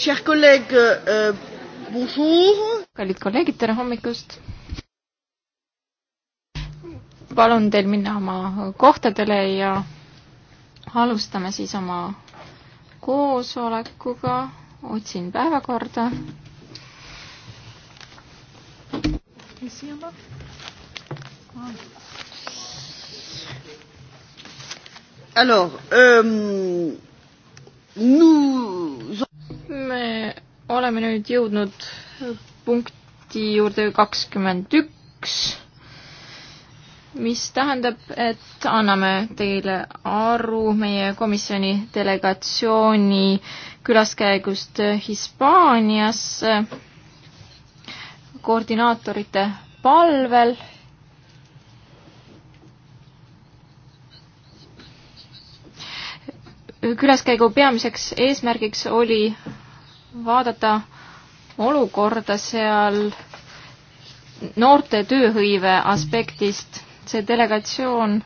Euh, kallid kolleegid, tere hommikust! palun teil minna oma kohtadele ja alustame siis oma koosolekuga. otsin päevakorda. mis siin on? Alors, euh, nous oleme nüüd jõudnud punkti juurde kakskümmend üks, mis tähendab, et anname teile aru meie komisjoni delegatsiooni külaskäigust Hispaanias koordinaatorite palvel külaskäigu peamiseks eesmärgiks oli vaadata olukorda seal noorte tööhõive aspektist. see delegatsioon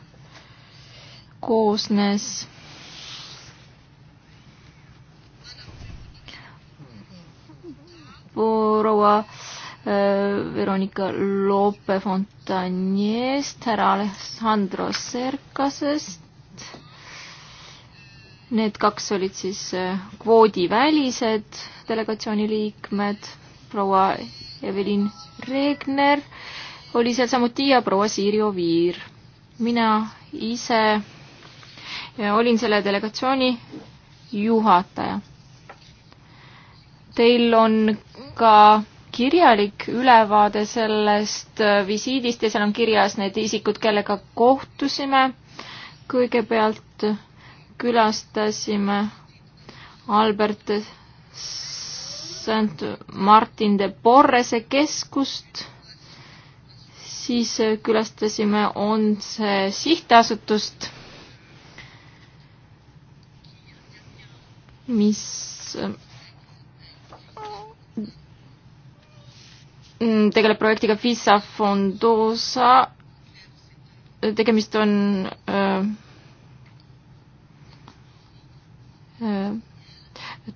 koosnes proua äh, Veronika Lope Fontanjest, härra Alessandro Serkasest, Need kaks olid siis äh, kvoodivälised delegatsiooni liikmed, proua Evelin Regner oli seal samuti ja proua Siiri Oviir. mina ise äh, olin selle delegatsiooni juhataja. Teil on ka kirjalik ülevaade sellest äh, visiidist ja seal on kirjas need isikud, kellega kohtusime. kõigepealt külastasime Albert St Martin de Porrese keskust, siis külastasime Onse sihtasutust, mis mm, tegeleb projektiga Visa Fondosa, tegemist on öö, äh, Äh,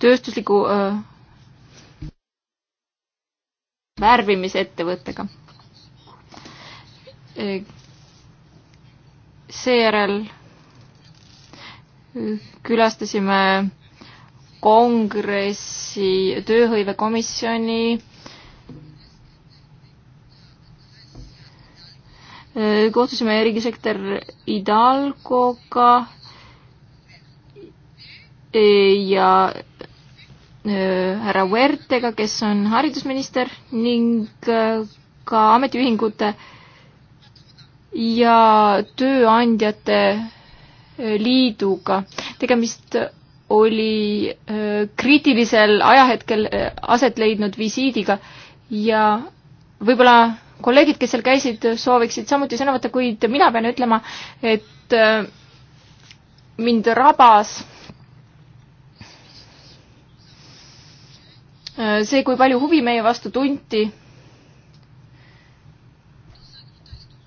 tööstusliku äh, värvimisettevõttega. Äh, seejärel külastasime kongressi tööhõivekomisjoni kohtusime riigisekretär Hidalgoga ja äh, härra Huertega, kes on haridusminister ning äh, ka ametiühingute ja tööandjate äh, liiduga. tegemist oli kriitilisel ajahetkel aset leidnud visiidiga ja võib-olla kolleegid, kes seal käisid, sooviksid samuti sõna võtta, kuid mina pean ütlema, et mind rabas Äh, see, kui palju huvi meie vastu tunti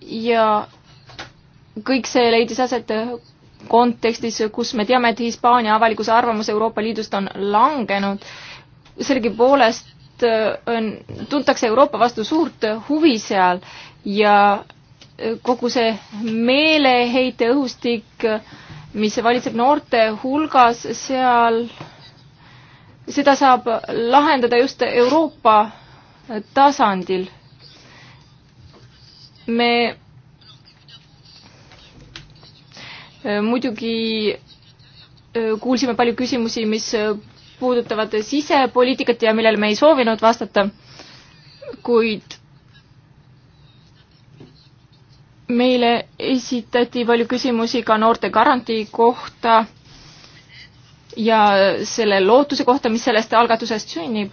ja kõik see leidis aset äh, kontekstis, kus me teame, et Hispaania avalikkuse arvamus Euroopa Liidust on langenud. sellegipoolest äh, on, tuntakse Euroopa vastu suurt huvi seal ja kogu see meeleheite õhustik, mis valitseb noorte hulgas seal, seda saab lahendada just Euroopa tasandil. me äh, muidugi äh, kuulsime palju küsimusi, mis äh, puudutavad sisepoliitikat ja millele me ei soovinud vastata, kuid meile esitati palju küsimusi ka noorte garantii kohta ja selle lootuse kohta, mis sellest algatusest sünnib.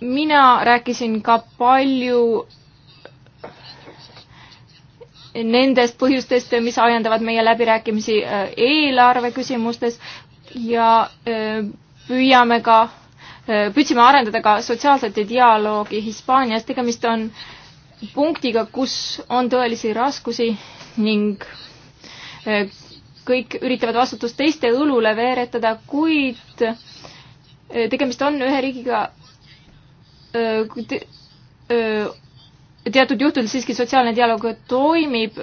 mina rääkisin ka palju nendest põhjustest, mis ajendavad meie läbirääkimisi äh, eelarve küsimustes ja äh, püüame ka, äh, püüdsime arendada ka sotsiaalset dialoogi Hispaanias, tegemist on punktiga, kus on tõelisi raskusi ning kõik üritavad vastutust teiste õlule veeretada, kuid eh, tegemist on ühe riigiga eh, eh, teatud juhtudel siiski sotsiaalne dialoog toimib.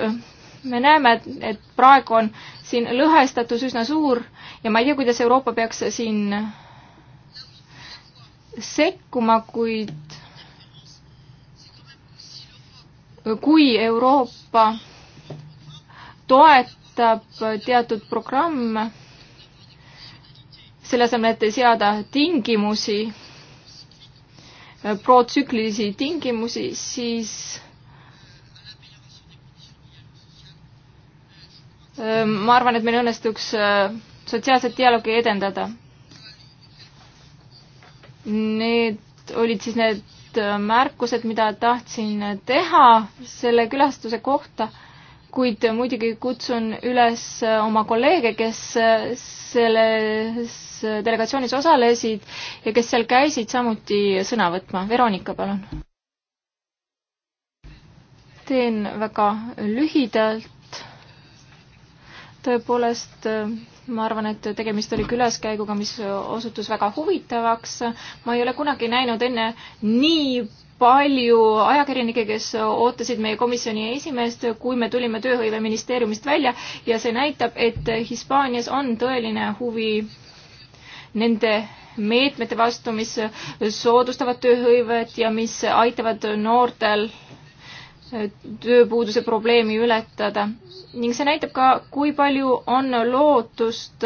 me näeme, et praegu on siin lõhestatus üsna suur ja ma ei tea, kuidas Euroopa peaks siin sekkuma, kuid kui Euroopa toetab kehtestab teatud programme, selle asemel, et seada tingimusi, protsüklilisi tingimusi, siis ähm, ma arvan, et meil õnnestuks äh, sotsiaalset dialoogi edendada. Need olid siis need äh, märkused, mida tahtsin teha selle külastuse kohta kuid muidugi kutsun üles oma kolleege, kes selles delegatsioonis osalesid ja kes seal käisid, samuti sõna võtma. Veronika, palun. teen väga lühidalt. tõepoolest, ma arvan, et tegemist oli külaskäiguga, mis osutus väga huvitavaks. ma ei ole kunagi näinud enne nii palju ajakirjanikke, kes ootasid meie komisjoni esimeest, kui me tulime tööhõiveministeeriumist välja ja see näitab, et Hispaanias on tõeline huvi nende meetmete vastu, mis soodustavad tööhõivet ja mis aitavad noortel tööpuuduse probleemi ületada. ning see näitab ka, kui palju on lootust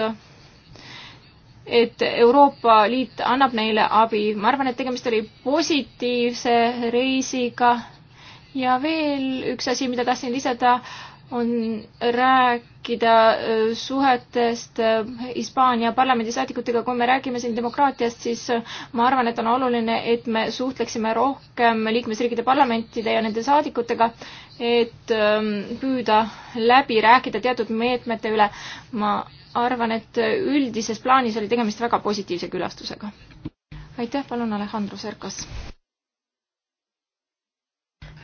et Euroopa Liit annab neile abi. ma arvan, et tegemist oli positiivse reisiga. ja veel üks asi, mida tahtsin lisada, on rääkida äh, suhetest äh, Hispaania parlamendisaadikutega. kui me räägime siin demokraatiast, siis äh, ma arvan, et on oluline, et me suhtleksime rohkem liikmesriikide parlamentide ja nende saadikutega, et ähm, püüda läbi rääkida teatud meetmete üle. ma arvan, et üldises plaanis oli tegemist väga positiivse külastusega. aitäh, palun, Alejandro Serkas.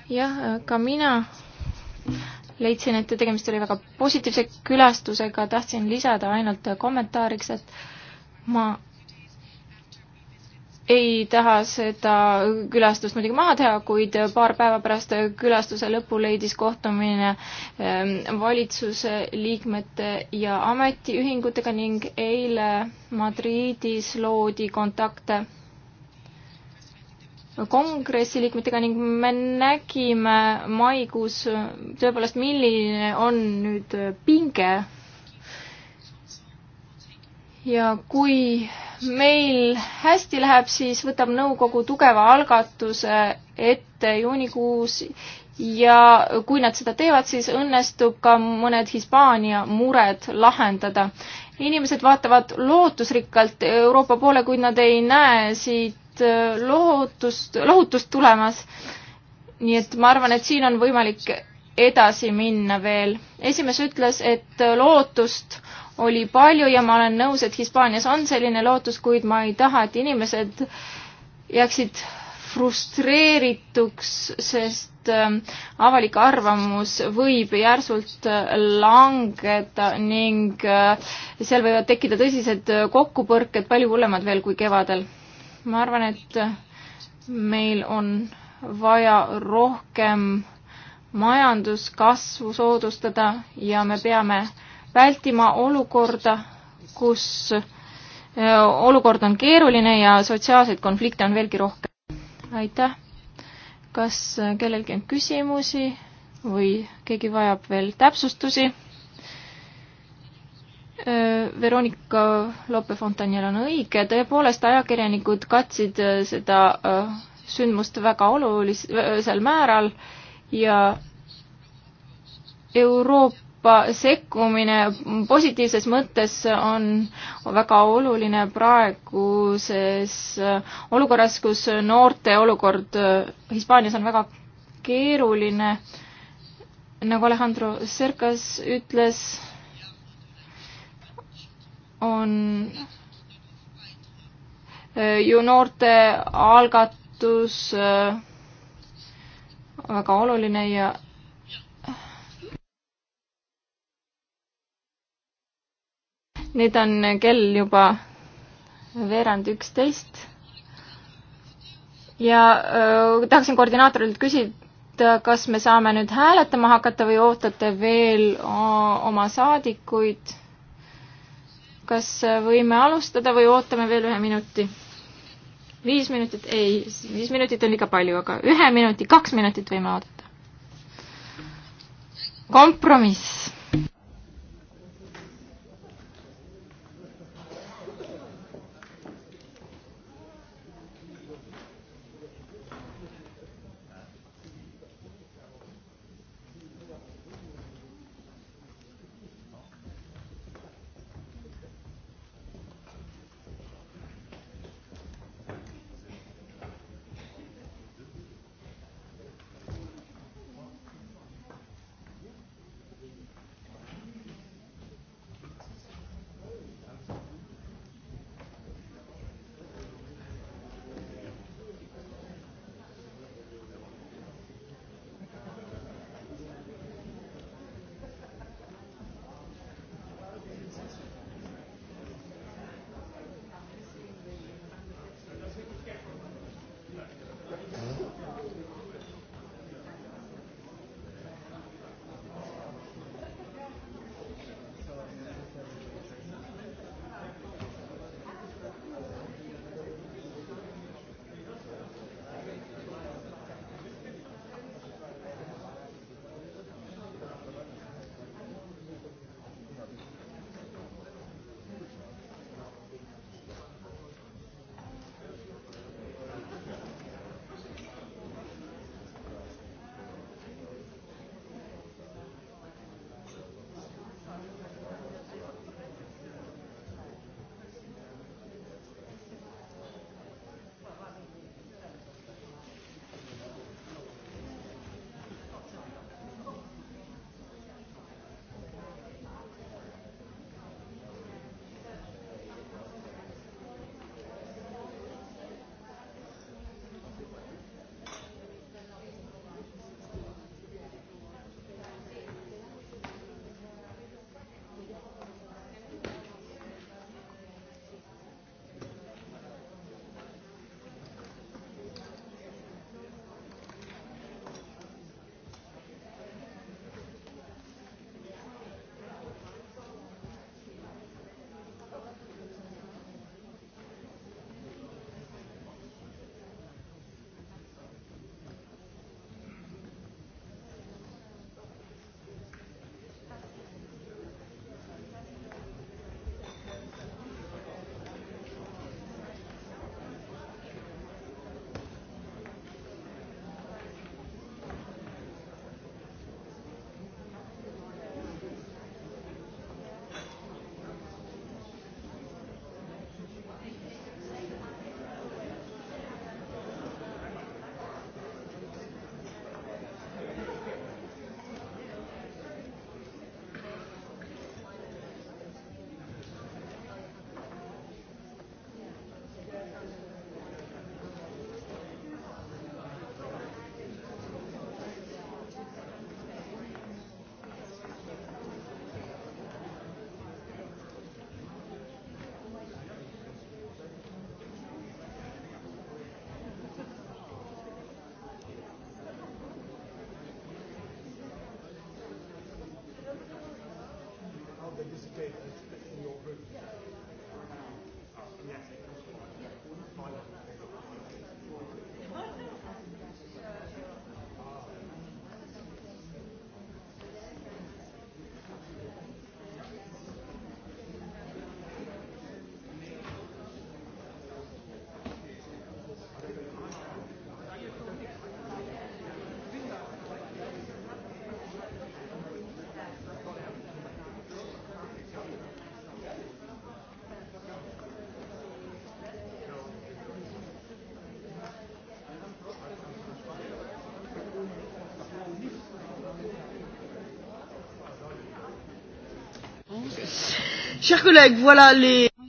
jah, ka mina leidsin, et tegemist oli väga positiivse külastusega, tahtsin lisada ainult kommentaariks, et ma ei taha seda külastust muidugi maha teha, kuid paar päeva pärast külastuse lõppu leidis kohtumine ähm, valitsuse liikmete ja ametiühingutega ning eile Madridis loodi kontakte kongressi liikmetega ning me nägime maikuus tõepoolest, milline on nüüd pinge ja kui meil hästi läheb, siis võtab nõukogu tugeva algatuse ette juunikuus ja kui nad seda teevad, siis õnnestub ka mõned Hispaania mured lahendada. inimesed vaatavad lootusrikkalt Euroopa poole, kuid nad ei näe siit äh, lootust, lohutust tulemas. nii et ma arvan, et siin on võimalik edasi minna veel. esimees ütles, et lootust oli palju ja ma olen nõus, et Hispaanias on selline lootus, kuid ma ei taha, et inimesed jääksid frustreerituks, sest ähm, avalik arvamus võib järsult langeda ning äh, seal võivad tekkida tõsised äh, kokkupõrked, palju hullemad veel kui kevadel. ma arvan, et äh, meil on vaja rohkem majanduskasvu soodustada ja me peame äh, vältima olukorda, kus äh, olukord on keeruline ja sotsiaalseid konflikte on veelgi rohkem. aitäh. kas kellelgi on küsimusi või keegi vajab veel täpsustusi? Äh, Veronika Lope-Fontaniel on õige, tõepoolest ajakirjanikud katsid äh, seda sündmust väga olulisel määral ja Euroopa Euroopa sekkumine positiivses mõttes on väga oluline praeguses olukorras, kus noorte olukord Hispaanias on väga keeruline. nagu Alejandro Cercas ütles, on ju noorte algatus väga oluline ja nüüd on kell juba veerand üksteist. ja öö, äh, tahaksin koordinaatorilt küsida, kas me saame nüüd hääletama hakata või ootate veel äh, oma saadikuid? kas äh, võime alustada või ootame veel ühe minuti? viis minutit, ei, viis minutit on liiga palju, aga ühe minuti, kaks minutit võime oodata. kompromiss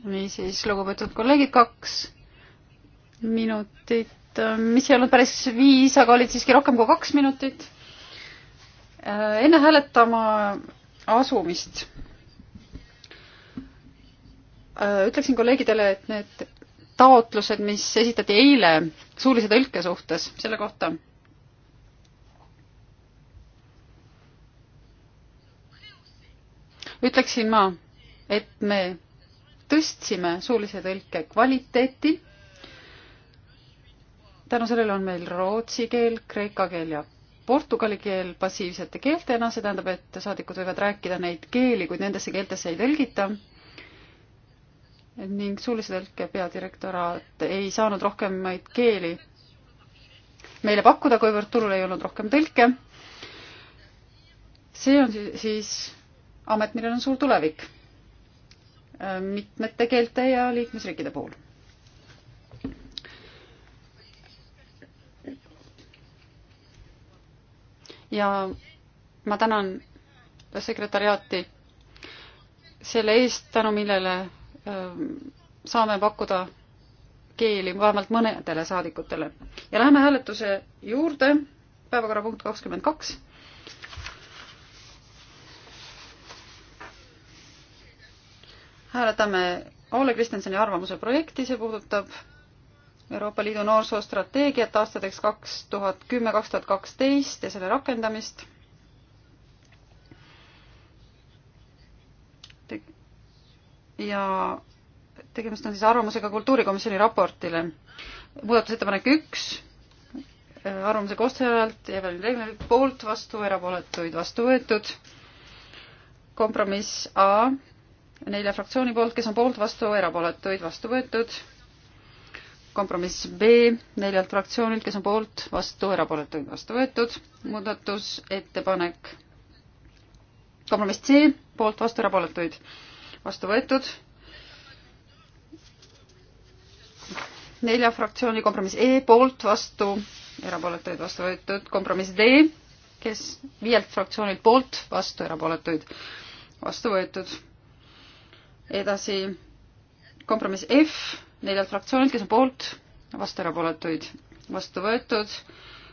niisiis, lugupeetud kolleegid, kaks minutit, mis ei olnud päris viis, aga olid siiski rohkem kui kaks minutit. Äh, enne hääletama asumist äh, ütleksin kolleegidele, et need taotlused, mis esitati eile suulise tõlke suhtes, selle kohta. ütleksin ma et me tõstsime suulise tõlke kvaliteeti. tänu sellele on meil rootsi keel, kreeka keel ja portugali keel passiivsete keeltena, see tähendab, et saadikud võivad rääkida neid keeli, kuid nendesse keeltesse ei tõlgita. ning suulise tõlke peadirektoraat ei saanud rohkemaid keeli meile pakkuda, kuivõrd turul ei olnud rohkem tõlke. see on siis amet, millel on suur tulevik mitmete keelte ja liikmesriikide puhul. ja ma tänan sekretäriaati selle eest, tänu millele ähm, saame pakkuda keeli vähemalt mõnedele saadikutele. ja läheme hääletuse juurde, päevakorrapunkt kakskümmend kaks hääletame Ole Kristjansoni arvamuse projekti, see puudutab Euroopa Liidu noorsoostrateegiat aastateks kaks tuhat kümme, kaks tuhat kaksteist ja selle rakendamist. ja tegemist on siis arvamusega Kultuurikomisjoni raportile. muudatusettepanek üks, arvamuse koostajalt Evelyn Regner poolt vastu, erapooletuid vastu võetud. kompromiss A nelja fraktsiooni poolt, kes on poolt, vastu, erapooletuid, vastu võetud. kompromiss B neljalt fraktsioonilt, kes on poolt, vastu, erapooletuid, vastu võetud. muudatusettepanek kompromiss C poolt, vastu, erapooletuid, vastu võetud. nelja fraktsiooni kompromiss E poolt, vastu, erapooletuid, vastu võetud. kompromiss D, kes viielt fraktsioonilt poolt, vastu, erapooletuid, vastu võetud edasi kompromiss F neljalt fraktsioonilt, kes on poolt, vastu erapooletuid, vastu võetud,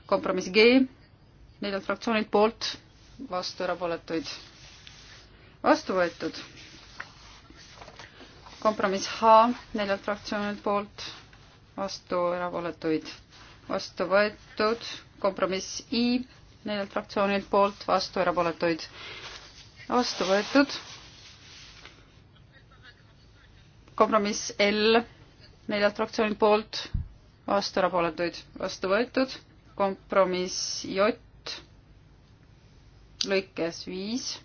kompromiss G neljalt fraktsioonilt poolt, vastu erapooletuid, vastu võetud. kompromiss H neljalt fraktsioonilt poolt, vastu erapooletuid, vastu võetud, kompromiss I neljalt fraktsioonilt poolt, vastu erapooletuid, vastu võetud kompromiss L neljalt fraktsioonilt poolt, vastu erapooletuid, vastu võetud, kompromiss J lõikes viis.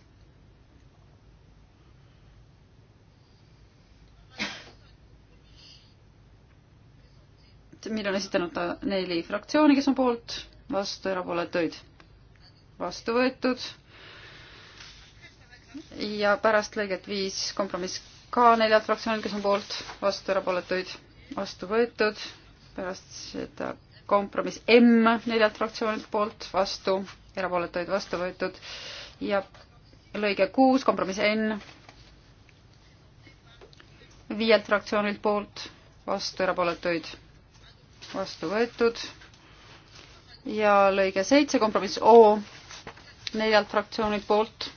mille on esitanud neli fraktsiooni, kes on poolt, vastu erapooletuid, vastu võetud ja pärast lõiget viis kompromiss ka neljalt fraktsioonilt, kes on poolt, vastu, erapooletuid, vastu võetud. pärast seda kompromiss M neljalt fraktsioonilt poolt, vastu, erapooletuid, vastu võetud ja lõige kuus, kompromiss N viielt fraktsioonilt poolt, vastu, erapooletuid, vastu võetud ja lõige seitse, kompromiss O neljalt fraktsioonilt poolt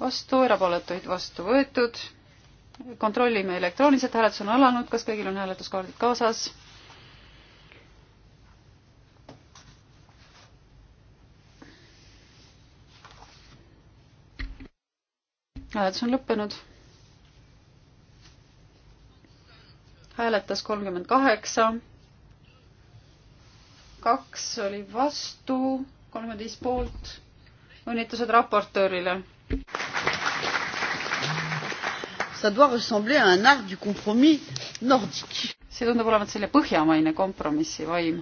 vastu, erapooletuid vastu võetud. kontrollime elektrooniliselt, hääletus on alanud, kas kõigil on hääletuskaardid kaasas? hääletus on lõppenud. hääletas kolmkümmend kaheksa. kaks oli vastu, kolmkümmend viis poolt. õnnitlused raportöörile ça doit ressembler à un art du compromis nordique. see tundub olevat selle põhjamaine kompromissi vaim.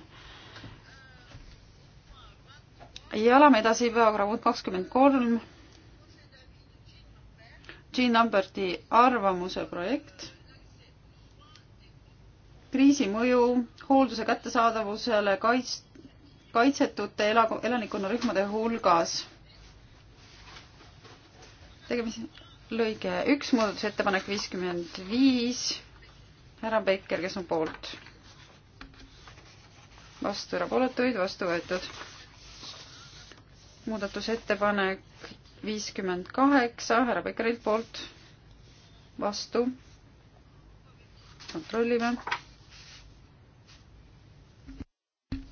ja oleme edasi päevakorrapunkt kakskümmend kolm. Jean Lamberti arvamuse projekt. kriisi mõju hoolduse kättesaadavusele kaits-, kaitsetute elanikkonnarühmade hulgas. tegemist lõige üks, muudatusettepanek viiskümmend viis, härra Becker, kes on poolt? vastu, erapooletuid, vastu võetud. muudatusettepanek viiskümmend kaheksa, härra Beckerilt poolt, vastu. kontrollime.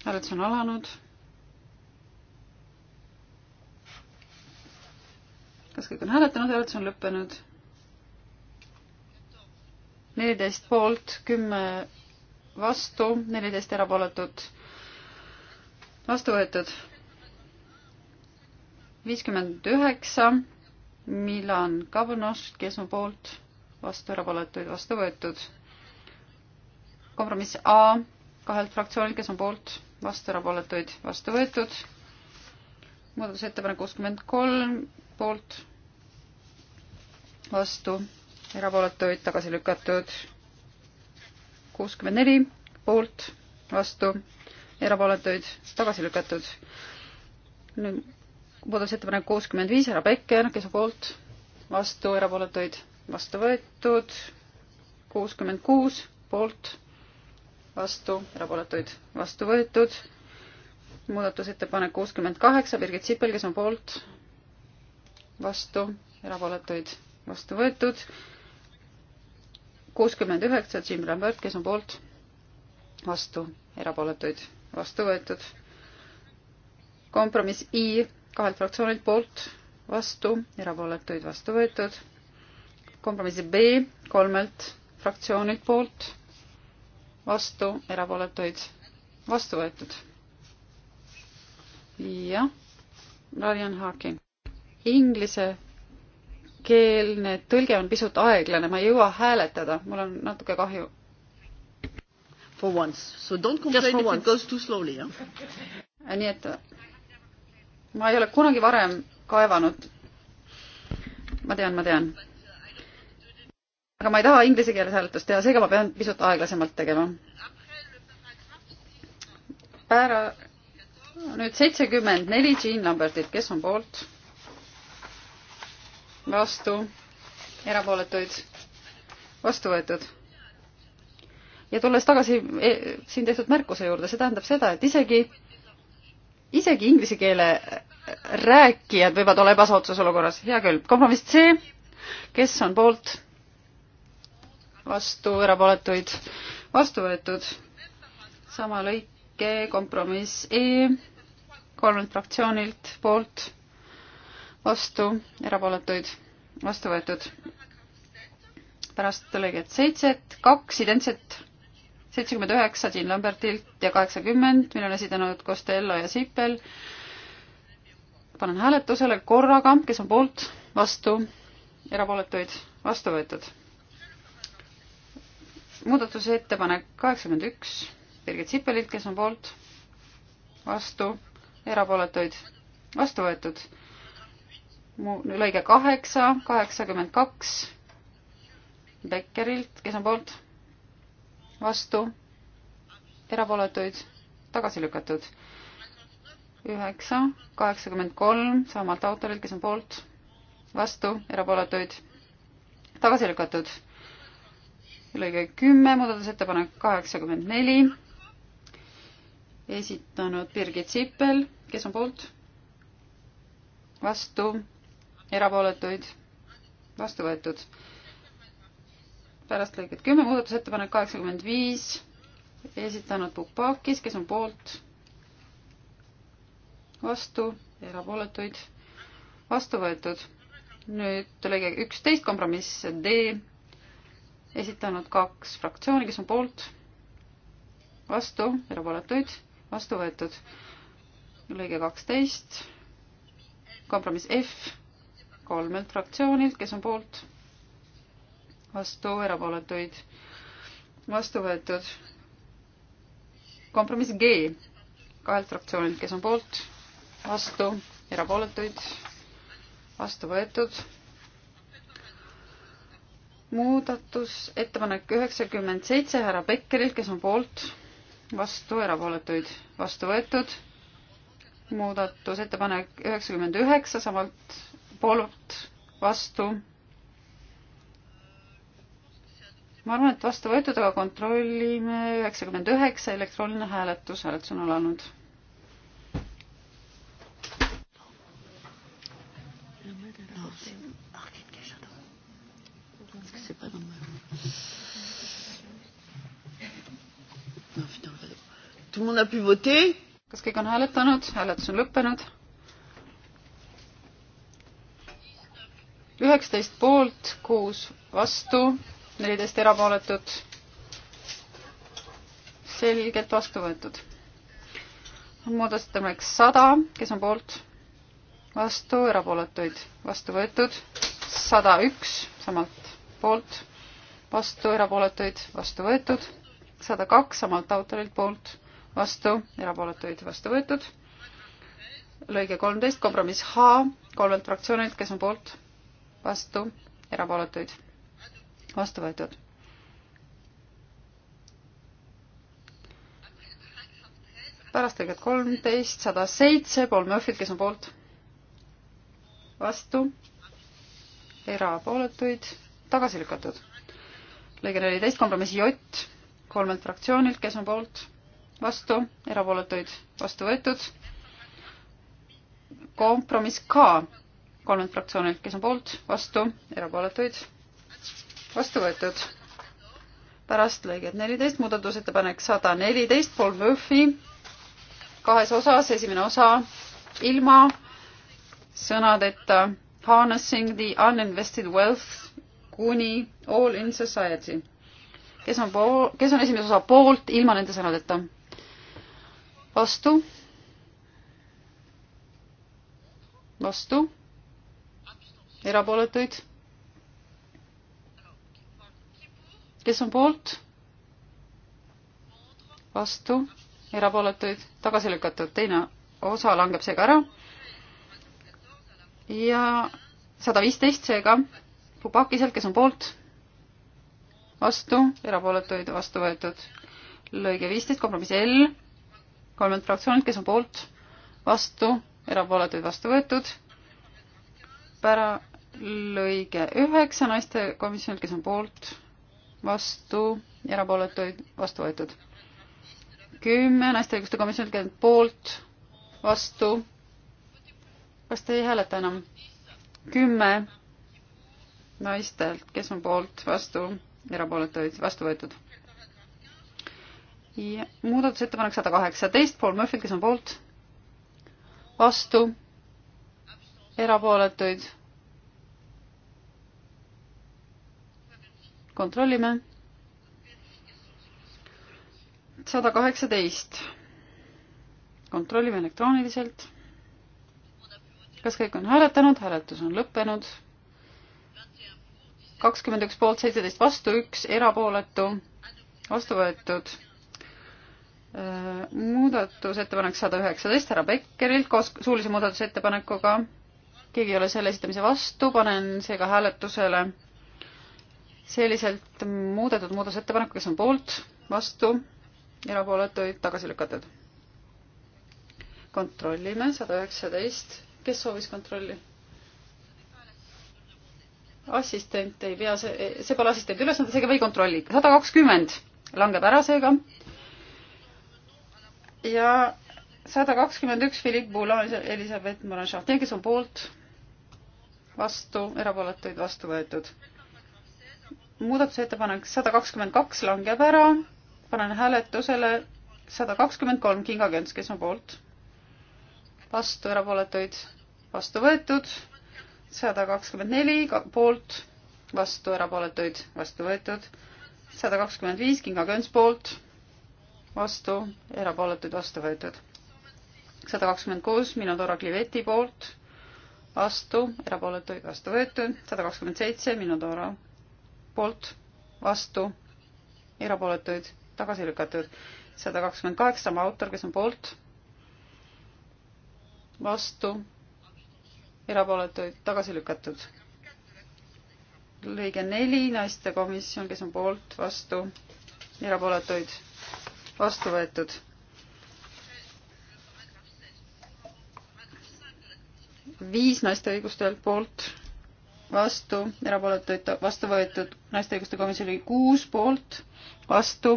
hääletus on alanud kas kõik on hääletanud, hääletus on lõppenud. neliteist poolt, kümme vastu, neliteist erapooletut, vastu võetud. viiskümmend üheksa, Milan Kavanos, kes on poolt, vastu erapooletuid, vastu võetud. kompromiss A kahelt fraktsioonilt, kes on poolt, vastu erapooletuid, vastu võetud. muudatusettepanek kuuskümmend kolm poolt, vastu, erapooletuid tagasi lükatud. kuuskümmend neli poolt, vastu, erapooletuid tagasi lükatud. nüüd muudatusettepanek kuuskümmend viis, härra Becker, kes on poolt, vastu, erapooletuid vastu võetud, kuuskümmend kuus poolt, vastu, erapooletuid vastu võetud, muudatusettepanek kuuskümmend kaheksa, Birgit Sipel, kes on poolt, vastu, erapooletuid vastu võetud. kuuskümmend üheksa, Jim Lambert, kes on poolt, vastu, erapooletuid vastu võetud. kompromiss I kahelt fraktsioonilt poolt, vastu, erapooletuid vastu võetud. kompromissi B kolmelt fraktsioonilt poolt, vastu, erapooletuid vastu võetud. jah, Ryan Haaking inglisekeelne tõlge on pisut aeglane, ma ei jõua hääletada, mul on natuke kahju. For once, so don't complain if it goes too slowly, jah yeah?. nii et ma ei ole kunagi varem kaevanud. ma tean, ma tean. aga ma ei taha inglise keeles hääletust teha, seega ma pean pisut aeglasemalt tegema. Päära, nüüd seitsekümmend neli Jean Lambertit, kes on poolt? vastu, erapooletuid, vastu võetud. ja tulles tagasi e, siin tehtud märkuse juurde, see tähendab seda, et isegi, isegi inglise keele rääkijad võivad olla ebasoodsas olukorras, hea küll, kompromiss C, kes on poolt, vastu, erapooletuid, vastu võetud, sama lõike kompromiss E kolmelt fraktsioonilt poolt vastu, erapooletuid, vastu võetud. pärast lõiget seitset, kaks identset, seitsekümmend üheksa Jean Lambertilt ja kaheksakümmend, mille on esitanud Costello ja Sipel. panen hääletusele korraga, kes on poolt, vastu, erapooletuid, vastu võetud. muudatusettepanek kaheksakümmend üks Birgit Sipelilt, kes on poolt, vastu, erapooletuid, vastu võetud lõige kaheksa, kaheksakümmend kaks Beckerilt, kes on poolt, vastu, erapooletuid, tagasi lükatud. üheksa, kaheksakümmend kolm samalt autorilt, kes on poolt, vastu, erapooletuid, tagasi lükatud. lõige kümme, muudatusettepanek kaheksakümmend neli, esitanud Birgit Sippel, kes on poolt, vastu erapooletuid, vastu võetud. pärast lõiget kümme muudatusettepanek kaheksakümmend viis, esitanud Pupakis, kes on poolt, vastu, erapooletuid, vastu võetud. nüüd lõige üksteist, kompromiss D, esitanud kaks fraktsiooni, kes on poolt, vastu, erapooletuid, vastu võetud. lõige kaksteist, kompromiss F kolmelt fraktsioonilt, kes on poolt, vastu, erapooletuid, vastu võetud. kompromiss G kahelt fraktsioonilt, kes on poolt, vastu, erapooletuid, vastu võetud. muudatusettepanek üheksakümmend seitse härra Bekkerilt, kes on poolt, vastu, erapooletuid, vastu võetud muudatusettepanek üheksakümmend üheksa samalt poolt, vastu. ma arvan, et vastu võetud, aga kontrollime üheksakümmend üheksa, elektrooniline hääletus, hääletus on alanud. kas kõik on hääletanud, hääletus on lõppenud? üheksateist poolt, kuus vastu, neliteist erapooletut. selgelt vastu võetud. muudatusettepanek sada, kes on poolt, vastu, erapooletuid, vastu võetud. sada üks, samalt poolt, vastu, erapooletuid, vastu võetud. sada kaks, samalt autorilt poolt, vastu, erapooletuid, vastu võetud lõige kolmteist, kompromiss H kolmelt fraktsioonilt, kes on poolt vastu, erapooletuid vastu võetud. pärast lõiget kolmteist, sada seitse, Paul Murphy't, kes on poolt, vastu, erapooletuid, tagasi lükatud. lõige neliteist, kompromissi J kolmelt fraktsioonilt, kes on poolt, vastu, erapooletuid, vastu võetud. kompromiss K kolmelt fraktsioonilt, kes on poolt, vastu, erapooletuid, vastu võetud. pärast lõiget neliteist muudatusettepanek sada neliteist, Paul Murphy, kahes osas, esimene osa ilma sõnadeta harnessing the uninvested wealth kuni all in society. kes on pool, kes on esimese osa poolt ilma nende sõnadeta? vastu? vastu? erapooletuid. kes on poolt? vastu, erapooletuid, tagasi lükatud, teine osa langeb seega ära. ja sada viisteist seega, pubakiselt, kes on poolt? vastu, erapooletuid vastu võetud. lõige viisteist, kompromiss L, kolmand fraktsioonilt, kes on poolt? vastu, erapooletuid vastu võetud. pära-, lõige üheksa naistekomisjonilt, kes on poolt, vastu, erapooletuid, vastu võetud. kümme naiste õiguste komisjonilt, kes on poolt, vastu. kas te ei hääleta enam? kümme naistelt, kes on poolt, vastu, erapooletuid, vastu võetud. ja muudatusettepanek sada kaheksateist, Paul Murphy, kes on poolt, vastu, erapooletuid kontrollime. sada kaheksateist. kontrollime elektrooniliselt. kas kõik on hääletanud, hääletus on lõppenud. kakskümmend üks poolt, seitseteist vastu, üks erapooletu, vastu võetud äh, muudatusettepanek sada üheksateist härra Beckerilt koos suulise muudatusettepanekuga. keegi ei ole selle esitamise vastu, panen seega hääletusele selliselt muudetud muudatusettepanek, kes on poolt, vastu, erapooletuid tagasi lükatud. kontrollime, sada üheksateist, kes soovis kontrolli? assistent ei pea, see, see pole assistendi ülesanne, seega või kontrolli, sada kakskümmend langeb ära seega. ja sada kakskümmend üks Philippe Boulan, Elizabeth Morin-Chartier, kes on poolt, vastu, erapooletuid vastu võetud muudatusettepanek sada kakskümmend kaks langeb ära, panen hääletusele sada kakskümmend kolm kingakents, kes on poolt? vastu, erapooletuid, vastu võetud, sada kakskümmend neli poolt, vastu, erapooletuid, vastu võetud, sada kakskümmend viis kingakents poolt, vastu, erapooletuid, vastu võetud, sada kakskümmend kuus Minodora Kliveti poolt, vastu, erapooletuid, vastu võetud, sada kakskümmend seitse Minodora poolt, vastu, erapooletuid tagasi lükatud. sada kakskümmend kaheksa, sama autor, kes on poolt, vastu, erapooletuid tagasi lükatud. lõige neli, naistekomisjon, kes on poolt, vastu, erapooletuid vastu võetud. viis naiste õiguste poolt vastu, erapooletuid vastu võetud, naiste õiguste komisjon oli kuus poolt, vastu,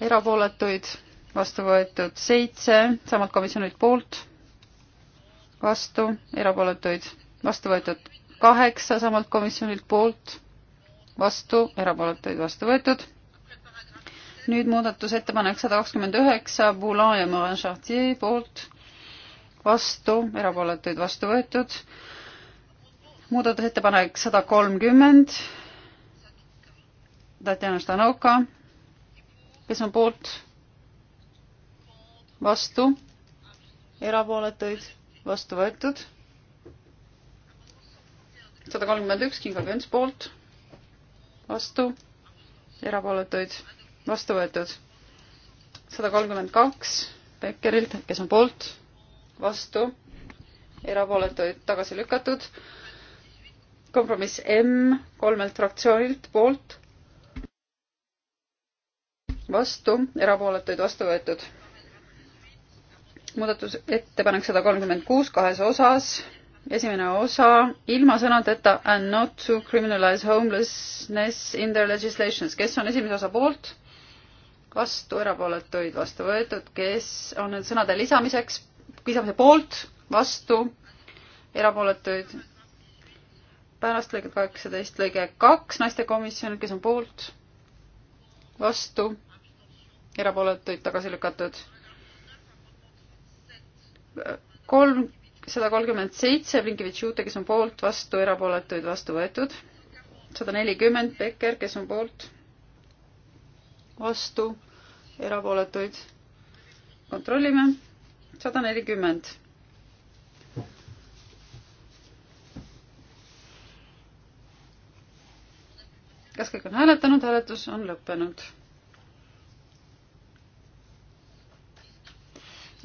erapooletuid vastu võetud seitse, samad komisjonid poolt, vastu, erapooletuid vastu võetud kaheksa, samalt komisjonilt poolt, vastu, erapooletuid vastu võetud. nüüd muudatusettepanek sada kakskümmend üheksa, Boulan ja Morin Chartier poolt, vastu, erapooletuid vastu võetud muudatusettepanek sada kolmkümmend, Tatjana Štanoka, kes on poolt, vastu, erapooletuid, vastu võetud, sada kolmkümmend üks, Kinga Künts poolt, vastu, erapooletuid, vastu võetud, sada kolmkümmend kaks, Beckerilt, kes on poolt, vastu, erapooletuid tagasi lükatud, kompromiss M kolmelt fraktsioonilt poolt, vastu, erapooletuid vastu võetud. muudatusettepanek sada kolmkümmend kuus kahes osas, esimene osa ilma sõnadeta and not to criminalize homelessness in their legislations, kes on esimese osa poolt, vastu, erapooletuid vastu võetud, kes on nende sõnade lisamiseks, lisamise poolt, vastu, erapooletuid pärast lõiget kaheksateist, lõige kaks naistekomisjon, kes on poolt, vastu, erapooletuid tagasi lükatud. kolm, sada kolmkümmend seitse, Blinkevitš-Juute, kes on poolt, vastu, erapooletuid vastu võetud. sada nelikümmend, Becker, kes on poolt, vastu, erapooletuid kontrollime. sada nelikümmend kas kõik on hääletanud, hääletus on lõppenud.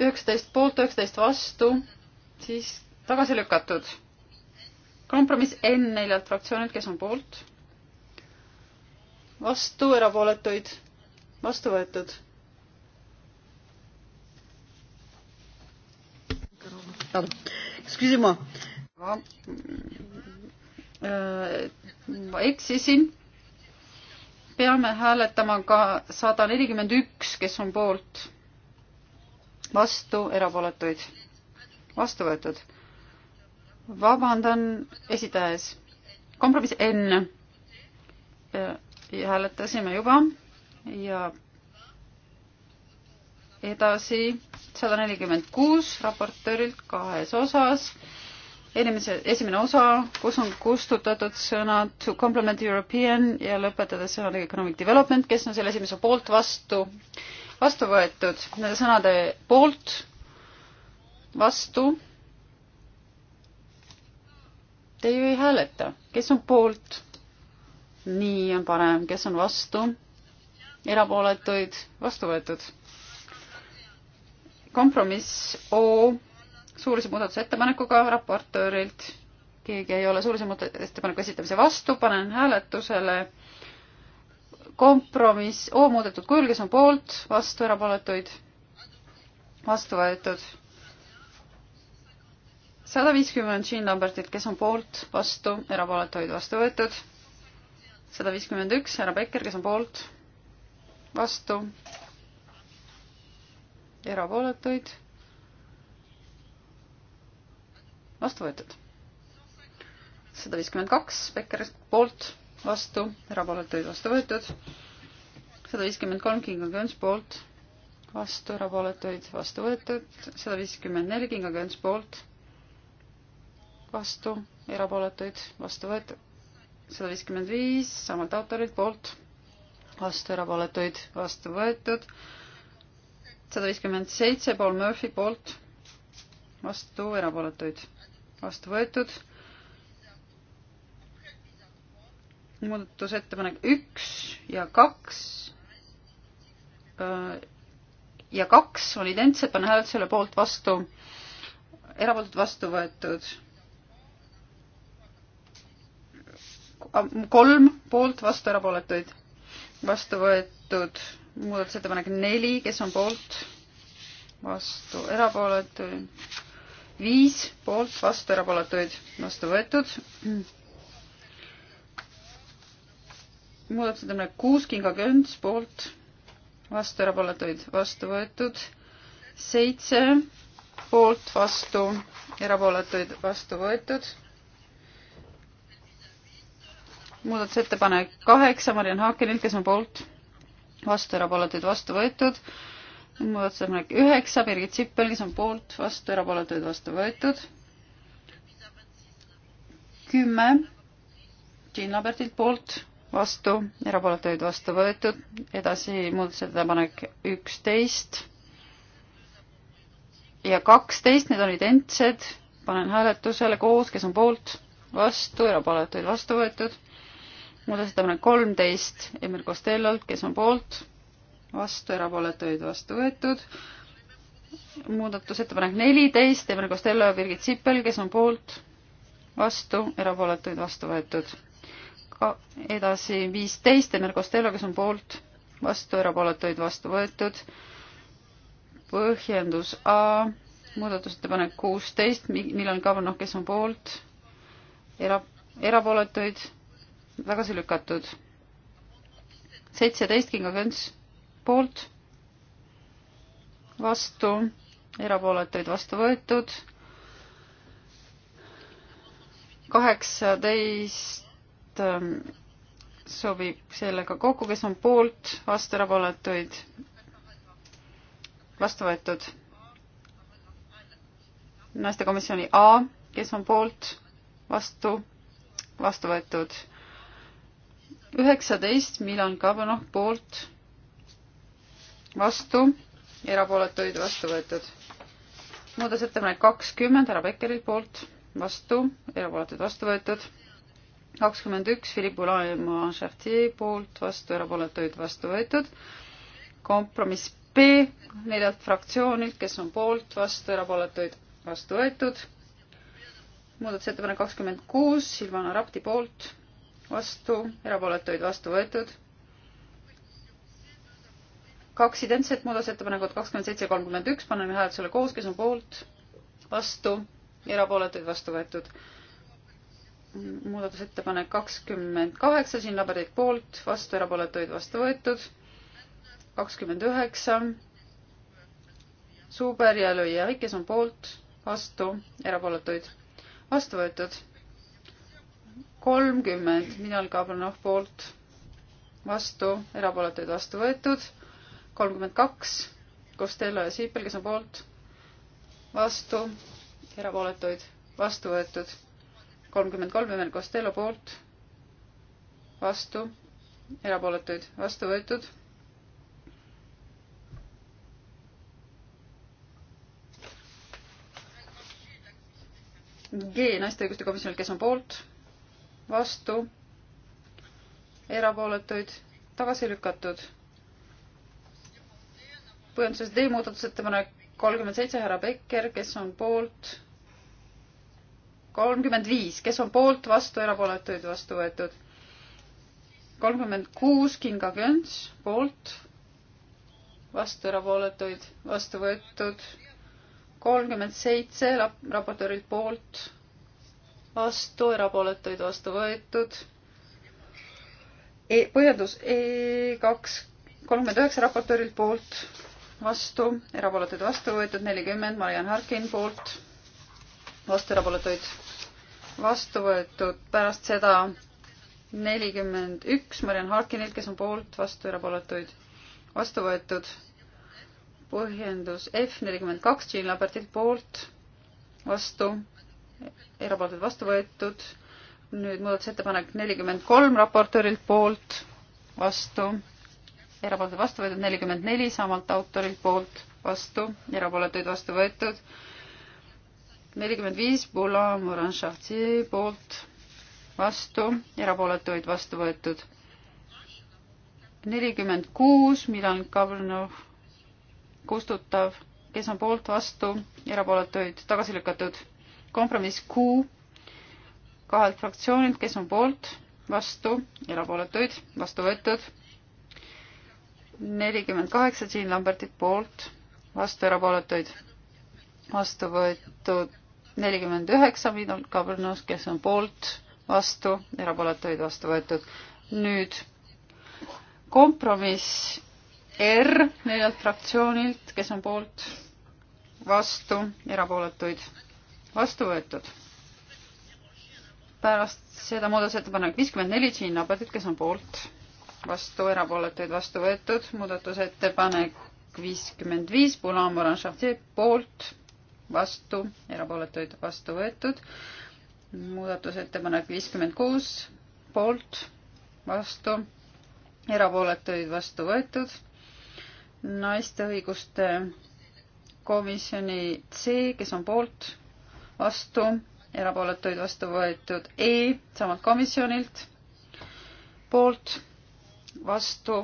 üheksateist poolt, üheksateist vastu, siis tagasi lükatud. kompromiss N neljalt fraktsioonilt, kes on poolt? vastu, erapooletuid, vastu võetud pardon, excusez-moi. Äh, eksisin, peame hääletama ka sada nelikümmend üks, kes on poolt, vastu, erapooletuid, vastu võetud. vabandan esitaja ees. kompromiss N. hääletasime juba ja edasi sada nelikümmend kuus raportöörilt kahes osas inimese, esimene osa, kus on kustutatud sõnad to complement European ja lõpetada sõnadega economic development, kes on selle esimese poolt vastu, vastu võetud. Nende sõnade poolt, vastu. Te ju ei hääleta, kes on poolt? nii on parem, kes on vastu? erapooletuid, vastu võetud. kompromiss O suulise muudatusettepanekuga raportöörilt. keegi ei ole suulise muudatusettepaneku esitamise vastu, panen hääletusele kompromiss O muudetud kujul, kes on poolt, vastu, erapooletuid, vastu võetud. sada viiskümmend Jean Lambertilt, kes on poolt, vastu, erapooletuid, vastu võetud. sada viiskümmend üks härra Becker, kes on poolt, vastu, erapooletuid vastu võetud. sada viiskümmend kaks Becker poolt, vastu, erapooletuid vastu võetud. sada viiskümmend kolm Kinga Köns poolt, vastu, erapooletuid vastu võetud. sada viiskümmend neli Kinga Köns poolt, vastu, erapooletuid vastu võetud sada viiskümmend viis samalt autorilt poolt, vastu erapooletuid vastu võetud, sada viiskümmend seitse Paul Murphy poolt, vastu erapooletuid vastu võetud. muudatusettepanek üks ja kaks äh, ja kaks on identsed, panen hääletusele poolt vastu, erapooletud vastu võetud. kolm poolt vastu erapooletuid, vastu võetud muudatusettepanek neli, kes on poolt, vastu erapooletuid viis poolt, vastu, erapooletuid, vastu võetud. muudatusettepanek kuus, Kinga Könts poolt, vastu, erapooletuid, vastu võetud. seitse poolt, vastu, erapooletuid, vastu võetud. muudatusettepanek kaheksa, Mariann Haakenilt, kes on poolt, vastu, erapooletuid, vastu võetud muudatusettepanek üheksa, Birgit Sippel, kes on poolt, vastu, erapooletuid vastu võetud. kümme, Jean Labertilt poolt, vastu, erapooletuid vastu võetud. edasi muudatusettepanek üksteist ja kaksteist, need on identsed. panen hääletusele koos, kes on poolt, vastu, erapooletuid vastu võetud. muudatusettepanek kolmteist Emil Costellolt, kes on poolt vastu, erapooletuid vastu võetud. muudatusettepanek neliteist, Emre Costello ja Birgit Sipel, kes on poolt, vastu, erapooletuid vastu võetud. ka edasi viisteist, Emre Costello, kes on poolt, vastu, erapooletuid vastu võetud. põhjendus A, muudatusettepanek kuusteist, Milan Kavanov, kes on poolt, era-, erapooletuid tagasi lükatud. seitseteist, Kinga Köns poolt, vastu, erapooletuid vastu võetud, kaheksateist ähm, sobib sellega kokku, kes on poolt, vastu, erapooletuid vastu võetud. naistekomisjoni A, kes on poolt, vastu, vastu võetud. üheksateist Milan Kabanov poolt vastu, erapooletuid vastu võetud. muudatusettepanek kakskümmend härra Pekkerilt poolt, vastu, erapooletuid vastu võetud. kakskümmend üks Philippu Laimaa Šefti poolt, vastu, erapooletuid vastu võetud. kompromiss B neljalt fraktsioonilt, kes on poolt, vastu, erapooletuid vastu võetud. muudatusettepanek kakskümmend kuus Silvana Rapti poolt, vastu, erapooletuid vastu võetud kaks identset muudatusettepanekut, kakskümmend seitse ja kolmkümmend üks, paneme hääletusele koos, kes on poolt, vastu, erapooletuid vastu võetud. muudatusettepanek kakskümmend kaheksa, siin Laberit poolt, vastu, erapooletuid vastu võetud. kakskümmend üheksa, Suuber ja Lõia Hikes on poolt, vastu, erapooletuid vastu võetud. kolmkümmend, Minal Kablanov poolt, vastu, erapooletuid vastu võetud kolmkümmend kaks Costello ja Siipel, kes on poolt, vastu, erapooletuid, vastu võetud. kolmkümmend kolm Emel Costello poolt, vastu, erapooletuid, vastu võetud. G naiste õiguste komisjonil, kes on poolt, vastu, erapooletuid, tagasi lükatud põhjenduses D muudatusettepanek kolmkümmend seitse, härra Becker, kes on poolt? kolmkümmend viis, kes on poolt, vastu, erapooletuid, vastu võetud. kolmkümmend kuus, Kinga Köns, poolt, vastu, erapooletuid, vastu võetud. kolmkümmend seitse, raportöörilt poolt, vastu, erapooletuid, vastu võetud e,. põhjendus E kaks, kolmkümmend üheksa raportöörilt poolt vastu, erapooletuid vastu võetud nelikümmend, Mariann Harkin poolt, vastu erapooletuid vastu võetud, pärast seda nelikümmend üks Mariann Harkinilt, kes on poolt, vastu erapooletuid vastu võetud, põhjendus F nelikümmend kaks Jean Labertilt poolt, vastu, erapooletuid vastu võetud, nüüd muudatusettepanek nelikümmend kolm raportöörilt poolt, vastu erapooletuid vastu võetud nelikümmend neli samalt autorilt poolt vastu, erapooletuid vastu võetud nelikümmend viis Bula Moranšavtsi poolt vastu, erapooletuid vastu võetud nelikümmend kuus Milan Kabrnov kustutav, kes on poolt, vastu, erapooletuid tagasi lükatud. kompromiss Q kahelt fraktsioonilt, kes on poolt, vastu, erapooletuid vastu võetud nelikümmend kaheksa Jean Lambertit poolt, vastu erapooletuid, vastu võetud nelikümmend üheksa Vidal Kabernos, kes on poolt, vastu, erapooletuid vastu võetud. nüüd kompromiss R neljalt fraktsioonilt, kes on poolt, vastu, erapooletuid vastu võetud. pärast seda muudatusettepanek viiskümmend neli Jean Lambertit, kes on poolt vastu, erapooletuid vastu võetud, muudatusettepanek viiskümmend viis, poolt, vastu, erapooletuid vastu võetud, muudatusettepanek viiskümmend kuus, poolt, vastu, erapooletuid vastu võetud, naiste õiguste komisjoni C, kes on poolt, vastu, erapooletuid vastu võetud E samalt komisjonilt, poolt vastu,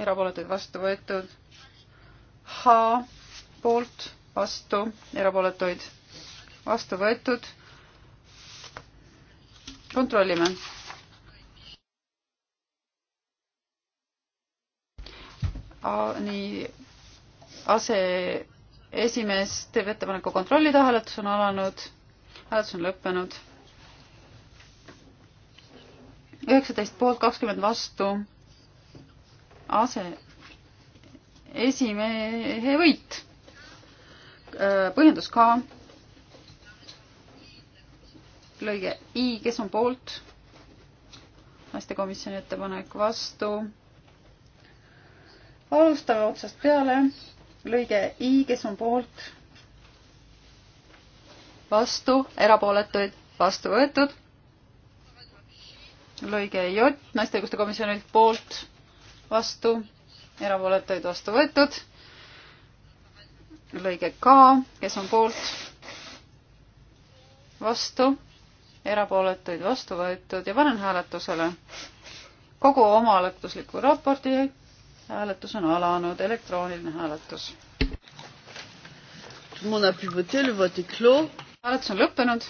erapooletuid vastu võetud. H poolt, vastu, erapooletuid vastu võetud. kontrollime. nii, aseesimees teeb ettepaneku kontrollida, hääletus on alanud, hääletus on lõppenud. üheksateist poolt, kakskümmend vastu ase esimehe võit. Äh, põhjendus ka. lõige I, kes on poolt? naistekomisjoni ettepanek vastu. alustame otsast peale. lõige I, kes on poolt? vastu, erapooletuid, vastu võetud. lõige J, naiste õiguste komisjonilt poolt vastu, erapooletuid vastu võetud. lõige K, kes on poolt, vastu, erapooletuid vastu võetud ja panen hääletusele kogu omaalgatusliku raporti. hääletus on alanud, elektrooniline hääletus. hääletus on lõppenud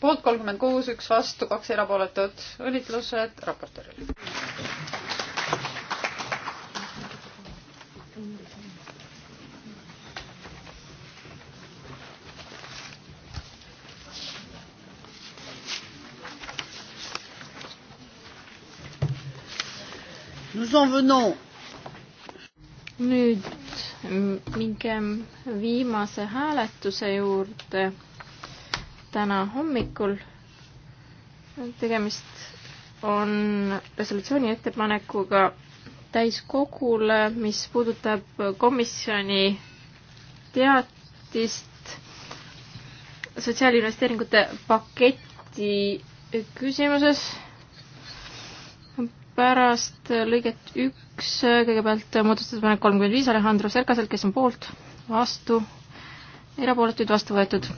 poolt kolmkümmend kuus, üks vastu, kaks erapooletut. õnnitlused raportöörile. Nous en venons nüüd mm, mingem viimase hääletuse juurde täna hommikul. tegemist on resolutsiooni ettepanekuga täiskogule, mis puudutab komisjoni teatist sotsiaalinvesteeringute paketi küsimuses pärast lõiget üks kõigepealt muudatusettepanek kolmkümmend viis Alejandro Serkaselt, kes on poolt, vastu, erapooletuid vastu võetud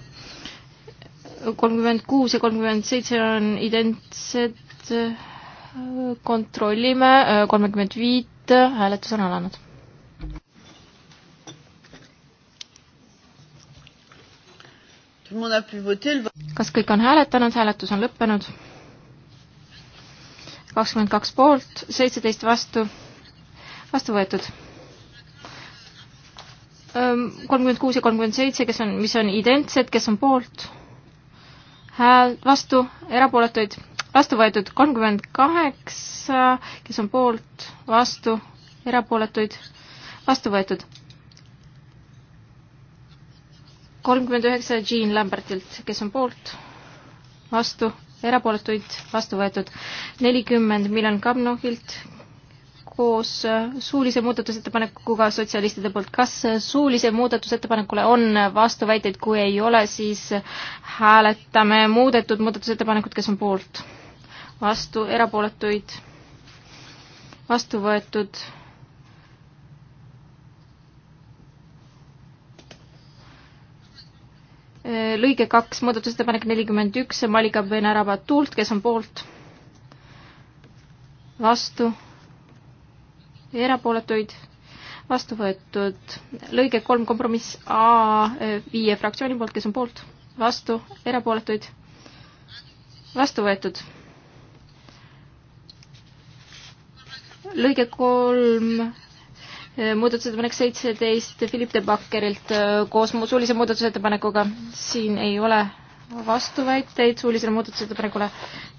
kolmkümmend kuus ja kolmkümmend seitse on identsed, kontrollime, kolmekümmend viit, hääletus on alanud. kas kõik on hääletanud, hääletus on lõppenud? kakskümmend kaks poolt, seitseteist vastu, vastu võetud kolmkümmend kuus ja kolmkümmend seitse, kes on, mis on identsed, kes on poolt, hääl, vastu, erapooletuid, vastu võetud kolmkümmend kaheksa, kes on poolt, vastu, erapooletuid, vastu võetud. kolmkümmend üheksa Jean Lambertilt, kes on poolt, vastu, erapooletuid, vastu võetud. nelikümmend Milan Kamnohilt, koos suulise muudatusettepanekuga sotsialistide poolt. kas suulise muudatusettepanekule on vastuväiteid, kui ei ole, siis hääletame muudetud muudatusettepanekut, kes on poolt? vastu, erapooletuid? vastu võetud? lõige kaks, muudatusettepanek nelikümmend üks, Malika Benaraba Tuult, kes on poolt? vastu erapooletuid, vastu võetud. lõige kolm, kompromiss A eh, viie fraktsiooni poolt, kes on poolt, vastu, erapooletuid, vastu võetud. lõige kolm eh, muudatusettepanek seitseteist Philip de Bakkerilt eh, koos suulise muudatusettepanekuga. siin ei ole vastuväiteid suulisele muudatusettepanekule,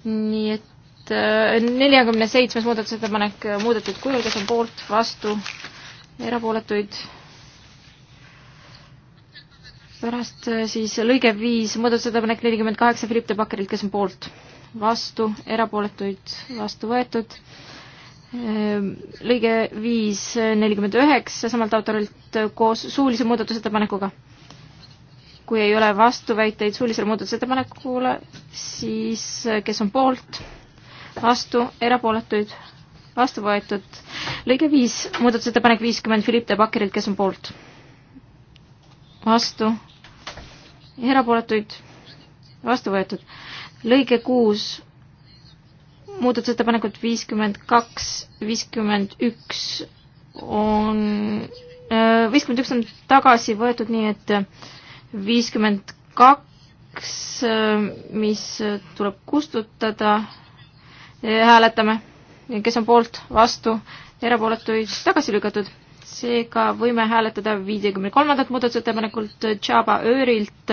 nii et Äh, neljakümne seitsmes muudatusettepanek äh, muudetud kujul, kes on poolt, vastu, erapooletuid. pärast äh, siis lõige viis, muudatusettepanek nelikümmend kaheksa Philipp de Bakkerilt, kes on poolt, vastu, erapooletuid, vastu võetud. lõige viis, nelikümmend üheksa samalt autorilt koos suulise muudatusettepanekuga kui ei ole vastuväiteid suulisele muudatusettepanekule, siis kes on poolt, vastu, erapooletuid, vastu võetud. lõige viis, muudatusettepanek viiskümmend Philipp de Bakkerilt, kes on poolt? vastu, erapooletuid, vastu võetud. lõige kuus, muudatusettepanekud viiskümmend kaks, viiskümmend üks on, äh, viiskümmend üks on tagasi võetud, nii et viiskümmend kaks, äh, mis tuleb kustutada hääletame, kes on poolt, vastu, erapooletuid tagasi lükatud. seega võime hääletada viiekümne kolmandat muudatusettepanekult Tšaba Öörilt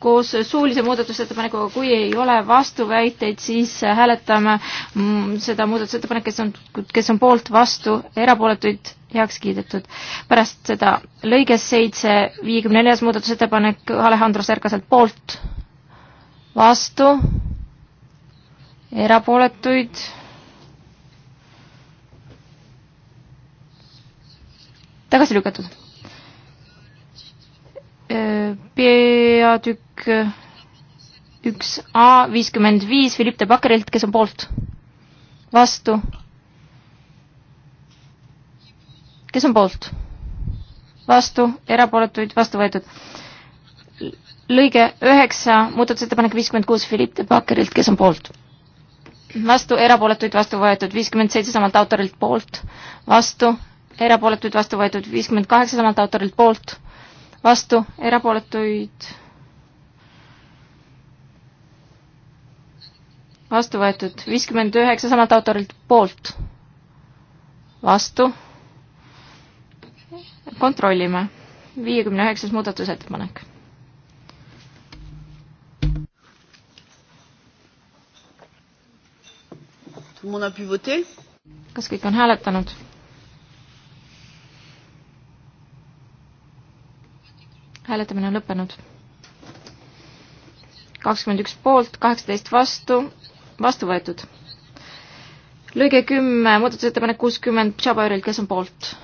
koos suulise muudatusettepanekuga, kui ei ole vastuväiteid, siis hääletame mm, seda muudatusettepanekut, kes on, kes on poolt, vastu, erapooletuid heaks kiidetud. pärast seda lõiges seitse, viiekümne neljas muudatusettepanek Alejandro Serkaselt poolt, vastu erapooletuid. tagasi lükatud. peatükk üks A viiskümmend viis Philipp de Bakkerilt, kes on poolt, vastu. kes on poolt? vastu, erapooletuid, vastu võetud. lõige üheksa, muudatusettepanek viiskümmend kuus Philipp de Bakkerilt, kes on poolt vastu, erapooletuid vastu võetud viiskümmend seitse samalt autorilt poolt, vastu, erapooletuid vastu võetud viiskümmend kaheksa samalt autorilt poolt, vastu, erapooletuid vastu võetud viiskümmend üheksa samalt autorilt poolt, vastu, kontrollime, viiekümne üheksas muudatusettepanek kas kõik on hääletanud? hääletamine on lõppenud. kakskümmend üks poolt, kaheksateist vastu, vastu võetud. lõige kümme, muudatusettepanek kuuskümmend, Tšabaürilt, kes on poolt?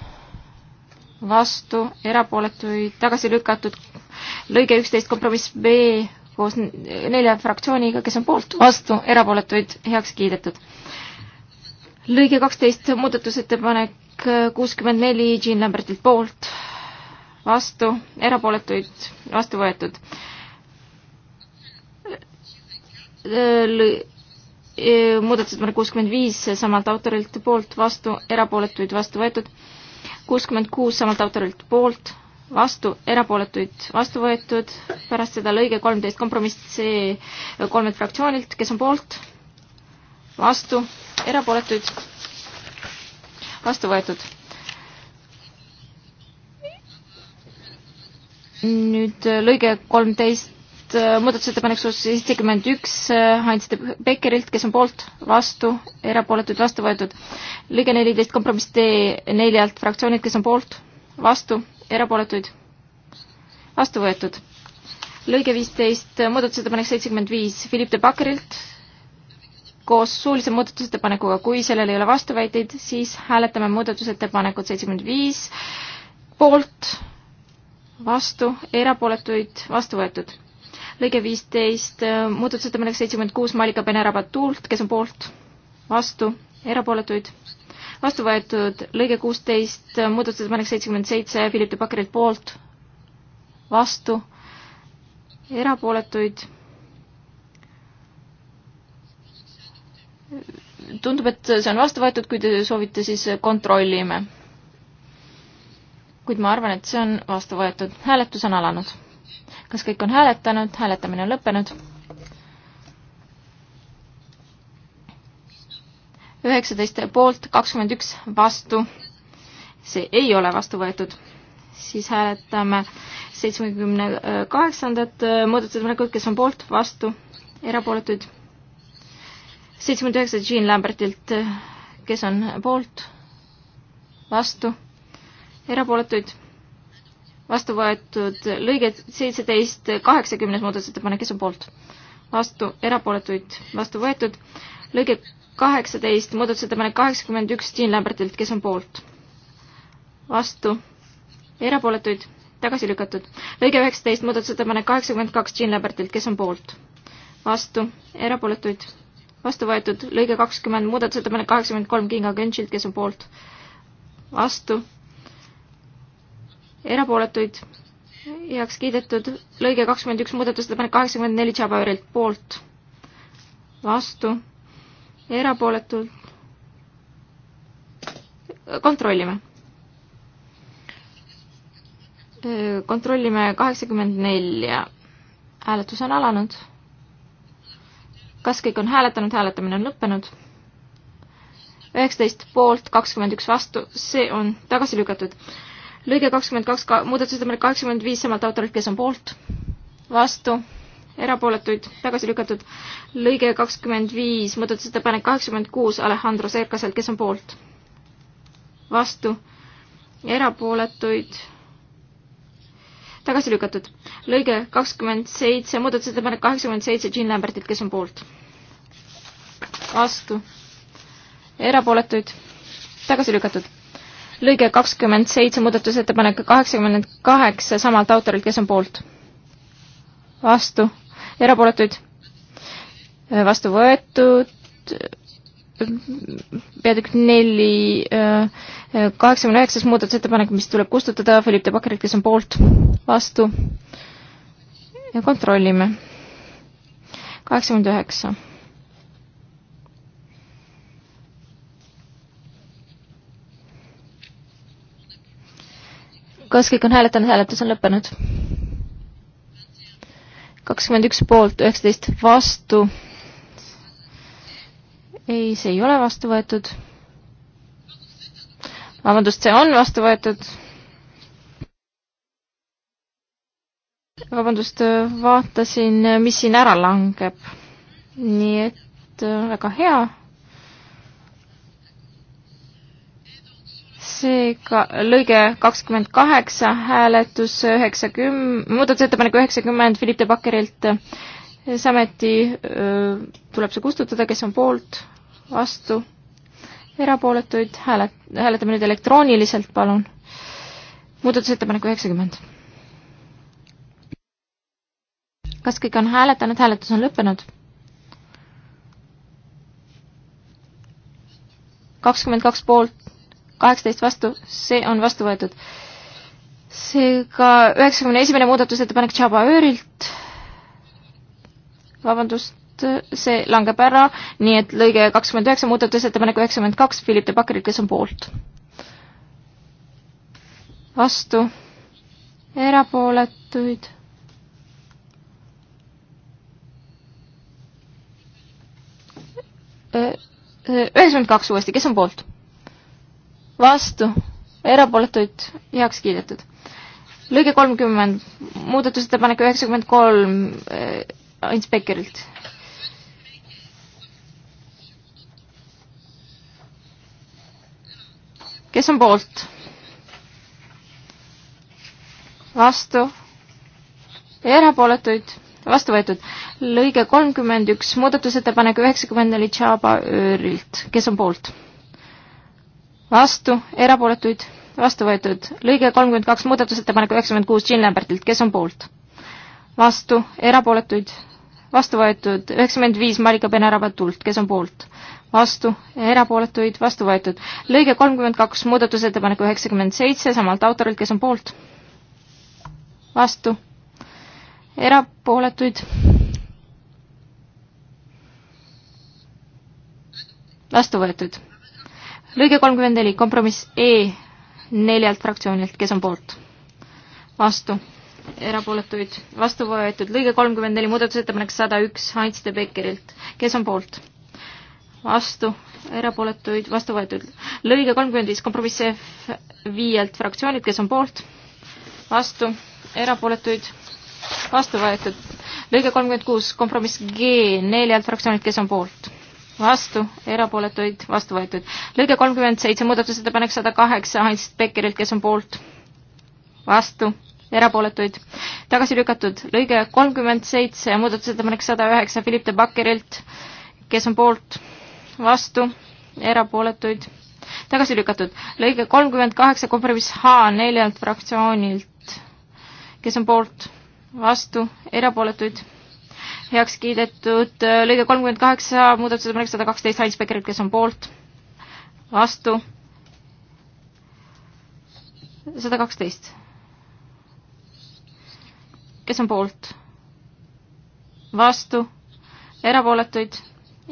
vastu, erapooletuid tagasi lükatud. lõige üksteist, kompromiss B koos nelja fraktsiooniga, kes on poolt, vastu, erapooletuid heaks kiidetud lõige kaksteist, muudatusettepanek kuuskümmend neli Jean Lambertilt poolt, vastu, erapooletuid, vastu võetud. E, muudatusettepanek kuuskümmend viis samalt autorilt poolt, vastu, erapooletuid, vastu võetud. kuuskümmend kuus samalt autorilt poolt, vastu, erapooletuid vastu võetud, pärast seda lõige kolmteist kompromiss C kolmelt fraktsioonilt, kes on poolt, vastu, erapooletuid, vastu võetud. nüüd äh, lõige kolmteist, äh, muudatusettepanek suus seitsekümmend üks äh, Heinz de Beckerilt, kes on poolt, vastu, erapooletuid, vastu võetud. lõige neliteist kompromiss D neljalt fraktsioonilt, kes on poolt, vastu, erapooletuid, vastu võetud lõige viisteist, muudatusettepanek seitsekümmend viis Philipp de Bakkerilt, koos suulise muudatusettepanekuga, kui sellel ei ole vastuväiteid, siis hääletame muudatusettepanekut seitsekümmend viis poolt, vastu, erapooletuid, vastu võetud. lõige viisteist, muudatusettepanek seitsekümmend kuus, Malika Pene-Rabatult, kes on poolt, vastu, erapooletuid, vastu võetud. lõige kuusteist, muudatusettepanek seitsekümmend seitse, Philip de Bakkerilt poolt, vastu, erapooletuid tundub, et see on vastu võetud, kui te soovite, siis kontrollime. kuid ma arvan, et see on vastu võetud. hääletus on alanud. kas kõik on hääletanud? hääletamine on lõppenud. üheksateist poolt, kakskümmend üks vastu. see ei ole vastu võetud. siis hääletame seitsmekümne kaheksandat äh, muudatusettepanekut, kes on poolt, vastu, erapooletuid seitsekümmend üheksa Jean Lambertilt, kes on poolt, vastu, erapooletuid, vastu võetud lõige seitseteist, kaheksakümnes muudatusettepanek, kes on poolt, vastu, erapooletuid, vastu võetud, lõige kaheksateist, muudatusettepanek kaheksakümmend üks Jean Lambertilt, kes on poolt, vastu, erapooletuid, tagasi lükatud, lõige üheksateist, muudatusettepanek kaheksakümmend kaks Jean Lambertilt, kes on poolt, vastu, erapooletuid vastu võetud, lõige kakskümmend, muudatusettepanek kaheksakümmend kolm Kinga Gönšilt, kes on poolt, vastu, erapooletuid, heaks kiidetud, lõige kakskümmend üks, muudatusettepanek kaheksakümmend neli Tšabaöörilt, poolt, vastu, erapooletult, kontrollime. kontrollime kaheksakümmend nelja, hääletus on alanud kas kõik on hääletanud, hääletamine on lõppenud? üheksateist poolt, kakskümmend üks vastu, see on tagasi lükatud. lõige kakskümmend kaks, muudatusettepanek kaheksakümmend viis samalt autorilt, kes on poolt, vastu, erapooletuid, tagasi lükatud. lõige kakskümmend viis, muudatusettepanek kaheksakümmend kuus Alejandro Serkaselt, kes on poolt, vastu, erapooletuid tagasi lükatud. lõige kakskümmend seitse, muudatusettepanek kaheksakümmend seitse Jean Lambertilt, kes on poolt? vastu. erapooletuid? tagasi lükatud. lõige kakskümmend seitse, muudatusettepanek kaheksakümmend kaheksa samalt autorilt, kes on poolt? vastu. erapooletuid? vastu võetud peatükk neli, äh, äh, kaheksakümne üheksas muudatusettepanek, mis tuleb kustutada, Philipp de Bakkerit, kes on poolt, vastu. ja kontrollime. kaheksakümmend üheksa. kas kõik on hääletanud, hääletus on lõppenud? kakskümmend üks poolt, üheksateist vastu ei, see ei ole vastu võetud. vabandust, see on vastu võetud. vabandust, vaatasin, mis siin ära langeb. nii et äh, väga hea. seega lõige kakskümmend kaheksa, hääletus üheksakümmend, muudatusettepanek üheksakümmend Philipp de Bakkerilt samuti äh, tuleb see kustutada, kes on poolt, vastu, erapooletuid hääle, hääletame nüüd elektrooniliselt, palun. muudatusettepanek üheksakümmend. kas kõik on hääletanud, hääletus on lõppenud? kakskümmend kaks poolt, kaheksateist vastu, see on vastu võetud. seega üheksakümne esimene muudatusettepanek Tšaba Öörilt, vabandust, see langeb ära, nii et lõige kakskümmend üheksa, muudatusettepanek üheksakümmend kaks, Philip de Bakkeril, kes on poolt? vastu, erapooletuid üheksakümmend kaks uuesti, kes on poolt? vastu, erapooletuid heaks kiidetud. lõige kolmkümmend, muudatusettepanek üheksakümmend kolm äh, inspektorilt. kes on poolt? vastu ja erapooletuid vastu võetud. lõige kolmkümmend üks, muudatusettepanek üheksakümmend neli Tšaba Öörilt, kes on poolt? vastu, erapooletuid, vastu võetud. lõige kolmkümmend kaks, muudatusettepanek üheksakümmend kuus Jean Lambertilt, kes on poolt? vastu, erapooletuid, vastu võetud üheksakümmend viis Marika Penerabatult, kes on poolt? vastu, erapooletuid, vastu võetud. lõige kolmkümmend kaks, muudatusettepanek üheksakümmend seitse, samalt autorilt, kes on poolt? vastu, erapooletuid. vastu võetud. lõige kolmkümmend neli, kompromiss E neljalt fraktsioonilt, kes on poolt? vastu erapooletuid vastu võetud. lõige kolmkümmend neli, muudatusettepanek sada üks Heinz de Beckerilt. kes on poolt? vastu, erapooletuid vastu võetud. lõige kolmkümmend viis, kompromiss F viielt fraktsioonilt, kes on poolt? vastu, erapooletuid vastu võetud. lõige kolmkümmend kuus, kompromiss G neljalt fraktsioonilt, kes on poolt? vastu, erapooletuid vastu võetud. lõige kolmkümmend seitse, muudatusettepanek sada kaheksa Heinz Beckerilt, kes on poolt? vastu, erapooletuid, tagasi lükatud. lõige kolmkümmend seitse, muudatusettepanek sada üheksa Philip de Bakkerilt, kes on poolt, vastu, erapooletuid, tagasi lükatud. lõige kolmkümmend kaheksa, kompromiss H neljalt fraktsioonilt, kes on poolt, vastu, erapooletuid, heaks kiidetud. lõige kolmkümmend kaheksa, muudatusettepanek sada kaksteist Heinz Beckerilt, kes on poolt, vastu, sada kaksteist kes on poolt? vastu, erapooletuid,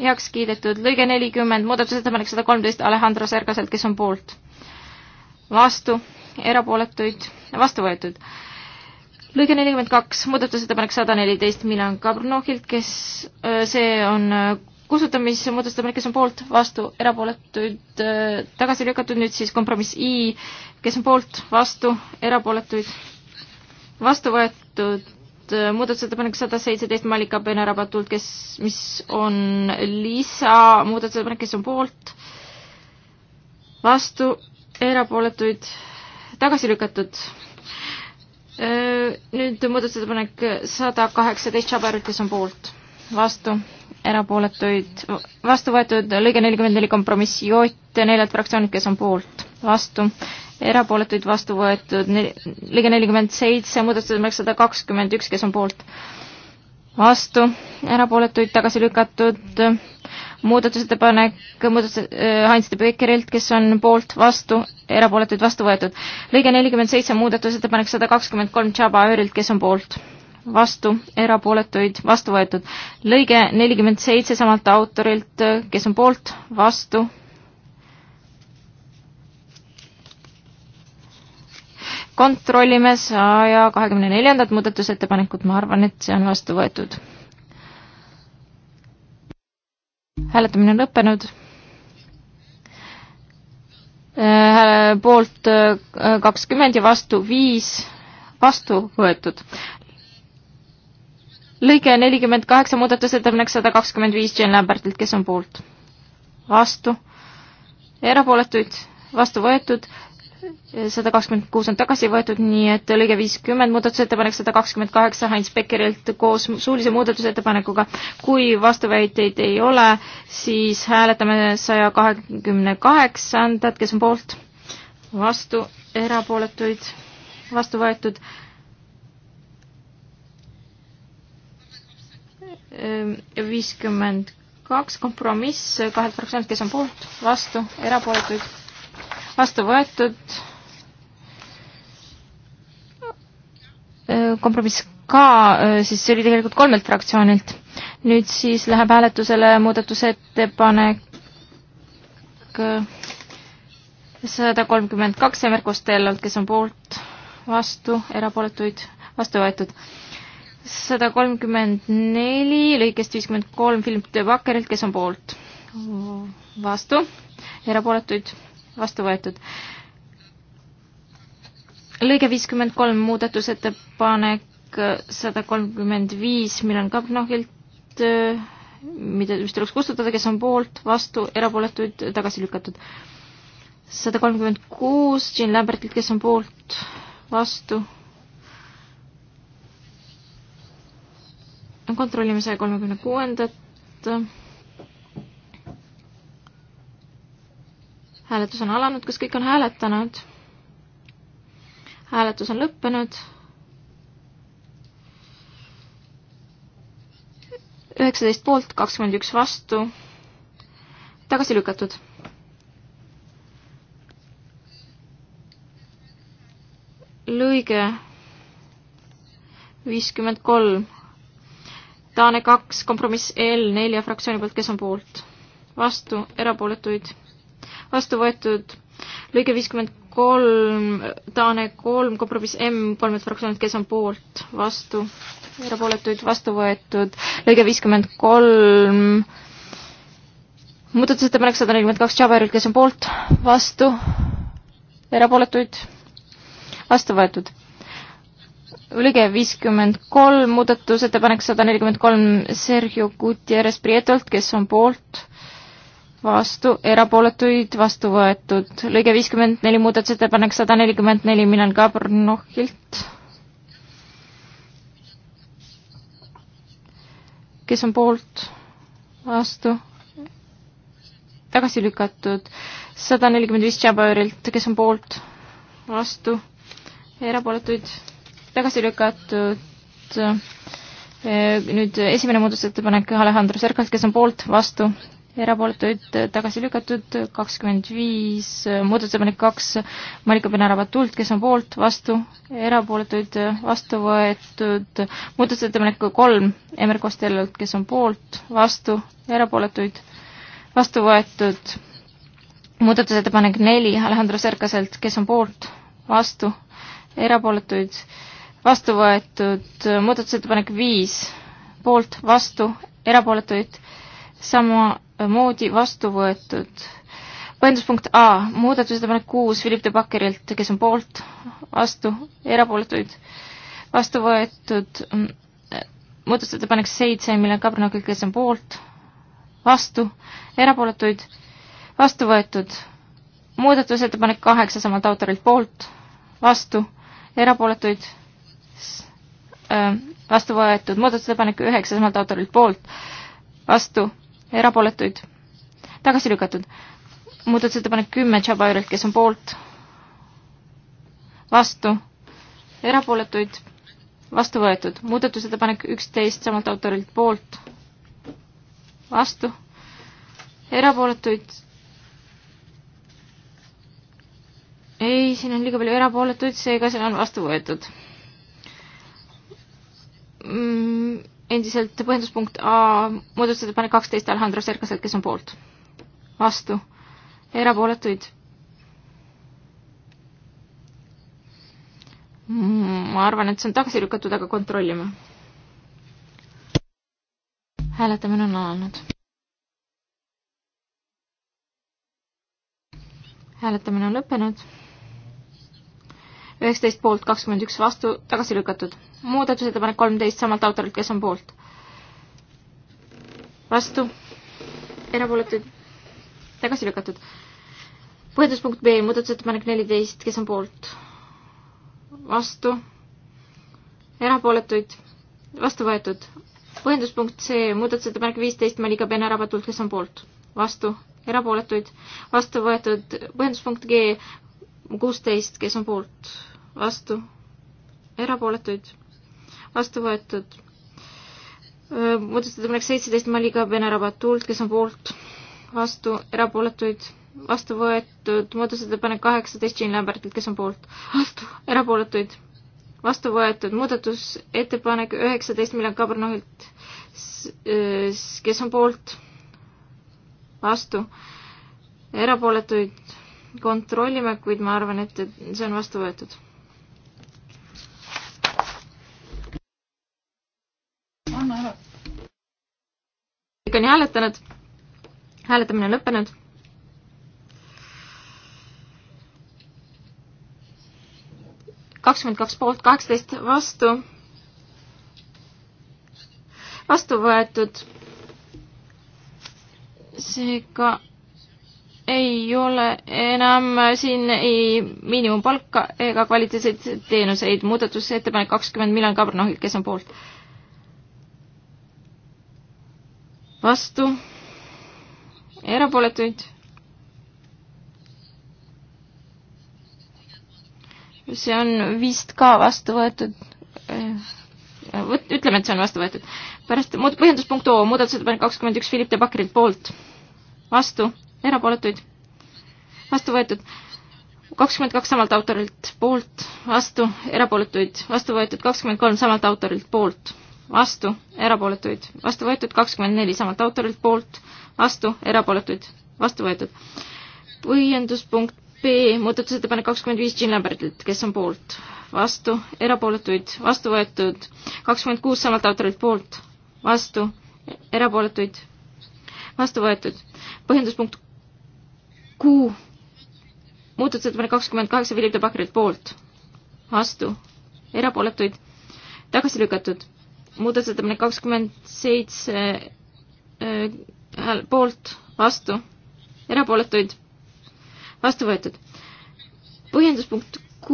heaks kiidetud, lõige nelikümmend, muudatusettepanek sada kolmteist Alejandro Sergaselt, kes on poolt? vastu, erapooletuid, vastu võetud. lõige nelikümmend kaks, muudatusettepanek sada neliteist Milan Kabrnohilt, kes, see on kustutamise muudatusettepanek, kes on poolt, vastu, erapooletuid, tagasi lükatud, nüüd siis kompromiss I, kes on poolt, vastu, erapooletuid, vastu võetud, võetud äh, muudatusettepanek sada seitseteist Malika Peenerabatult, kes, mis on lisa muudatusettepanek, kes on poolt, vastu, erapooletuid, tagasi lükatud. Äh, nüüd muudatusettepanek sada kaheksateist Šabarilt, kes on poolt, vastu, erapooletuid, vastu võetud lõige nelikümmend neli kompromiss J, neljad fraktsioonid, kes on poolt vastu, erapooletuid vastu võetud lõige nelikümmend seitse, muudatusettepanek sada kakskümmend üks, kes on poolt, vastu, erapooletuid tagasi lükatud, muudatusettepanek muudatus- äh,, Heinz de Beckerilt, kes on poolt, vastu, erapooletuid vastu võetud. lõige nelikümmend seitse, muudatusettepanek sada kakskümmend kolm, Chaba Öörilt, kes on poolt, vastu, erapooletuid vastu võetud. lõige nelikümmend seitse samalt autorilt, kes on poolt, vastu, kontrollime saja kahekümne neljandat muudatusettepanekut, ma arvan, et see on vastu võetud. hääletamine on lõppenud. Äh, poolt äh, kakskümmend ja vastu viis, vastu võetud. lõige nelikümmend kaheksa muudatusettepanek sada kakskümmend viis Jane Lambertilt, kes on poolt? vastu, erapooletuid, vastu võetud sada kakskümmend kuus on tagasi võetud, nii et lõige viiskümmend muudatusettepanek sada kakskümmend kaheksa Heinz Beckerilt koos suulise muudatusettepanekuga. kui vastuväiteid ei ole, siis hääletame saja kahekümne kaheksandat, kes on poolt, vastu, erapooletuid, vastu võetud. Ehm, viiskümmend kaks kompromiss kahelt fraktsioonilt, kes on poolt, vastu, erapooletuid vastu võetud. Äh, kompromiss ka, äh, siis see oli tegelikult kolmelt fraktsioonilt. nüüd siis läheb hääletusele muudatusettepanek äh, sada kolmkümmend kaks ja Merkos Tellalt, kes on poolt, vastu, erapooletuid, vastu võetud sada kolmkümmend neli lõikest viiskümmend kolm Philip De Bakkerilt, kes on poolt, vastu, erapooletuid vastu võetud. lõige viiskümmend kolm, muudatusettepanek sada kolmkümmend viis, mille on Kapnohilt, mida vist tuleks kustutada, kes on poolt, vastu, erapooletuid, tagasi lükatud. sada kolmkümmend kuus, Jean Lambertilt, kes on poolt, vastu. kontrollime saja kolmekümne kuuendat hääletus on alanud, kas kõik on hääletanud? hääletus on lõppenud. üheksateist poolt, kakskümmend üks vastu. tagasi lükatud. lõige viiskümmend kolm. Taane kaks, kompromiss L nelja fraktsiooni poolt, kes on poolt? vastu, erapooletuid vastu võetud lõige viiskümmend kolm, Taane kolm, kompromiss M kolmelt fraktsioonilt, kes on poolt, vastu, erapooletuid vastu võetud, lõige viiskümmend kolm, muudatusettepanek sada nelikümmend kaks Javerilt, kes on poolt, vastu, erapooletuid vastu võetud. lõige viiskümmend kolm, muudatusettepanek sada nelikümmend kolm Sergio Gutierrez Prietolt, kes on poolt vastu, erapooletuid vastu võetud. lõige viiskümmend neli, muudatusettepanek sada nelikümmend neli, Minel Kabrnohhilt. kes on poolt, vastu, tagasi lükatud. sada nelikümmend viis Jabarilt, kes on poolt, vastu, erapooletuid, tagasi lükatud. Eh, nüüd esimene muudatusettepanek Alejandro Serkalt, kes on poolt, vastu, erapooletuid tagasi lükatud, kakskümmend viis, muudatusettepanek kaks, Marika Penna-Rabatult, kes on poolt, vastu, erapooletuid vastu võetud, muudatusettepanek kolm, Emmer Costellolt, kes on poolt, vastu, erapooletuid vastu võetud, muudatusettepanek neli, Alejandro Serkaselt, kes on poolt, vastu, erapooletuid vastu võetud, muudatusettepanek viis, poolt, vastu, erapooletuid sama moodi vastu võetud. põhjenduspunkt A, muudatusettepanek kuus Philip de Bakkerilt, kes on poolt, vastu, erapooletuid, vastu võetud muudatusettepanek seitse, mille Kabrnoki, kes on poolt, vastu, erapooletuid, vastu võetud muudatusettepanek kaheksa samalt autorilt poolt, vastu, erapooletuid, äh, vastu võetud muudatusettepanek üheksa samalt autorilt poolt, vastu erapooletuid, tagasi lükatud. muudatusettepanek kümme Tšabairilt, kes on poolt, vastu, erapooletuid, vastu võetud. muudatusettepanek üksteist samalt autorilt poolt, vastu, erapooletuid, ei, siin on liiga palju erapooletuid, seega see on vastu võetud mm endiselt põhjenduspunkt A, muudatusettepanek kaksteist Alejandro Serkaselt, kes on poolt? vastu? erapooletuid? Mm, ma arvan, et see on tagasi lükatud, aga kontrollime. hääletamine on alanud. hääletamine on lõppenud. üheksateist poolt, kakskümmend üks vastu, tagasi lükatud muudatusettepanek kolmteist samalt autorilt, kes on poolt? vastu? erapooletuid? tagasi lükatud. põhjenduspunkt B, muudatusettepanek neliteist, kes on poolt? vastu? erapooletuid? vastu võetud. põhjenduspunkt C, muudatusettepanek viisteist, Malika Pene-Rabatult, kes on poolt? vastu? erapooletuid? vastu võetud. põhjenduspunkt G, kuusteist, kes on poolt? vastu? erapooletuid? vastu võetud. muudatusettepanek seitseteist Maliga Benarabatult, kes on poolt, vastu, erapooletuid, vastu võetud. muudatusettepanek kaheksateist Jean Lambertilt, kes on poolt, vastu, erapooletuid, vastu võetud. muudatusettepanek üheksateist Milan Kabrnohilt, kes on poolt, vastu, erapooletuid kontrollime, kuid ma arvan, et, et see on vastu võetud kõik on ju hääletanud. hääletamine on lõppenud. kakskümmend kaks poolt, kaheksateist vastu. vastu võetud. seega ei ole enam siin ei miinimumpalka ega kvaliteetseid teenuseid. muudatusettepanek kakskümmend miljonit Kabrnohil, kes on poolt? vastu, erapooletuid. see on vist ka vastu võetud. Eh, võt-, ütleme, et see on vastu võetud. pärast muud-, põhjenduspunkt O, muudatusettepanek kakskümmend üks Philip de Bakrilt poolt. vastu, erapooletuid. vastu võetud kakskümmend kaks samalt autorilt poolt, vastu, erapooletuid, vastu võetud kakskümmend kolm samalt autorilt poolt, vastu, erapooletuid, vastu võetud kakskümmend neli samalt autorilt poolt, vastu, erapooletuid, vastu võetud. põhjenduspunkt B, muudatusettepanek kakskümmend viis Jean Lambertilt, kes on poolt, vastu, erapooletuid, vastu võetud, kakskümmend kuus samalt autorilt poolt, vastu, erapooletuid, vastu võetud. põhjenduspunkt Q, muudatusettepanek kakskümmend kaheksa Philip de Bacherilt poolt, vastu, erapooletuid, tagasi lükatud muudatusettepanek kakskümmend seitse äh, hääl-, poolt, vastu, erapooletuid, vastu võetud. põhjenduspunkt Q,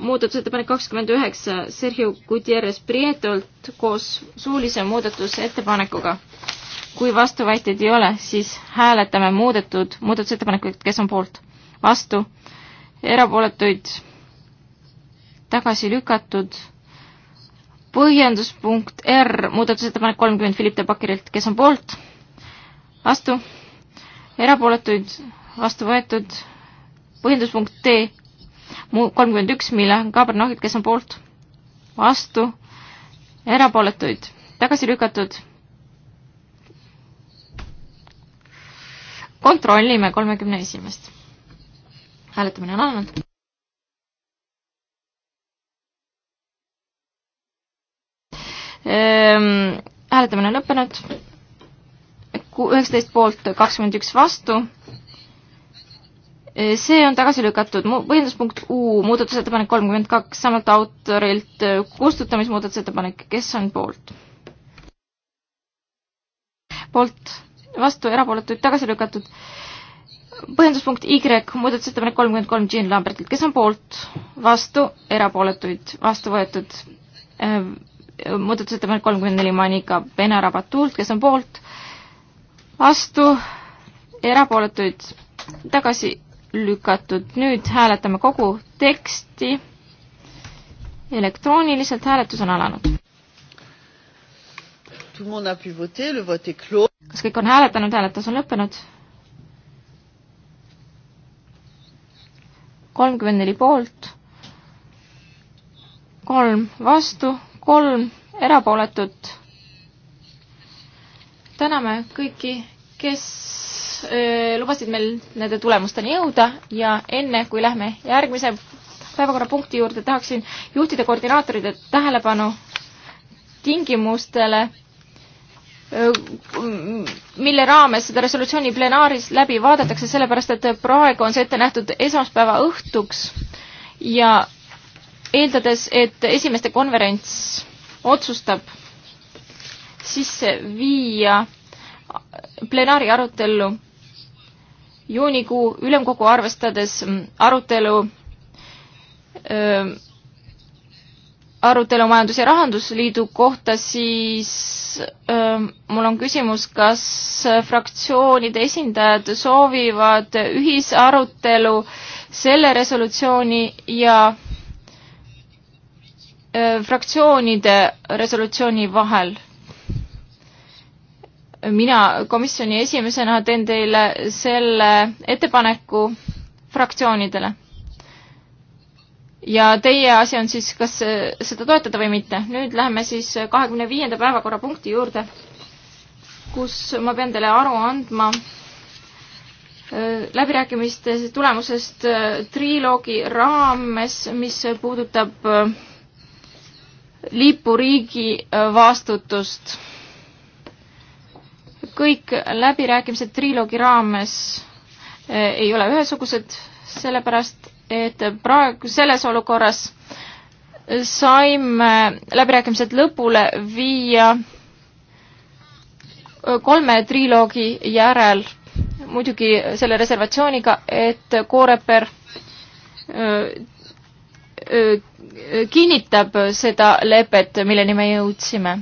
muudatusettepanek kakskümmend üheksa Sergio Gutierrez Prietolt koos suulise muudatusettepanekuga. kui vastuväiteid ei ole, siis hääletame muudetud muudatusettepanekuid, kes on poolt, vastu, erapooletuid, tagasi lükatud põhjenduspunkt R, muudatusettepanek kolmkümmend Philipp de Bakkerilt, kes on poolt? vastu? erapooletuid? vastu võetud? põhjenduspunkt D, kolmkümmend üks, mille on Kaabel Nohvit, kes on poolt? vastu? erapooletuid? tagasi lükatud? kontrollime kolmekümne esimest. hääletamine on alanud. Ehm, hääletamine on lõppenud. üheksateist poolt, kakskümmend üks vastu. Ehm, see on tagasi lükatud. põhjenduspunkt U, muudatusettepanek kolmkümmend kaks, samalt autorilt eh, kustutamismuudatusettepanek, kes on poolt? poolt, vastu, erapooletuid tagasi lükatud. põhjenduspunkt Y, muudatusettepanek kolmkümmend kolm Jean Lambertilt, kes on poolt, vastu, erapooletuid, vastu võetud ehm, muudatusettepanek kolmkümmend neli Manika Pena-Rabatult, kes on poolt, vastu, erapooletuid tagasi lükatud. nüüd hääletame kogu teksti elektrooniliselt, hääletus on alanud. kas kõik on hääletanud, hääletus on lõppenud? kolmkümmend neli poolt, kolm vastu, kolm erapooletut. täname kõiki, kes öö, eh, lubasid meil nende tulemusteni jõuda ja enne, kui lähme järgmise päevakorrapunkti juurde, tahaksin juhtida koordinaatoride tähelepanu tingimustele, mille raames seda resolutsiooni plenaaris läbi vaadatakse, sellepärast et praegu on see ette nähtud esmaspäeva õhtuks ja eeldades, et esimeste konverents otsustab sisse viia plenaari arutellu juunikuu ülemkogu arvestades arutelu öö, arutelu Majandus- ja Rahandusliidu kohta, siis öö, mul on küsimus, kas fraktsioonide esindajad soovivad ühisarutelu selle resolutsiooni ja Äh, fraktsioonide resolutsiooni vahel. mina komisjoni esimesena teen teile selle ettepaneku fraktsioonidele. ja teie asi on siis, kas äh, seda toetada või mitte. nüüd läheme siis kahekümne viienda päevakorrapunkti juurde, kus ma pean teile aru andma äh, läbirääkimiste tulemusest triloogi raames, mis puudutab äh, lipuriigi äh, vastutust. kõik läbirääkimised triloogi raames äh, ei ole ühesugused, sellepärast et praegu selles olukorras saime läbirääkimised lõpule viia äh, kolme triloogi järel, muidugi selle reservatsiooniga, et Kooreper kinnitab seda lepet, milleni me jõudsime.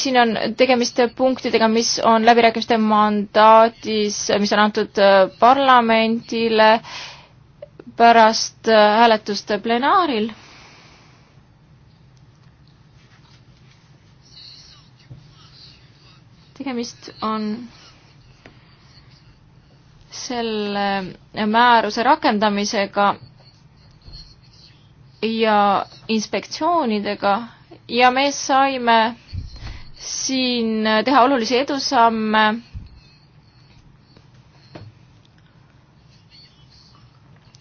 siin on tegemist punktidega, mis on läbirääkimiste mandaadis, mis on antud parlamendile pärast hääletust plenaaril. tegemist on selle määruse rakendamisega ja inspektsioonidega ja me saime siin teha olulisi edusamme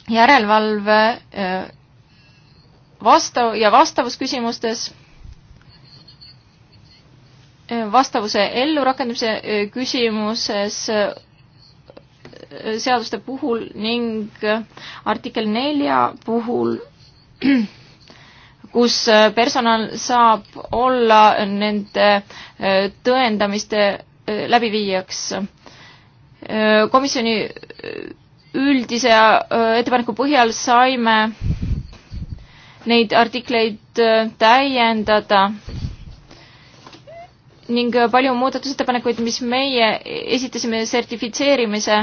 järelevalve äh, vastav- ja vastavusküsimustes, äh, vastavuse ellurakendamise äh, küsimuses seaduste puhul ning artikkel nelja puhul kus äh, personal saab olla nende äh, tõendamiste äh, läbiviijaks. komisjoni üldise ettepaneku põhjal saime neid artikleid täiendada ning palju muudatusettepanekuid, mis meie esitasime sertifitseerimise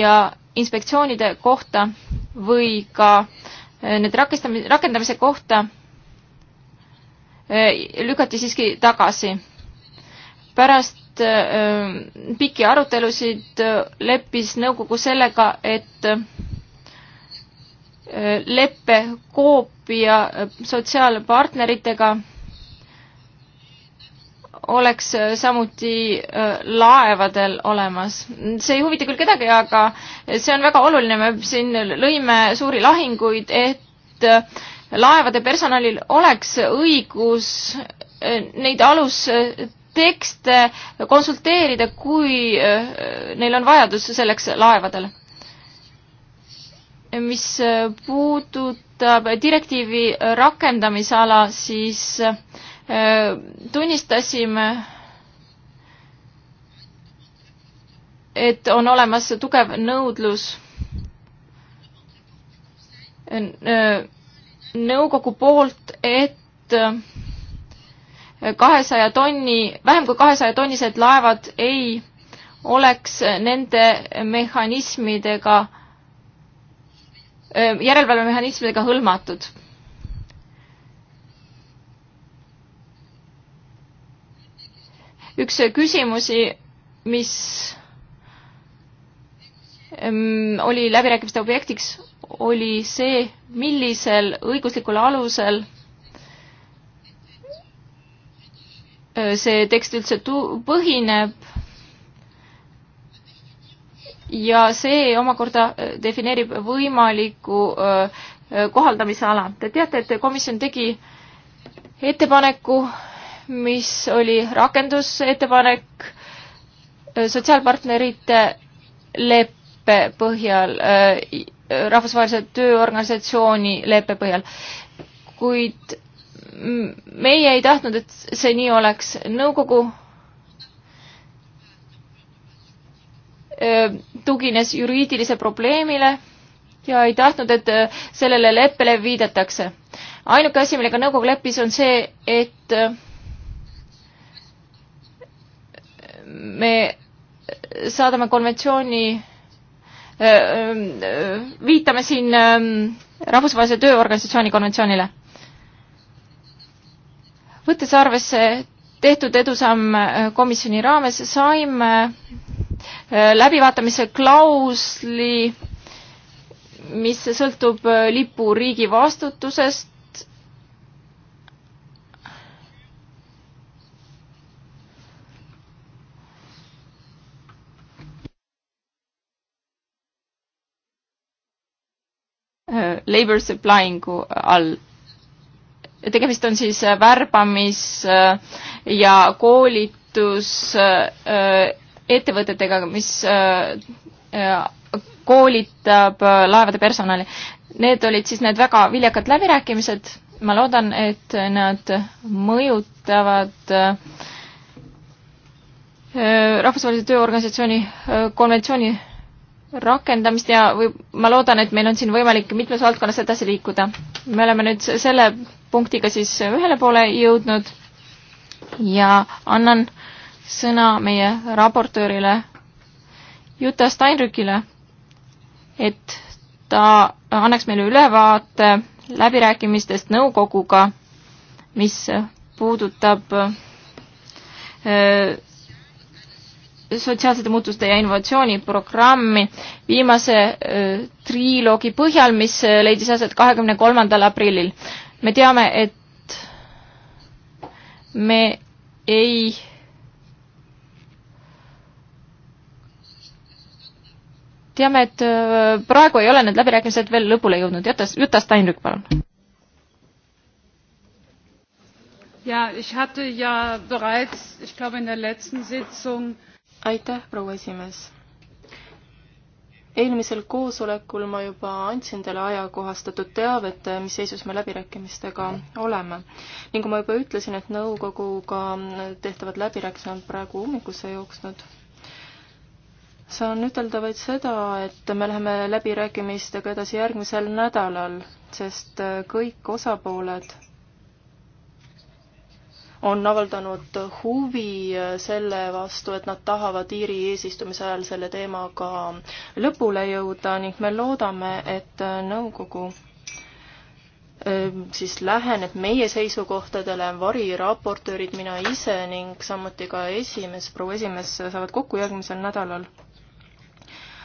ja inspektsioonide kohta või ka äh, Äh, nüüd rakendamise, rakendamise kohta äh, lükati siiski tagasi. pärast äh, pikki arutelusid leppis nõukogu sellega, et leppe koopia sotsiaalpartneritega oleks äh, samuti äh, laevadel olemas. see ei huvita küll kedagi, aga see on väga oluline, me siin lõime suuri lahinguid, et äh, laevade personalil oleks õigus neid alustekste konsulteerida, kui neil on vajadus selleks laevadel. mis puudutab direktiivi rakendamisala, siis äh, Äh, tunnistasime, et on olemas tugev nõudlus äh, nõukogu poolt, et äh, kahesaja tonni, vähem kui kahesaja tonnised laevad ei oleks nende mehhanismidega, järelevalvemehhanismidega hõlmatud üks küsimusi, mis oli läbirääkimiste objektiks, oli see, millisel õiguslikul alusel see tekst üldse tu-, põhineb ja see omakorda defineerib võimaliku kohaldamisala. Te teate, et komisjon tegi ettepaneku mis oli rakendusettepanek äh, sotsiaalpartnerite leppe põhjal, äh, Rahvusvahelise Tööorganisatsiooni leppe põhjal. kuid meie ei tahtnud, et see nii oleks. nõukogu äh, tugines juriidilise probleemile ja ei tahtnud, et sellele leppele viidatakse. ainuke asi, millega nõukogu leppis, on see, et me saadame konventsiooni, viitame siin Rahvusvahelise Tööorganisatsiooni konventsioonile. võttes arvesse tehtud edusamm komisjoni raames, saime läbivaatamise klausli, mis sõltub lipuriigi vastutusest labor supplying'u all. tegemist on siis äh, värbamis- äh, ja koolitusettevõtetega, äh, mis koolitab laevade personali. Need olid siis need väga viljakad läbirääkimised, ma loodan, et nad mõjutavad rahvusvahelise tööorganisatsiooni konventsiooni rakendamist ja või ma loodan, et meil on siin võimalik mitmes valdkonnas edasi liikuda. me oleme nüüd selle punktiga siis ühele poole jõudnud ja annan sõna meie raportöörile Juta Steinrückile, et ta annaks meile ülevaate läbirääkimistest nõukoguga, mis puudutab öö, äh, sotsiaalsete muutuste ja innovatsiooniprogrammi viimase triloogi põhjal, mis leidis aset kahekümne kolmandal aprillil. me teame, et me ei teame, et praegu ei ole need läbirääkimised veel lõpule jõudnud. Jüta, Jüta Steinrück, palun. Ja, ich hatte ja bereits, ich glaube in der letzten Sitzung äh, aitäh, proua esimees. eelmisel koosolekul ma juba andsin teile ajakohastatud teavet, mis seisus me läbirääkimistega oleme. nagu ma juba ütlesin, et nõukoguga tehtavad läbirääkimised on praegu ummikusse jooksnud saan ütelda vaid seda, et me läheme läbirääkimistega edasi järgmisel nädalal, sest kõik osapooled on avaldanud huvi selle vastu, et nad tahavad Iiri eesistumise ajal selle teemaga lõpule jõuda ning me loodame, et nõukogu ehm, siis läheneb meie seisukohtadele, variraportöörid, mina ise ning samuti ka esimees, proua esimees saavad kokku järgmisel nädalal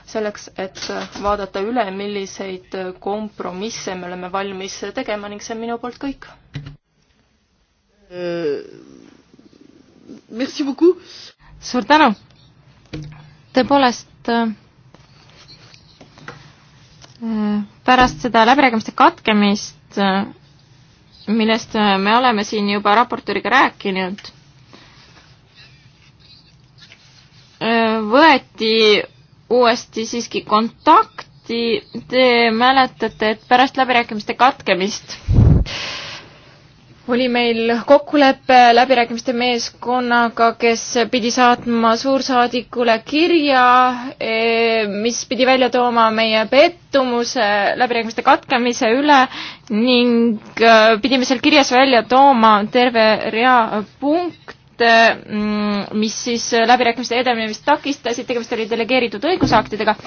selleks, et vaadata üle, milliseid kompromisse me oleme valmis tegema ning see on minu poolt kõik. Euh, suur tänu. tõepoolest äh, pärast seda läbirääkimiste katkemist, äh, millest äh, me oleme siin juba raportööriga rääkinud, võeti uuesti siiski kontakti, te mäletate, et pärast läbirääkimiste katkemist oli meil kokkulepe läbirääkimiste meeskonnaga, kes pidi saatma suursaadikule kirja, eh, mis pidi välja tooma meie pettumuse läbirääkimiste katkemise üle ning eh, pidime seal kirjas välja tooma terve rea punkte, mm, mis siis läbirääkimiste edenemist takistasid, tegemist oli delegeeritud õigusaktidega,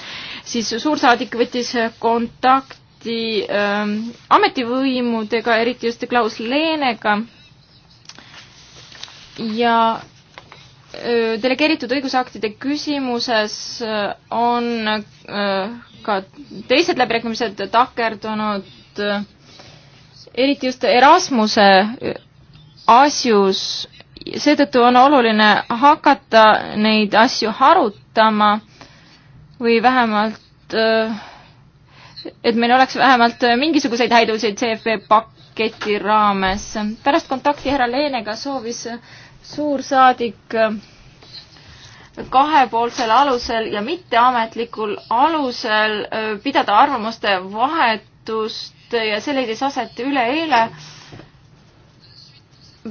siis suursaadik võttis kontakti eriti ähm, ametivõimudega, eriti just Klaus Leenega ja öö, äh, delegeeritud õigusaktide küsimuses äh, on öö, äh, ka teised läbirääkimised takerdunud, eriti just Erasmuse asjus, seetõttu on oluline hakata neid asju harutama või vähemalt öö, et meil oleks vähemalt mingisuguseid häidusid CFP paketi raames. pärast kontakti härra Leenega soovis suursaadik äh, kahepoolsel alusel ja mitteametlikul alusel äh, pidada arvamuste vahetust ja see leidis aset üleeile.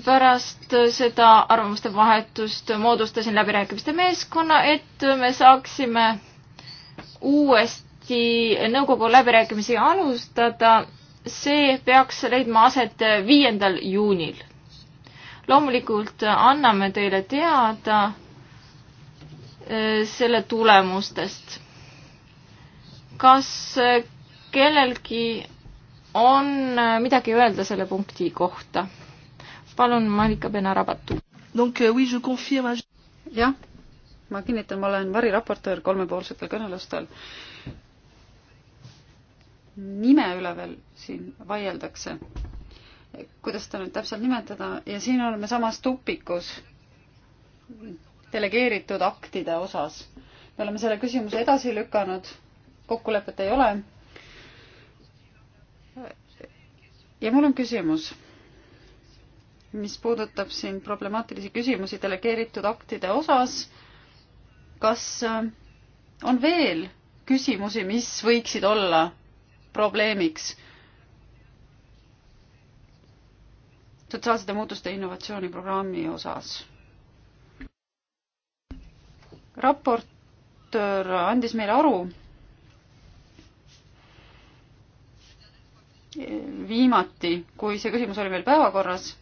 pärast seda arvamuste vahetust moodustasin läbirääkimiste meeskonna, et me saaksime uuesti uuesti nõukogu läbirääkimisi alustada, see peaks leidma aset viiendal juunil. loomulikult anname teile teada eh, selle tulemustest. kas kellelgi on midagi öelda selle punkti kohta? palun, Marika Benarabatu. Euh, jah, ma kinnitan, ma olen variraportöör kolmepoolsetel kõnelustel nime üle veel siin vaieldakse. kuidas seda nüüd täpselt nimetada ja siin oleme samas tupikus delegeeritud aktide osas. me oleme selle küsimuse edasi lükanud, kokkulepet ei ole. ja mul on küsimus, mis puudutab siin problemaatilisi küsimusi delegeeritud aktide osas. kas on veel küsimusi, mis võiksid olla probleemiks. sotsiaalsete muutuste innovatsiooniprogrammi osas. raportöör andis meile aru viimati, kui see küsimus oli meil päevakorras.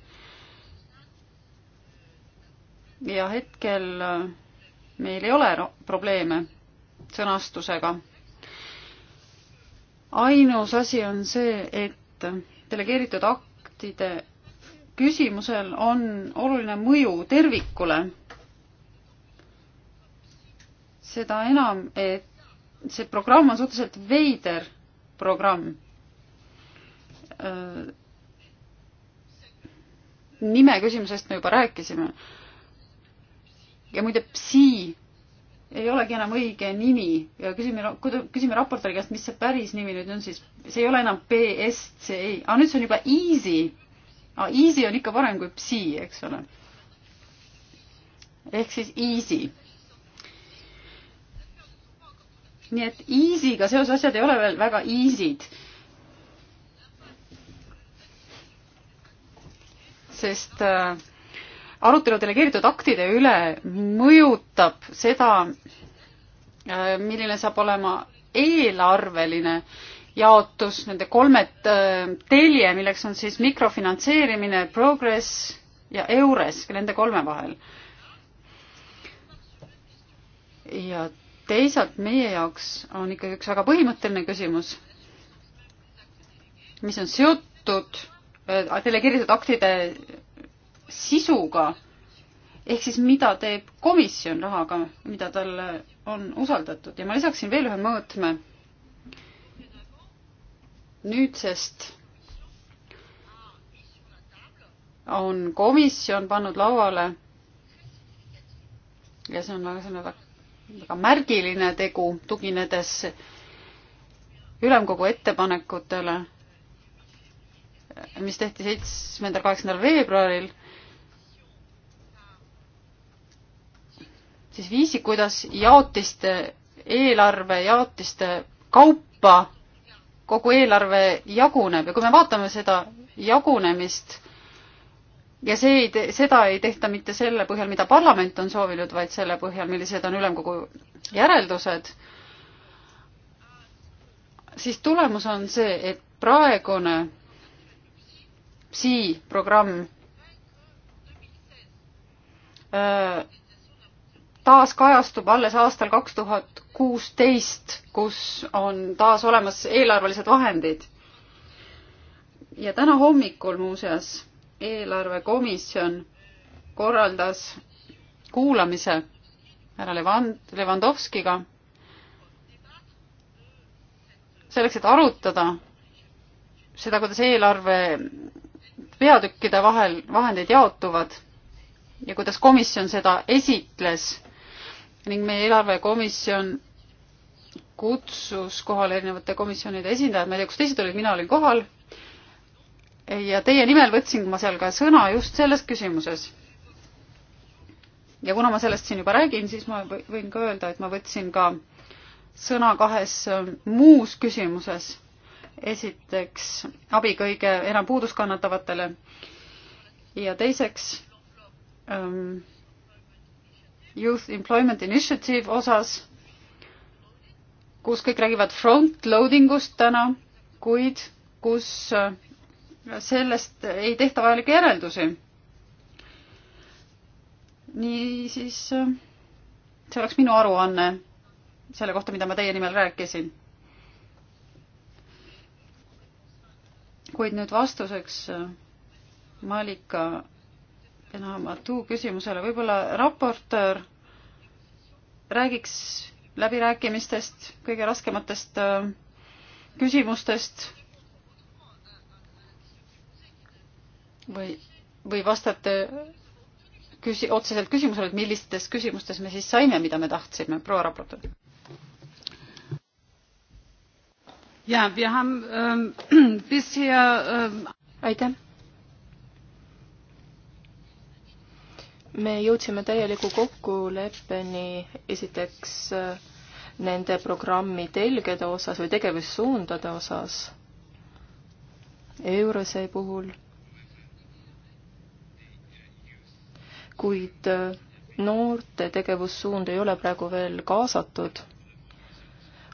ja hetkel meil ei ole probleeme sõnastusega ainus asi on see, et delegeeritud aktide küsimusel on oluline mõju tervikule. seda enam, et see programm on suhteliselt veider programm. Äh, nime küsimusest me juba rääkisime. ja muide, psi ei olegi enam õige nimi ja küsime, küsime raportori käest, mis see päris nimi nüüd on siis, see ei ole enam BSCI, aga ah, nüüd see on juba easy. Ah, easy on ikka parem kui psi, eks ole. ehk siis easy. nii et easy'ga seoses asjad ei ole veel väga easy'd. sest äh, arutelu delegeeritud aktide üle mõjutab seda, äh, milline saab olema eelarveline jaotus, nende kolme äh, telje, milleks on siis mikrofinantseerimine, progress ja EURES, nende kolme vahel. ja teisalt meie jaoks on ikkagi üks väga põhimõtteline küsimus, mis on seotud äh, delegeeritud aktide sisuga, ehk siis mida teeb komisjon rahaga, mida talle on usaldatud ja ma lisaksin veel ühe mõõtme nüüdsest on komisjon pannud lauale ja see on väga, see on väga, väga märgiline tegu, tuginedes ülemkogu ettepanekutele, mis tehti seitsmendal, kaheksandal veebruaril siis viisi, kuidas jaotiste, eelarve jaotiste kaupa kogu eelarve jaguneb ja kui me vaatame seda jagunemist ja see ei, seda ei tehta mitte selle põhjal, mida parlament on soovinud, vaid selle põhjal, millised on ülemkogu järeldused, siis tulemus on see, et praegune SI programm äh, taas kajastub alles aastal kaks tuhat kuusteist, kus on taas olemas eelarvelised vahendid. ja täna hommikul muuseas eelarvekomisjon korraldas kuulamise härra Levand, Levandovskiga selleks, et arutada seda, kuidas eelarve peatükkide vahel vahendeid jaotuvad ja kuidas komisjon seda esitles ning meie eelarvekomisjon kutsus kohale erinevate komisjonide esindajad, ma ei tea, kus teised olid, mina olin kohal. ja teie nimel võtsin ma seal ka sõna just selles küsimuses. ja kuna ma sellest siin juba räägin, siis ma võin ka öelda, et ma võtsin ka sõna kahes äh, muus küsimuses. esiteks abi kõige enam puudust kannatavatele ja teiseks ähm, Youth Employment Initiative osas, kus kõik räägivad front-loading ust täna, kuid kus äh, sellest ei tehta vajalikke järeldusi. niisiis, äh, see oleks minu aruanne selle kohta, mida ma teie nimel rääkisin. kuid nüüd vastuseks äh, Malika täna Matu küsimusele, võib-olla raportöör räägiks läbirääkimistest, kõige raskematest äh, küsimustest või, või vastate küsi-, otseselt küsimusele, et millistes küsimustes me siis saime, mida me tahtsime, proua raportöör? jaa, me oleme ähm, bisher ähm.... aitäh me jõudsime täieliku kokkuleppeni esiteks äh, nende programmi telgede osas või tegevussuundade osas Eurose puhul, kuid äh, noorte tegevussuund ei ole praegu veel kaasatud.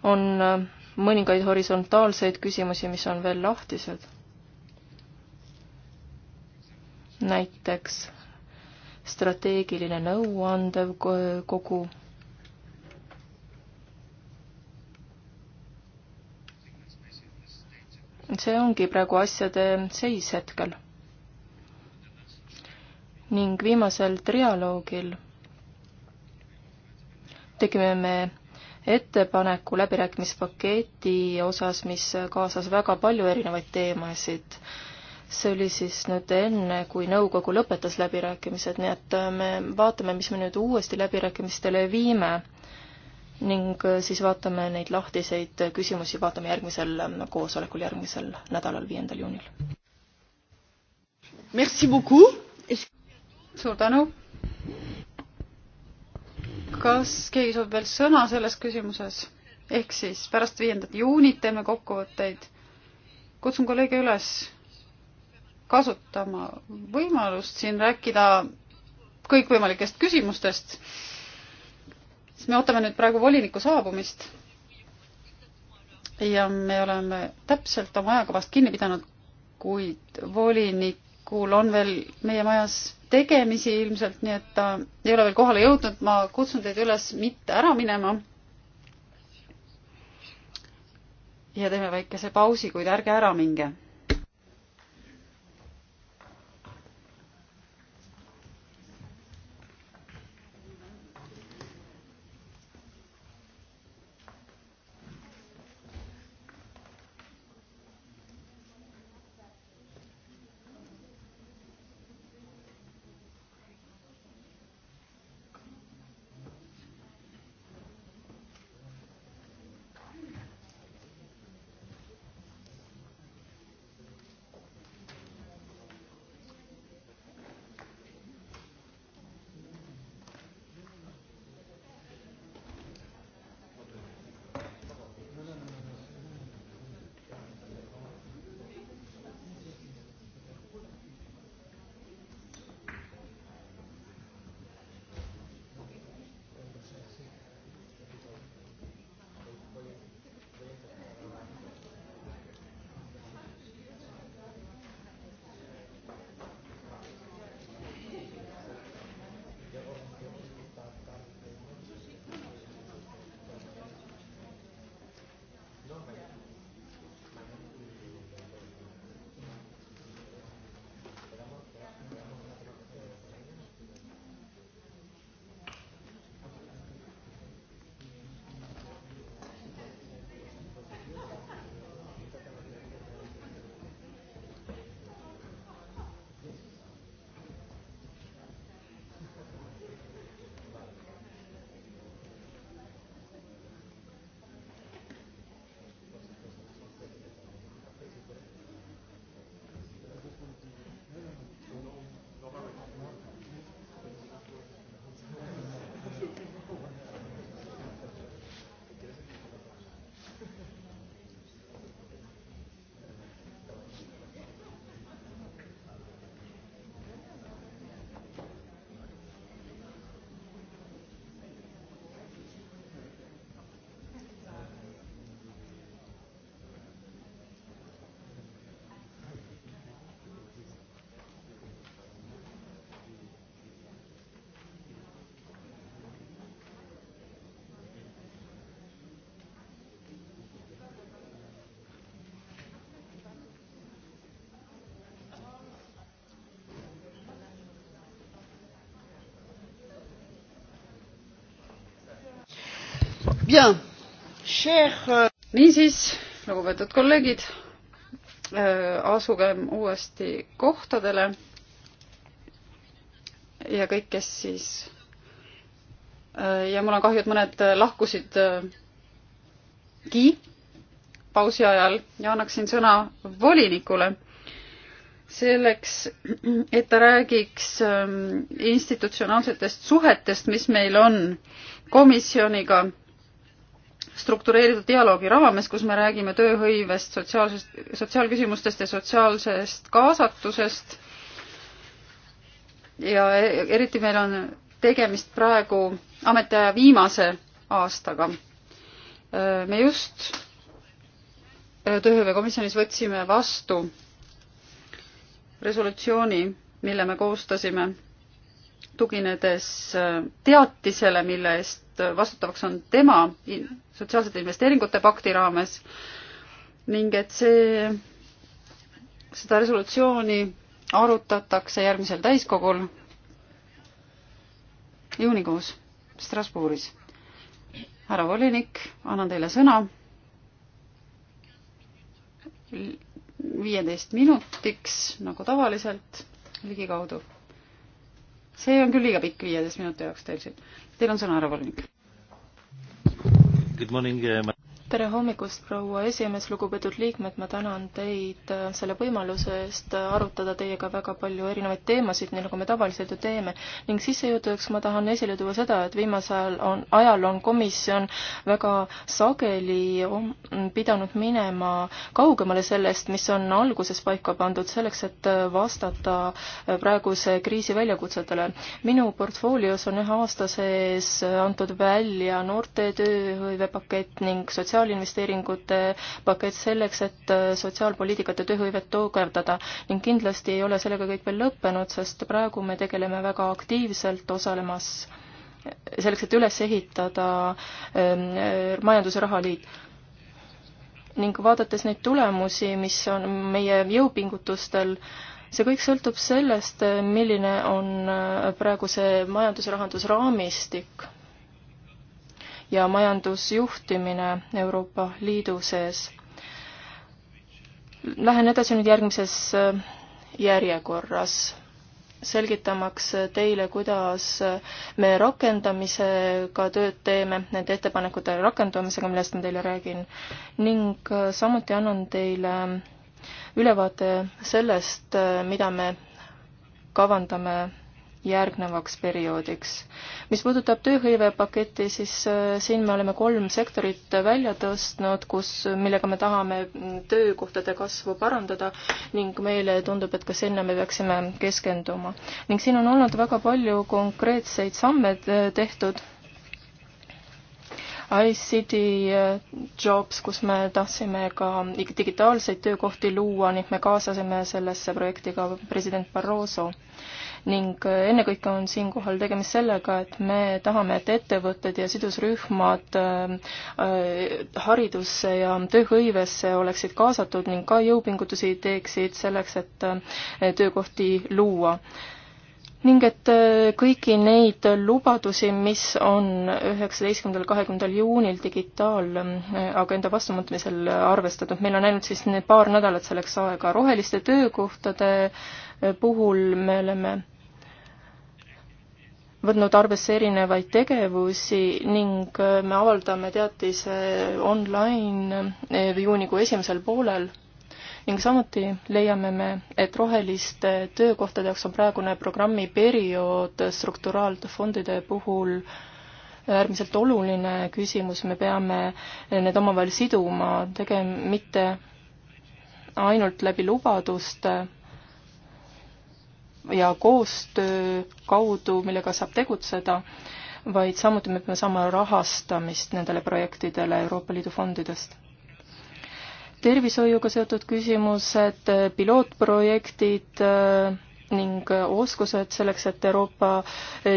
on äh, mõningaid horisontaalseid küsimusi, mis on veel lahtised. näiteks strateegiline nõuandev kogu. see ongi praegu asjade seis hetkel. ning viimasel trialoogil tegime me ettepaneku läbirääkimispaketi osas, mis kaasas väga palju erinevaid teemasid see oli siis nüüd enne, kui nõukogu lõpetas läbirääkimised, nii et äh, me vaatame, mis me nüüd uuesti läbirääkimistele viime ning äh, siis vaatame neid lahtiseid küsimusi, vaatame järgmisel äh, koosolekul, järgmisel nädalal, viiendal juunil. suur tänu. kas keegi soovib veel sõna selles küsimuses? ehk siis pärast viiendat juunit teeme kokkuvõtteid. kutsun kolleege üles kasutama võimalust siin rääkida kõikvõimalikest küsimustest, siis me ootame nüüd praegu voliniku saabumist. ja me oleme täpselt oma ajakavast kinni pidanud, kuid volinikul on veel meie majas tegemisi ilmselt, nii et ta ei ole veel kohale jõudnud, ma kutsun teid üles mitte ära minema. ja teeme väikese pausi, kuid ärge ära minge Euh, niisiis, lugupeetud kolleegid, äh, asugem uuesti kohtadele. ja kõik, kes siis äh, ja mul on kahju, et mõned äh, lahkusidki pausi ajal ja annaksin sõna volinikule selleks, et ta räägiks ähm, institutsionaalsetest suhetest, mis meil on komisjoniga struktureeritud dialoogi raames, kus me räägime tööhõivest, sotsiaalsest, sotsiaalküsimustest ja sotsiaalsest kaasatusest. ja eriti meil on tegemist praegu ametiaja viimase aastaga. me just tööhõivekomisjonis võtsime vastu resolutsiooni, mille me koostasime tuginedes teatisele, mille eest vastutavaks on tema sotsiaalsete investeeringute pakti raames ning et see, seda resolutsiooni arutatakse järgmisel täiskogul juunikuus Strasbourgis. härra volinik, annan teile sõna viieteist minutiks, nagu tavaliselt, ligikaudu. see on küll liiga pikk viieteist minuti jaoks teil siin. Teil on sõna, härra volinik tere hommikust, proua esimees, lugupeetud liikmed, ma tänan teid äh, selle võimaluse eest äh, arutada teiega väga palju erinevaid teemasid, nii nagu me tavaliselt ju teeme. ning sissejuhatuseks ma tahan esile tuua seda, et viimasel ajal on, ajal on komisjon väga sageli pidanud minema kaugemale sellest, mis on alguses paika pandud, selleks et äh, vastata praeguse kriisi väljakutsetele. minu portfoolios on ühe aasta sees antud välja noorte tööhõivepakett ning sotsiaalne sotsiaalinvesteeringute pakett selleks, et äh, sotsiaalpoliitikate tööhõivet tugevdada ning kindlasti ei ole sellega kõik veel lõppenud, sest praegu me tegeleme väga aktiivselt osalemas äh, selleks, et üles ehitada ähm, äh, majandus- ja rahaliit ning vaadates neid tulemusi, mis on meie jõupingutustel, see kõik sõltub sellest, milline on praegu see majandus- ja rahandusraamistik ja majandusjuhtimine Euroopa Liidu sees. Lähen edasi nüüd järgmises äh, järjekorras, selgitamaks teile, kuidas me rakendamisega tööd teeme, nende ettepanekute rakendumisega, millest ma teile räägin, ning äh, samuti annan teile ülevaate sellest, äh, mida me kavandame järgnevaks perioodiks. mis puudutab tööhõivepaketti, siis äh, siin me oleme kolm sektorit välja tõstnud, kus, millega me tahame mm, töökohtade kasvu parandada ning meile tundub, et ka sinna me peaksime keskenduma. ning siin on olnud väga palju konkreetseid samme äh, tehtud iCity äh, Jobs, kus me tahtsime ka digitaalseid töökohti luua ning me kaasasime sellesse projekti ka president Barroso ning äh, ennekõike on siinkohal tegemist sellega, et me tahame, et ettevõtted ja sidusrühmad äh, äh, haridusse ja tööhõivesse oleksid kaasatud ning ka jõupingutusi teeksid selleks, et töökohti luua ning et kõiki neid lubadusi, mis on üheksateistkümnendal, kahekümnendal juunil digitaalagenda vastuvõtmisel arvestatud, meil on ainult siis need paar nädalat selleks aega. roheliste töökohtade puhul me oleme võtnud arvesse erinevaid tegevusi ning äh, me avaldame teatise online äh, juunikuu esimesel poolel ning samuti leiame me, et roheliste töökohtade jaoks on praegune programmiperiood strukturaalfondide puhul äärmiselt oluline küsimus, me peame need omavahel siduma, tegema mitte ainult läbi lubaduste, ja koostöö kaudu, millega saab tegutseda, vaid samuti me peame saama rahastamist nendele projektidele Euroopa Liidu fondidest. tervishoiuga seotud küsimused, pilootprojektid äh,, ning äh, oskused selleks, et Euroopa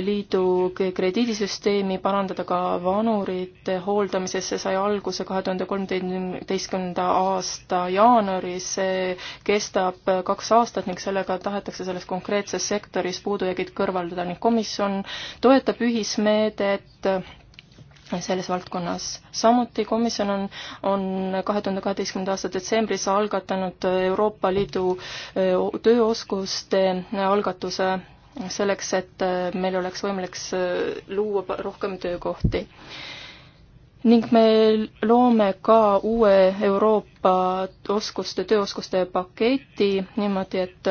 Liidu krediidisüsteemi parandada ka vanurite hooldamisesse, sai alguse kahe tuhande kolmeteistkümnenda aasta jaanuaris. see kestab äh, kaks aastat ning sellega tahetakse selles konkreetses sektoris puudujäägid kõrvaldada ning komisjon toetab ühismeedet selles valdkonnas. samuti komisjon on, on kahe tuhande kaheteistkümnenda aasta detsembris algatanud Euroopa Liidu eh, tööoskuste algatuse selleks, et eh, meil oleks võimalik eh, luua rohkem töökohti. ning me loome ka uue Euroopa oskuste, tööoskuste paketi niimoodi, et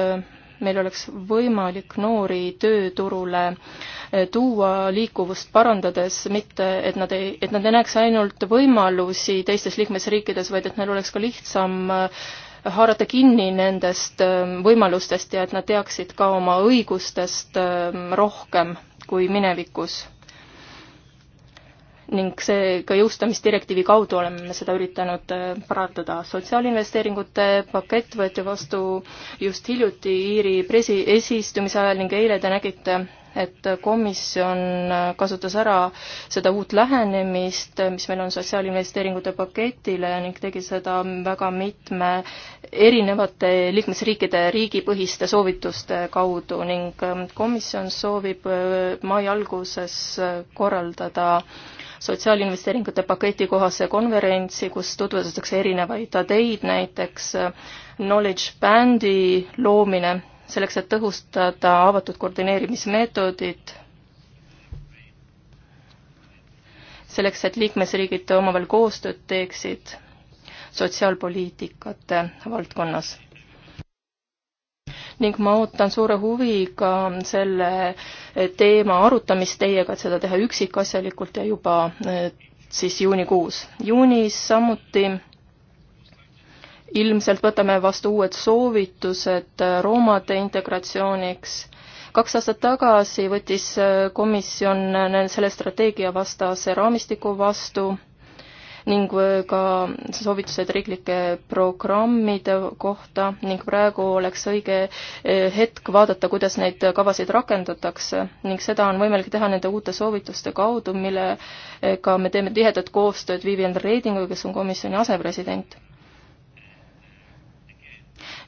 meil oleks võimalik noori tööturule eh, tuua liikuvust parandades, mitte et nad ei, et nad ei näeks ainult võimalusi teistes liikmesriikides, vaid et neil oleks ka lihtsam eh, haarata kinni nendest eh, võimalustest ja et nad teaksid ka oma õigustest rohkem kui minevikus ning see ka jõustamisdirektiivi kaudu oleme me seda üritanud äh, parandada. sotsiaalinvesteeringute pakett võeti vastu just hiljuti Iiri presi-, eesistumise ajal ning eile te nägite, et komisjon äh, kasutas ära seda uut lähenemist, mis meil on sotsiaalinvesteeringute paketile ning tegi seda väga mitme erinevate liikmesriikide riigipõhiste soovituste kaudu ning ähm, komisjon soovib äh, mai alguses korraldada sotsiaalinvesteeringute paketi kohasse konverentsi, kus tutvustatakse erinevaid ideid, näiteks äh, knowledge bändi loomine, selleks et tõhustada avatud koordineerimismeetodit, selleks, et liikmesriigid omavahel koostööd teeksid sotsiaalpoliitikate valdkonnas ning ma ootan suure huviga selle teema arutamist teiega, et seda teha üksikasjalikult ja juba eh, siis juunikuus. juunis samuti ilmselt võtame vastu uued soovitused eh, roomade integratsiooniks kaks aastat tagasi võttis eh, komisjon selle strateegia vastase raamistiku vastu ning ka soovitused riiklike programmide kohta ning praegu oleks õige e, hetk vaadata, kuidas neid kavasid rakendatakse ning seda on võimalik teha nende uute soovituste kaudu, millega e, me teeme tihedat koostööd Vivian Reidinguga, kes on komisjoni asepresident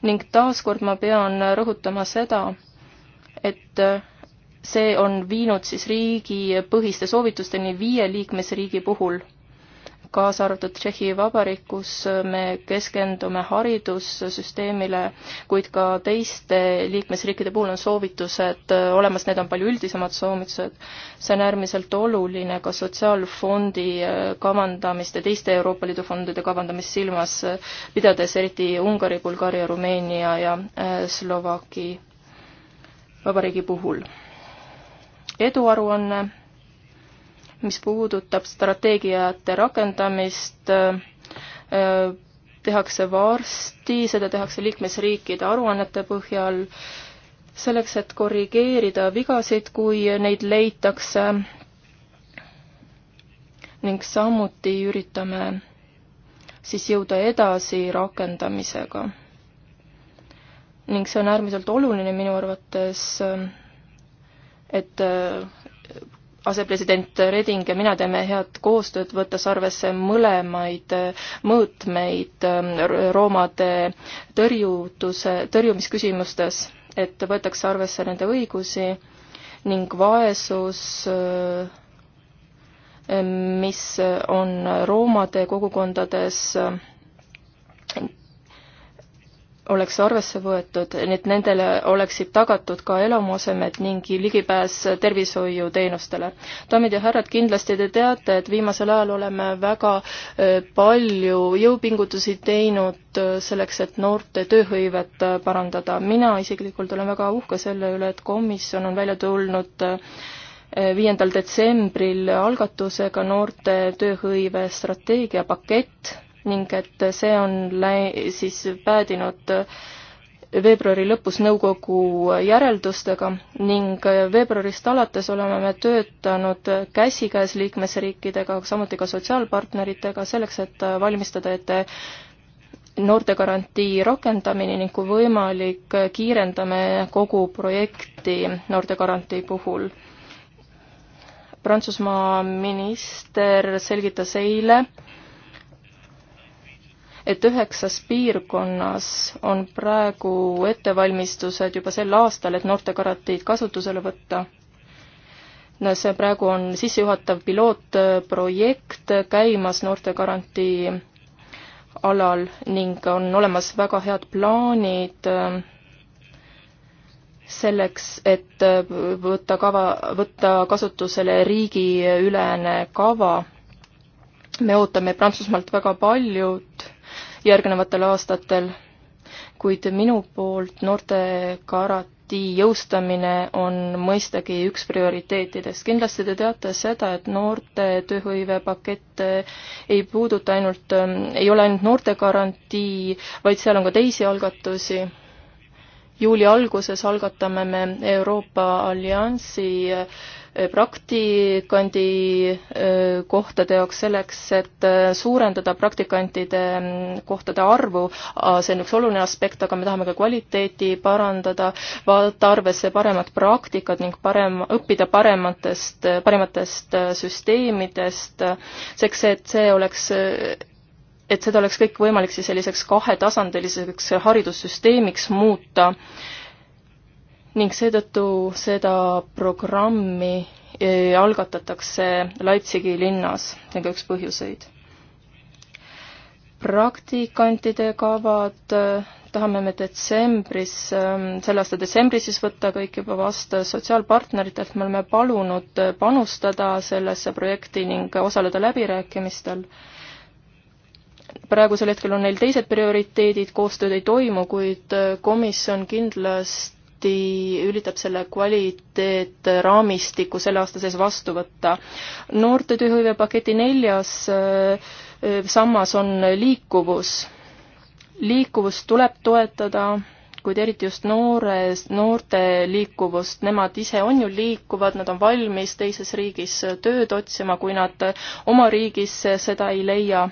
ning taaskord ma pean rõhutama seda, et e, see on viinud siis riigipõhiste soovitusteni viie liikmesriigi puhul kaasa arvatud Tšehhi Vabariik, kus me keskendume haridussüsteemile, kuid ka teiste liikmesriikide puhul on soovitused olemas, need on palju üldisemad soovitused. see on äärmiselt oluline ka Sotsiaalfondi kavandamist ja teiste Euroopa Liidu fondide kavandamist silmas pidades, eriti Ungari, Bulgaaria, Rumeenia ja äh, Slovaki Vabariigi puhul. eduaruanne mis puudutab strateegiate rakendamist, tehakse varsti, seda tehakse liikmesriikide aruannete põhjal, selleks, et korrigeerida vigasid, kui neid leitakse ning samuti üritame siis jõuda edasi rakendamisega. ning see on äärmiselt oluline minu arvates, et asepresident Reding ja mina teeme head koostööd, võttes arvesse mõlemaid äh, mõõtmeid ähm, roomade tõrjutuse, tõrjumisküsimustes, et võetakse arvesse nende õigusi ning vaesus, äh, mis on roomade kogukondades äh, oleks arvesse võetud, et nendele oleksid tagatud ka elamuasemed ning ligipääs tervishoiuteenustele. daamid ja härrad, kindlasti te teate, et viimasel ajal oleme väga palju jõupingutusi teinud selleks, et noorte tööhõivet parandada. mina isiklikult olen väga uhke selle üle, et komisjon on välja tulnud viiendal detsembril algatusega noorte tööhõive strateegiapakett ning et see on läi-, siis päädinud veebruari lõpus nõukogu järeldustega ning veebruarist alates oleme me töötanud käsikäes liikmesriikidega, samuti ka sotsiaalpartneritega, selleks et valmistada ette noortegarantii rakendamine ning kui võimalik, kiirendame kogu projekti noortegarantii puhul. Prantsusmaa minister selgitas eile, et üheksas piirkonnas on praegu ettevalmistused juba sel aastal, et noortegarantiid kasutusele võtta. no see praegu on sissejuhatav pilootprojekt käimas noortegarantii alal ning on olemas väga head plaanid äh, selleks, et äh, võtta kava, võtta kasutusele riigiülene kava. me ootame Prantsusmaalt väga paljud järgnevatel aastatel, kuid minu poolt noorte garantii jõustamine on mõistagi üks prioriteetidest. kindlasti te teate seda, et noorte tööhõivepakett eh, ei puuduta ainult, eh, ei ole ainult noorte garantii, vaid seal on ka teisi algatusi juuli alguses algatame me Euroopa Alliansi eh, Äh, praktikandi äh, kohtade jaoks selleks, et äh, suurendada praktikantide mm, kohtade arvu, see on üks oluline aspekt, aga me tahame ka kvaliteeti parandada, vaadata arvesse paremat praktikat ning parem, õppida parematest, parematest süsteemidest, selleks et see oleks et seda oleks kõik võimalik siis selliseks kahetasandiliseks haridussüsteemiks muuta ning seetõttu seda programmi eh, algatatakse Leipzigi linnas, see on ka üks põhjuseid. praktikantide kavad eh, tahame me detsembris, eh, selle aasta detsembris siis võtta kõik juba vastu, sotsiaalpartneritelt me oleme palunud panustada sellesse projekti ning osaleda läbirääkimistel. praegusel hetkel on neil teised prioriteedid, koostööd ei toimu, kuid komisjon kindlasti samuti üritab selle kvaliteetraamistiku selle aasta sees vastu võtta. noorte tööhõivepaketi neljas äh, sammas on liikuvus. liikuvust tuleb toetada, kuid eriti just noores, noorte liikuvust, nemad ise on ju liikuvad, nad on valmis teises riigis tööd otsima, kui nad oma riigis seda ei leia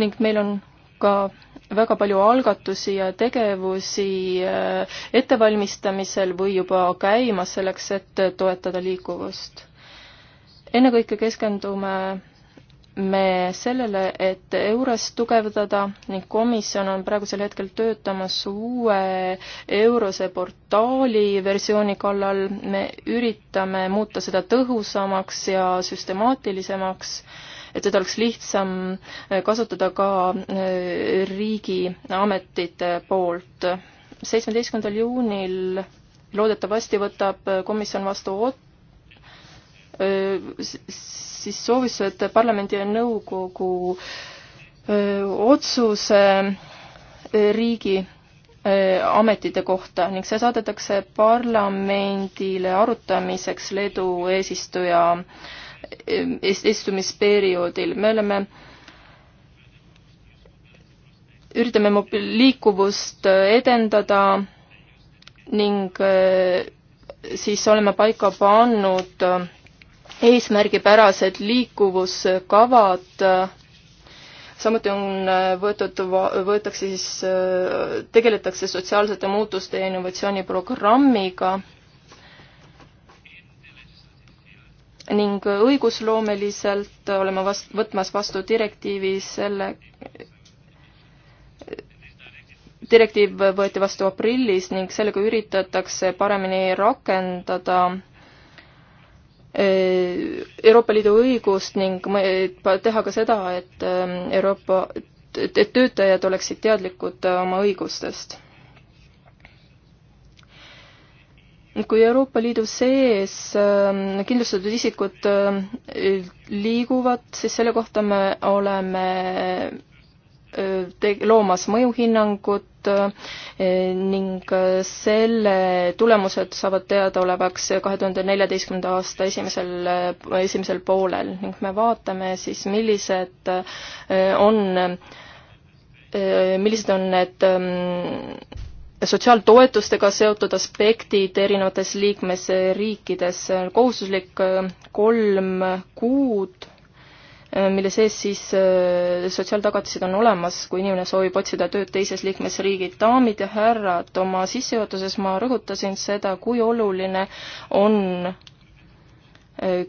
ning meil on ka väga palju algatusi ja tegevusi äh, ettevalmistamisel või juba käimas selleks, et toetada liikuvust. ennekõike keskendume me sellele, et EURES tugevdada ning komisjon on praegusel hetkel töötamas uue EUROSE portaali versiooni kallal. me üritame muuta seda tõhusamaks ja süstemaatilisemaks et seda oleks lihtsam äh, kasutada ka äh, riigiametite poolt. seitsmeteistkümnendal juunil loodetavasti võtab äh, komisjon vastu siis soovitused parlamendi ja nõukogu otsuse riigi ametite kohta ning see saadetakse parlamendile arutamiseks Leedu eesistuja äh, istumisperioodil, me oleme üritame liikuvust äh, edendada ning äh, siis oleme paika pannud äh, eesmärgipärased liikuvuskavad, samuti on võetud, võetakse siis, tegeletakse sotsiaalsete muutuste ja innovatsiooniprogrammiga ning õigusloomeliselt oleme vast-, võtmas vastu direktiivi selle, direktiiv võeti vastu aprillis ning sellega üritatakse paremini rakendada e, Euroopa Liidu õigust ning teha ka seda, et e, Euroopa, et töötajad oleksid teadlikud oma õigustest kui Euroopa Liidu sees ähm, kindlustatud isikud ähm, liiguvad, siis selle kohta me oleme äh, te-, loomas mõjuhinnangut äh, ning äh, selle tulemused saavad teadaolevaks kahe tuhande neljateistkümnenda aasta esimesel, esimesel poolel ning me vaatame siis, millised on, millised on need ähm, sotsiaaltoetustega seotud aspektid erinevates liikmesriikides, kohustuslik äh, kolm kuud, äh, mille sees siis äh, sotsiaaltagatised on olemas, kui inimene soovib otsida tööd teises liikmesriigid. daamid ja härrad, oma sissejuhatuses ma rõhutasin seda, kui oluline on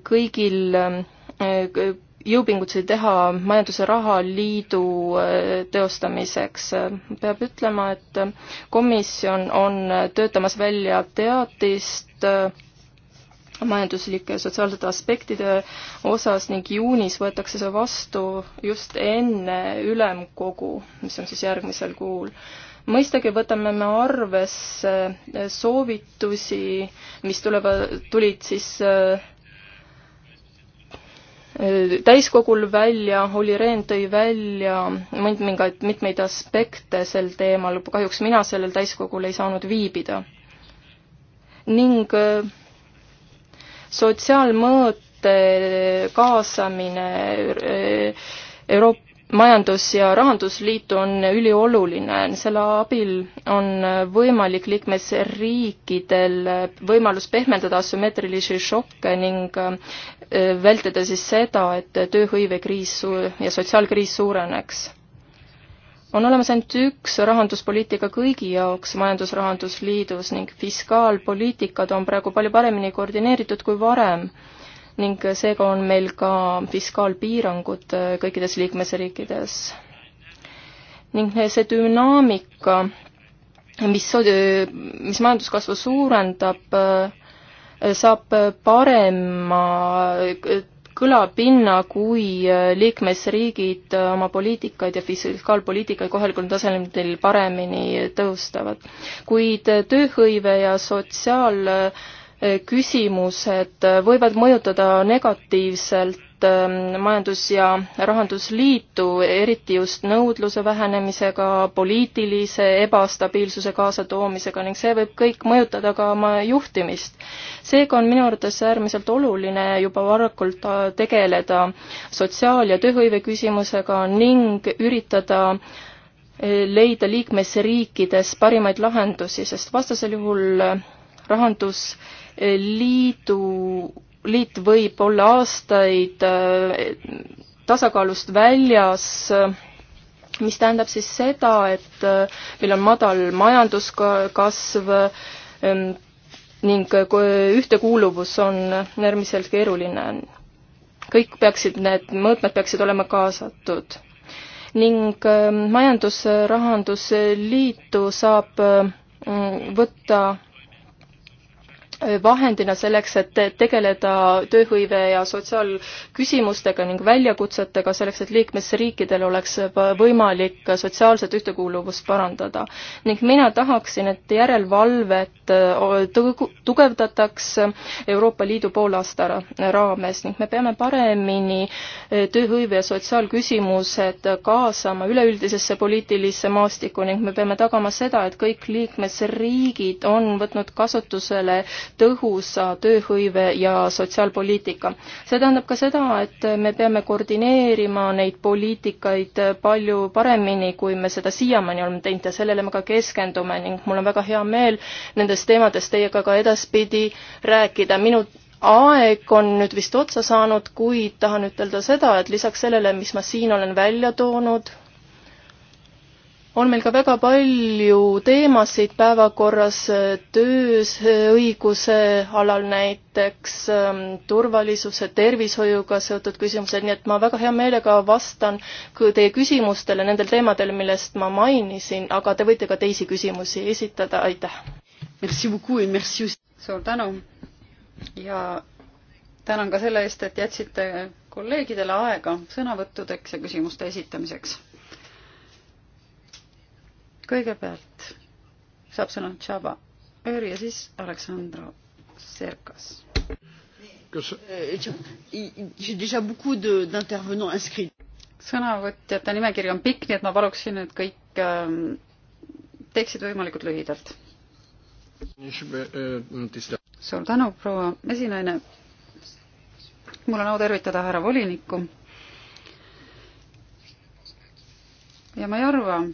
kõigil jõupingutusi teha Majandus- ja Rahaliidu äh, teostamiseks. peab ütlema, et komisjon on töötamas välja teatist äh, majanduslike ja sotsiaalsete aspektide osas ning juunis võetakse see vastu just enne ülemkogu, mis on siis järgmisel kuul mõistagi võtame me arvesse soovitusi, mis tulevad, tulid siis äh, täiskogul välja, Olli Rehn tõi välja mõningaid, mitmeid aspekte sel teemal, kahjuks mina sellel täiskogul ei saanud viibida. ning äh, sotsiaalmõõte kaasamine äh, Euroopa majandus- ja rahandusliit on ülioluline, selle abil on võimalik liikmesriikidel võimalus pehmendada asümmeetrilisi šokke ning äh, vältida siis seda, et tööhõivekriis ja sotsiaalkriis suureneks. on olemas ainult üks rahanduspoliitika kõigi jaoks Majandus-Rahandusliidus ning fiskaalpoliitikad on praegu palju paremini koordineeritud kui varem ning seega on meil ka fiskaalpiirangud äh, kõikides liikmesriikides. ning äh, see dünaamika, mis, äh, mis majanduskasvu suurendab, saab parema kõlapinna, kui liikmesriigid oma poliitikaid ja fiskaalpoliitikaid kohalikul tasandil paremini tõhustavad. kuid tööhõive ja sotsiaal küsimused võivad mõjutada negatiivselt ähm, majandus- ja rahandusliitu, eriti just nõudluse vähenemisega, poliitilise ebastabiilsuse kaasatoomisega ning see võib kõik mõjutada ka oma juhtimist. seega on minu arvates äärmiselt oluline juba varakult äh, tegeleda sotsiaal- ja tööhõive küsimusega ning üritada äh, leida liikmesriikides parimaid lahendusi, sest vastasel juhul äh, rahandus liidu, liit võib olla aastaid äh, tasakaalust väljas, äh, mis tähendab siis seda, et äh, meil on madal majanduskasv ähm, ning ühtekuuluvus on äärmiselt keeruline kõik peaksid, need mõõtmed peaksid olema kaasatud. ning majandus-rahandusliitu saab võtta vahendina selleks, et tegeleda tööhõive ja sotsiaalküsimustega ning väljakutsetega, selleks et liikmesriikidel oleks võimalik sotsiaalset ühtekuuluvust parandada. ning mina tahaksin, et järelevalvet tugevdataks Euroopa Liidu poolaasta raames ning me peame paremini e, tööhõive ja sotsiaalküsimused kaasama üleüldisesse poliitilisse maastikku ning me peame tagama seda, et kõik liikmesriigid on võtnud kasutusele tõhusa tööhõive ja sotsiaalpoliitika. see tähendab ka seda, et me peame koordineerima neid poliitikaid palju paremini, kui me seda siiamaani oleme teinud ja sellele me ka keskendume ning mul on väga hea meel nendest teemadest teiega ka edaspidi rääkida. minu aeg on nüüd vist otsa saanud, kuid tahan ütelda seda, et lisaks sellele, mis ma siin olen välja toonud, on meil ka väga palju teemasid päevakorras tööõiguse alal näiteks, ähm, turvalisuse, tervishoiuga seotud küsimused, nii et ma väga hea meelega vastan teie küsimustele nendel teemadel, millest ma mainisin, aga te võite ka teisi küsimusi esitada, aitäh! suur tänu ja tänan ka selle eest, et jätsite kolleegidele aega sõnavõttudeks ja küsimuste esitamiseks kõigepealt saab sõna Tšaba Ööri ja siis Aleksandro Serkas. sõnavõtjate nimekiri on pikk, nii et ma paluksin, et kõik ähm, teeksid võimalikult lühidalt. suur tänu, proua esinaine. mul on au tervitada härra volinikku. ja ma ei arva,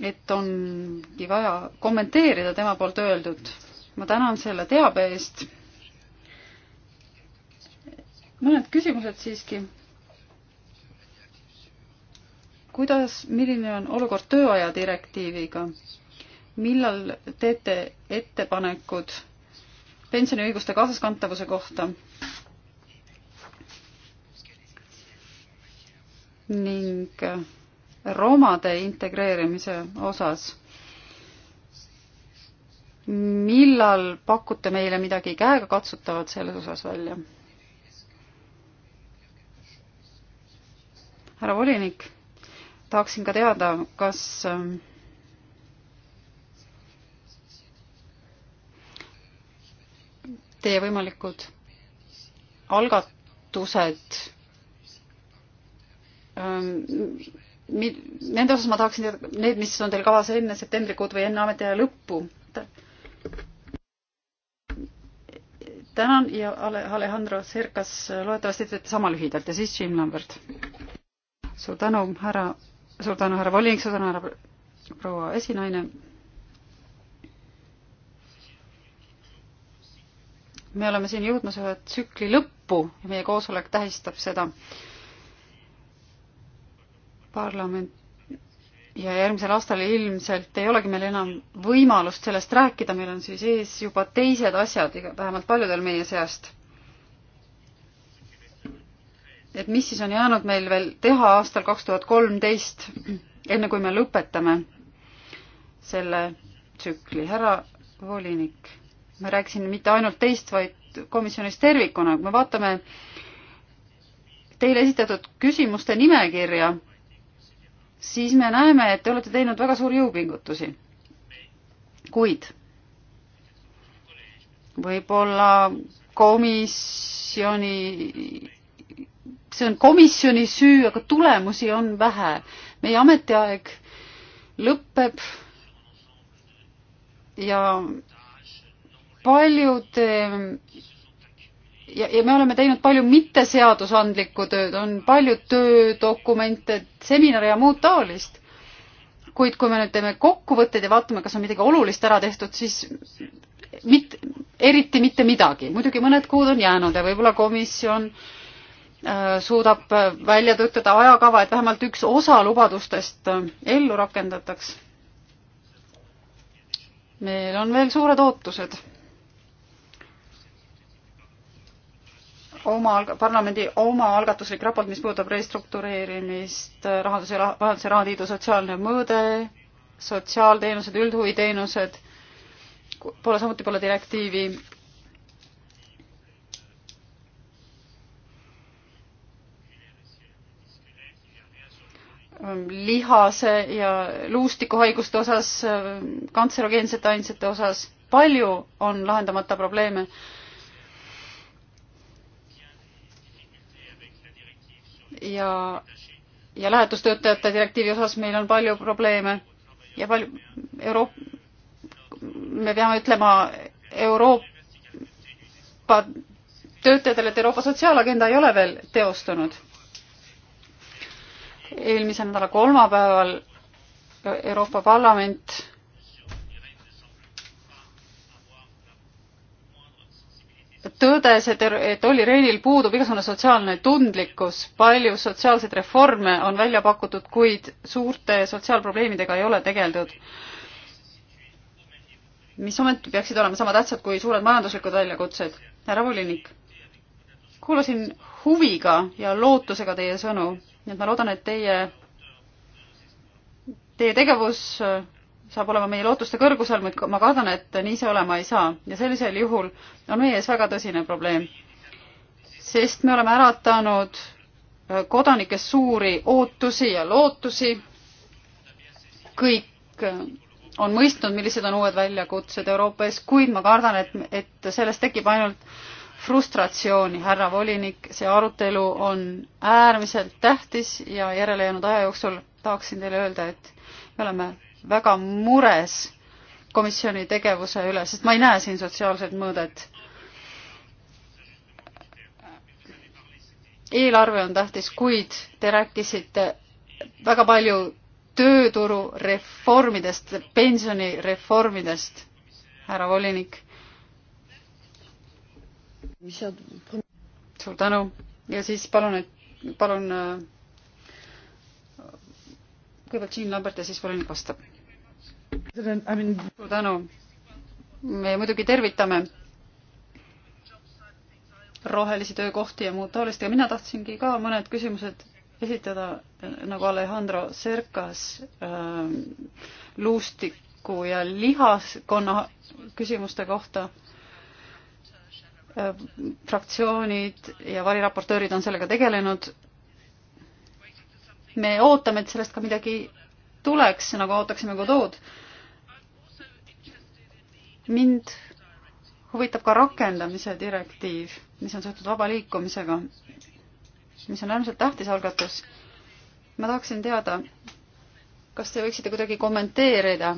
et ongi vaja kommenteerida tema poolt öeldut. ma tänan selle teabe eest. mõned küsimused siiski. kuidas, milline on olukord tööaja direktiiviga? millal teete ettepanekud pensioniõiguste kaasaskantavuse kohta? ning romade integreerimise osas. millal pakute meile midagi käegakatsutavat selles osas välja? härra volinik, tahaksin ka teada, kas ähm, teie võimalikud algatused ähm, nende osas ma tahaksin teada, need, mis on teil kavas enne septembrikuud või enne ametiaja lõppu. tänan ja Alejandro Serkas, loodetavasti teete sama lühidalt ja siis Jim Lambert. suur tänu, härra, suur tänu, härra volinik, suur tänu, härra proua esinaine. me oleme siin jõudmas ühe tsükli lõppu ja meie koosolek tähistab seda parlament ja järgmisel aastal ilmselt ei olegi meil enam võimalust sellest rääkida, meil on siis ees juba teised asjad, vähemalt paljudel meie seast. et mis siis on jäänud meil veel teha aastal kaks tuhat kolmteist, enne kui me lõpetame selle tsükli. härra volinik, ma rääkisin mitte ainult teist, vaid komisjonist tervikuna, kui me vaatame teile esitatud küsimuste nimekirja siis me näeme, et te olete teinud väga suuri jõupingutusi. kuid võib-olla komisjoni, see on komisjoni süü, aga tulemusi on vähe. meie ametiaeg lõpeb ja paljud ja, ja me oleme teinud palju mitteseadusandlikku tööd, on palju töödokumente, seminare ja muud taolist. kuid kui me nüüd teeme kokkuvõtteid ja vaatame, kas on midagi olulist ära tehtud, siis mit-, eriti mitte midagi. muidugi mõned kuud on jäänud ja võib-olla komisjon äh, suudab välja töötada ajakava, et vähemalt üks osa lubadustest äh, ellu rakendataks. meil on veel suured ootused oma, parlamendi omaalgatuslik raport, mis puudutab restruktureerimist, rahandus ja majandus ja rahaliidu sotsiaalne mõõde, sotsiaalteenused, üldhuviteenused, pole samuti pole direktiivi. lihase ja luustikuhaiguste osas, kantserogeensete ainsete osas, palju on lahendamata probleeme ja, ja lähetustöötajate direktiivi osas meil on palju probleeme ja palju Euroop-, me peame ütlema Euroopa töötajatele, et Euroopa sotsiaalagenda ei ole veel teostunud. eelmise nädala kolmapäeval Euroopa Parlament tõdes, et, er-, et Olli Rehnil puudub igasugune sotsiaalne tundlikkus, palju sotsiaalseid reforme on välja pakutud, kuid suurte sotsiaalprobleemidega ei ole tegeldud. mis ometi peaksid olema sama tähtsad kui suured majanduslikud väljakutsed. härra volinik, kuulasin huviga ja lootusega teie sõnu, nii et ma loodan, et teie, teie tegevus saab olema meie lootuste kõrgusel, ma kardan, et nii see olema ei saa ja sellisel juhul on meie ees väga tõsine probleem. sest me oleme äratanud äh, kodanikes suuri ootusi ja lootusi. kõik äh, on mõistnud, millised on uued väljakutsed Euroopa ees, kuid ma kardan, et, et sellest tekib ainult frustratsiooni, härra volinik, see arutelu on äärmiselt tähtis ja järelejäänud aja jooksul tahaksin teile öelda, et me oleme väga mures komisjoni tegevuse üle, sest ma ei näe siin sotsiaalset mõõdet. eelarve on tähtis, kuid te rääkisite väga palju tööturu reformidest, pensionireformidest, härra volinik. suur tänu ja siis palun, et palun äh, kõigepealt Siim Lambert ja siis volinik vastab suur tänu. me muidugi tervitame rohelisi töökohti ja muud taolist ja mina tahtsingi ka mõned küsimused esitada nagu Alejandro Serkas äh, luustiku ja lihaskonna küsimuste kohta äh,. fraktsioonid ja variraportöörid on sellega tegelenud. me ootame, et sellest ka midagi tuleks, nagu ootaksime Godot. mind huvitab ka rakendamise direktiiv, mis on seotud vaba liikumisega, mis on äärmiselt tähtis algatus. ma tahaksin teada, kas te võiksite kuidagi kommenteerida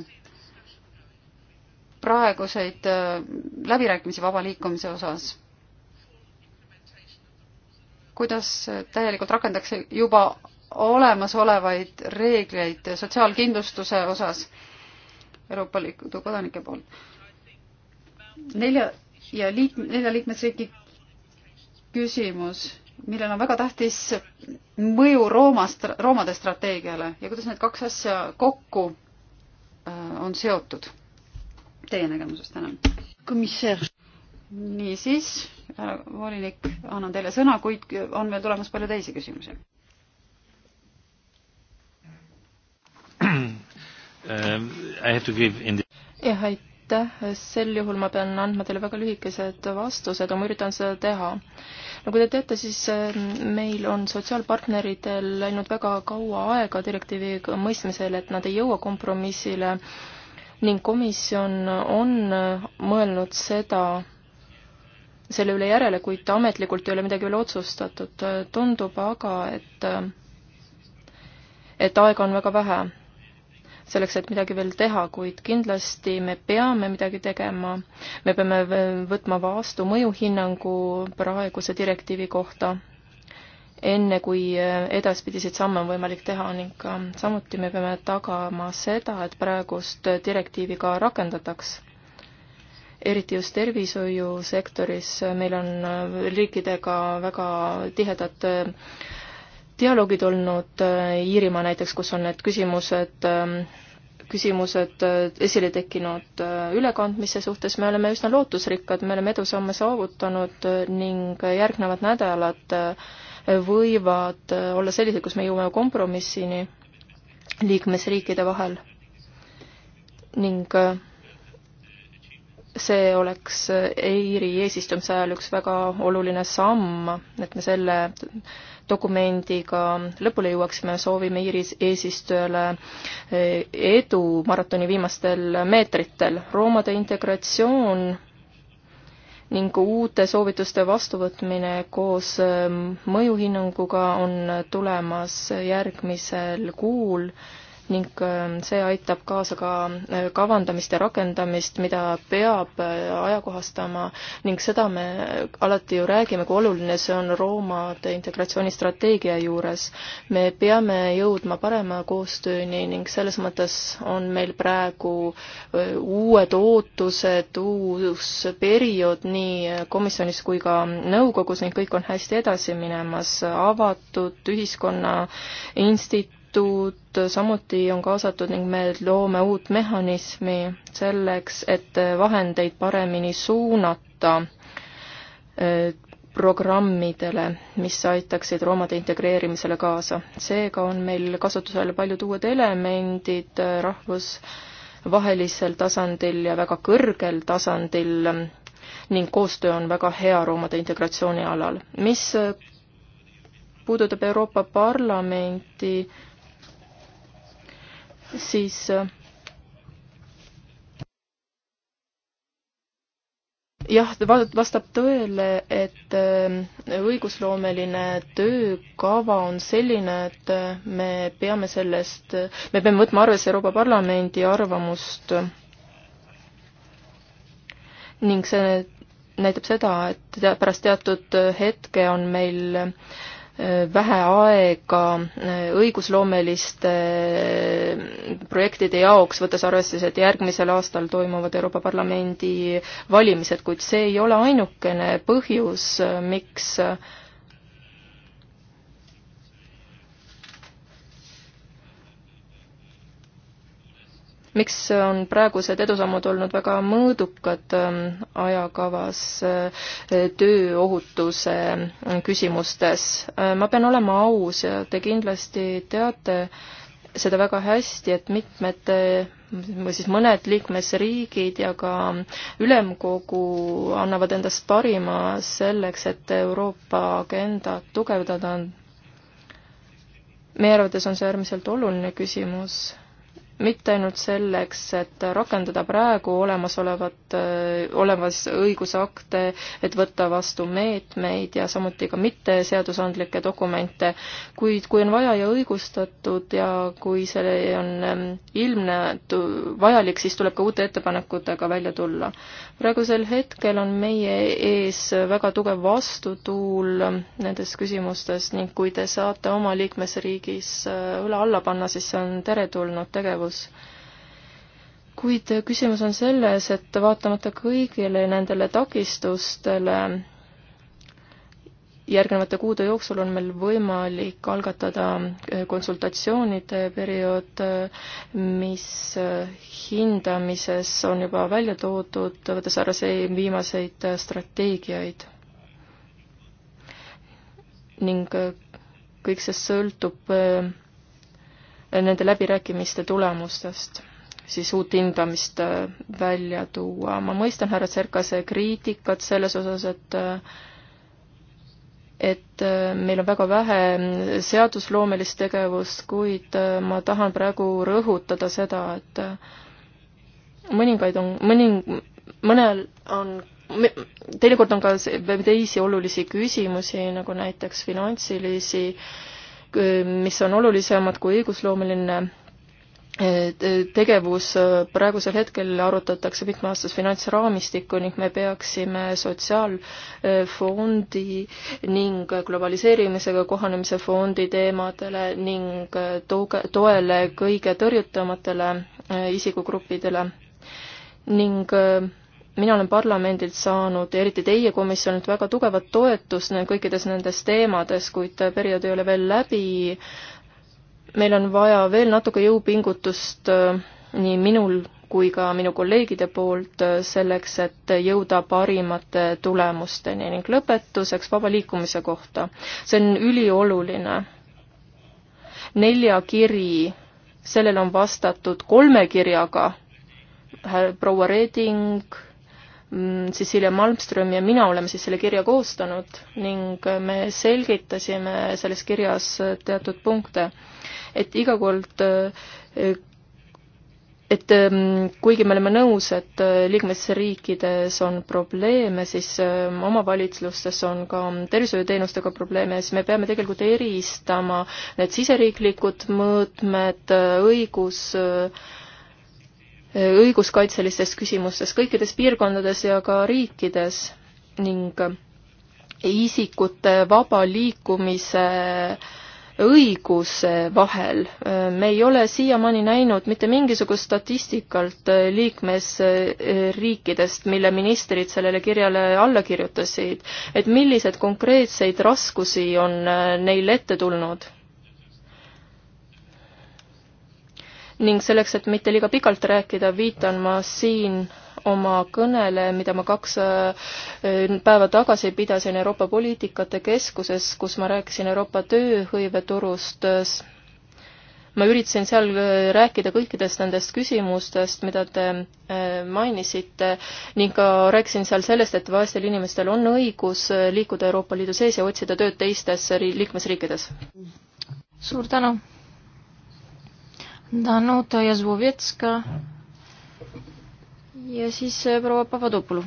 praeguseid äh, läbirääkimisi vaba liikumise osas? kuidas äh, täielikult rakendatakse juba olemasolevaid reegleid sotsiaalkindlustuse osas Euroopa Liidu kodanike poolt. nelja ja liik-, nelja liikmesriigi küsimus, millel on väga tähtis mõju Rooma stra-, Roomade strateegiale ja kuidas need kaks asja kokku äh, on seotud. Teie nägemusest tänan. niisiis, volinik, annan teile sõna, kuid on veel tulemas palju teisi küsimusi Um, jah, aitäh, sel juhul ma pean andma teile väga lühikesed vastused, aga ma üritan seda teha. nagu te teate, siis ähm, meil on sotsiaalpartneritel läinud väga kaua aega direktiivi mõistmisel, et nad ei jõua kompromissile ning komisjon on äh, mõelnud seda, selle üle järele, kuid ametlikult ei ole midagi veel otsustatud. tundub aga, et, äh, et aega on väga vähe selleks, et midagi veel teha, kuid kindlasti me peame midagi tegema. me peame võtma vastu mõjuhinnangu praeguse direktiivi kohta, enne kui äh, edaspidiseid samme on võimalik teha ning ka äh, samuti me peame tagama seda, et praegust direktiivi ka rakendataks eriti just tervishoiusektoris, äh, meil on riikidega väga tihedad dialoogid olnud äh, Iirimaa näiteks, kus on need küsimused, ähm, küsimused äh, esile tekkinud äh, ülekandmise suhtes, me oleme üsna lootusrikkad, me oleme edusamme saavutanud ning järgnevad nädalad võivad olla sellised, kus me jõuame kompromissini liikmesriikide vahel. ning see oleks EIRi eesistumise ajal üks väga oluline samm, et me selle dokumendiga lõpule jõuaksime, soovime Iiris eesistujale eh, edu maratoni viimastel meetritel. roomade integratsioon ning uute soovituste vastuvõtmine koos eh, mõjuhinnanguga on tulemas järgmisel kuul ning äh, see aitab kaasa ka äh, kavandamist ja rakendamist, mida peab äh, ajakohastama ning seda me alati ju räägime, kui oluline see on Roomade integratsioonistrateegia juures. me peame jõudma parema koostööni ning selles mõttes on meil praegu uued ootused, uus periood nii komisjonis kui ka nõukogus ning kõik on hästi edasi minemas, avatud ühiskonna instit-, kaasatud, samuti on kaasatud ning me loome uut mehhanismi selleks, et vahendeid paremini suunata äh, programmidele, mis aitaksid roomade integreerimisele kaasa. seega on meil kasutusel paljud uued elemendid äh, rahvusvahelisel tasandil ja väga kõrgel tasandil ning koostöö on väga hea roomade integratsiooni alal. mis äh, puudutab Euroopa Parlamenti, siis äh, jah, vastab tõele, et äh, õigusloomeline töökava on selline, et äh, me peame sellest, me peame võtma arvesse Euroopa Parlamendi arvamust ning see näitab seda, et pärast teatud hetke on meil vähe aega õigusloomeliste projektide jaoks, võttes arvesse, et järgmisel aastal toimuvad Euroopa Parlamendi valimised, kuid see ei ole ainukene põhjus, miks miks on praegused edusammud olnud väga mõõdukad ähm, ajakavas äh, tööohutuse äh, küsimustes? Äh, ma pean olema aus ja te kindlasti teate seda väga hästi, et mitmed või siis mõned liikmesriigid ja ka ülemkogu annavad endast parima selleks, et Euroopa agendat tugevdada. meie arvates on see äärmiselt oluline küsimus mitte ainult selleks, et rakendada praegu olemasolevat, äh, olemas õigusakte, et võtta vastu meetmeid ja samuti ka mitteseadusandlikke dokumente, kuid kui on vaja ja õigustatud ja kui see on ähm, ilmne, vajalik, siis tuleb ka uute ettepanekutega välja tulla. praegusel hetkel on meie ees väga tugev vastutuul nendes küsimustes ning kui te saate oma liikmesriigis äh, õla alla panna, siis see on teretulnud tegevus tegevus. kuid küsimus on selles, et vaatamata kõigile nendele takistustele järgnevate kuude jooksul on meil võimalik algatada konsultatsioonide periood, mis hindamises on juba välja toodud, võttes arvesse viimaseid strateegiaid. ning kõik see sõltub nende läbirääkimiste tulemustest siis uut hindamist äh, välja tuua. ma mõistan härra Tserkase kriitikat selles osas, et äh, et äh, meil on väga vähe seadusloomelist tegevust, kuid ma tahan praegu rõhutada seda, et mõningaid on, mõning-, mõnel on teinekord on ka teisi olulisi küsimusi, nagu näiteks finantsilisi äh, mis on olulisemad kui õigusloomeline eh, tegevus eh, praegusel hetkel arutatakse mitmeaastast finantsraamistikku ning me peaksime sotsiaalfondi eh, ning globaliseerimisega kohanemise fondi teemadele ning toge, toele kõige tõrjutamatele isikugruppidele ning mina olen parlamendilt saanud ja eriti teie komisjonilt väga tugevat toetust kõikides nendes teemades, kuid periood ei ole veel läbi. meil on vaja veel natuke jõupingutust äh, nii minul kui ka minu kolleegide poolt äh, selleks, et jõuda parimate tulemusteni ning lõpetuseks vaba liikumise kohta. see on ülioluline. nelja kiri, sellele on vastatud kolme kirjaga, äh, proua Reding, Mm, Cecilia Malmström ja mina oleme siis selle kirja koostanud ning me selgitasime selles kirjas teatud punkte, et iga kord et mm, kuigi me oleme nõus, et liikmesriikides on probleeme, siis mm, omavalitsustes on ka tervishoiuteenustega probleeme ja siis me peame tegelikult eristama need siseriiklikud mõõtmed, õigus äh, õiguskaitselistes küsimustes kõikides piirkondades ja ka riikides ning isikute vaba liikumise õiguse vahel. me ei ole siiamaani näinud mitte mingisugust statistikalt liikmesriikidest, mille ministrid sellele kirjale alla kirjutasid, et milliseid konkreetseid raskusi on neil ette tulnud ning selleks, et mitte liiga pikalt rääkida, viitan ma siin oma kõnele, mida ma kaks äh, päeva tagasi pidasin Euroopa Poliitikate Keskuses, kus ma rääkisin Euroopa tööhõiveturust. ma üritasin seal äh, rääkida kõikidest nendest küsimustest, mida te äh, mainisite ning ka rääkisin seal sellest, et vaestel inimestel on õigus liikuda Euroopa Liidu sees ja otsida tööd teistes liikmesriikides. suur tänu! Danuta Jazvovetska ja siis e, proua Papadopoulou.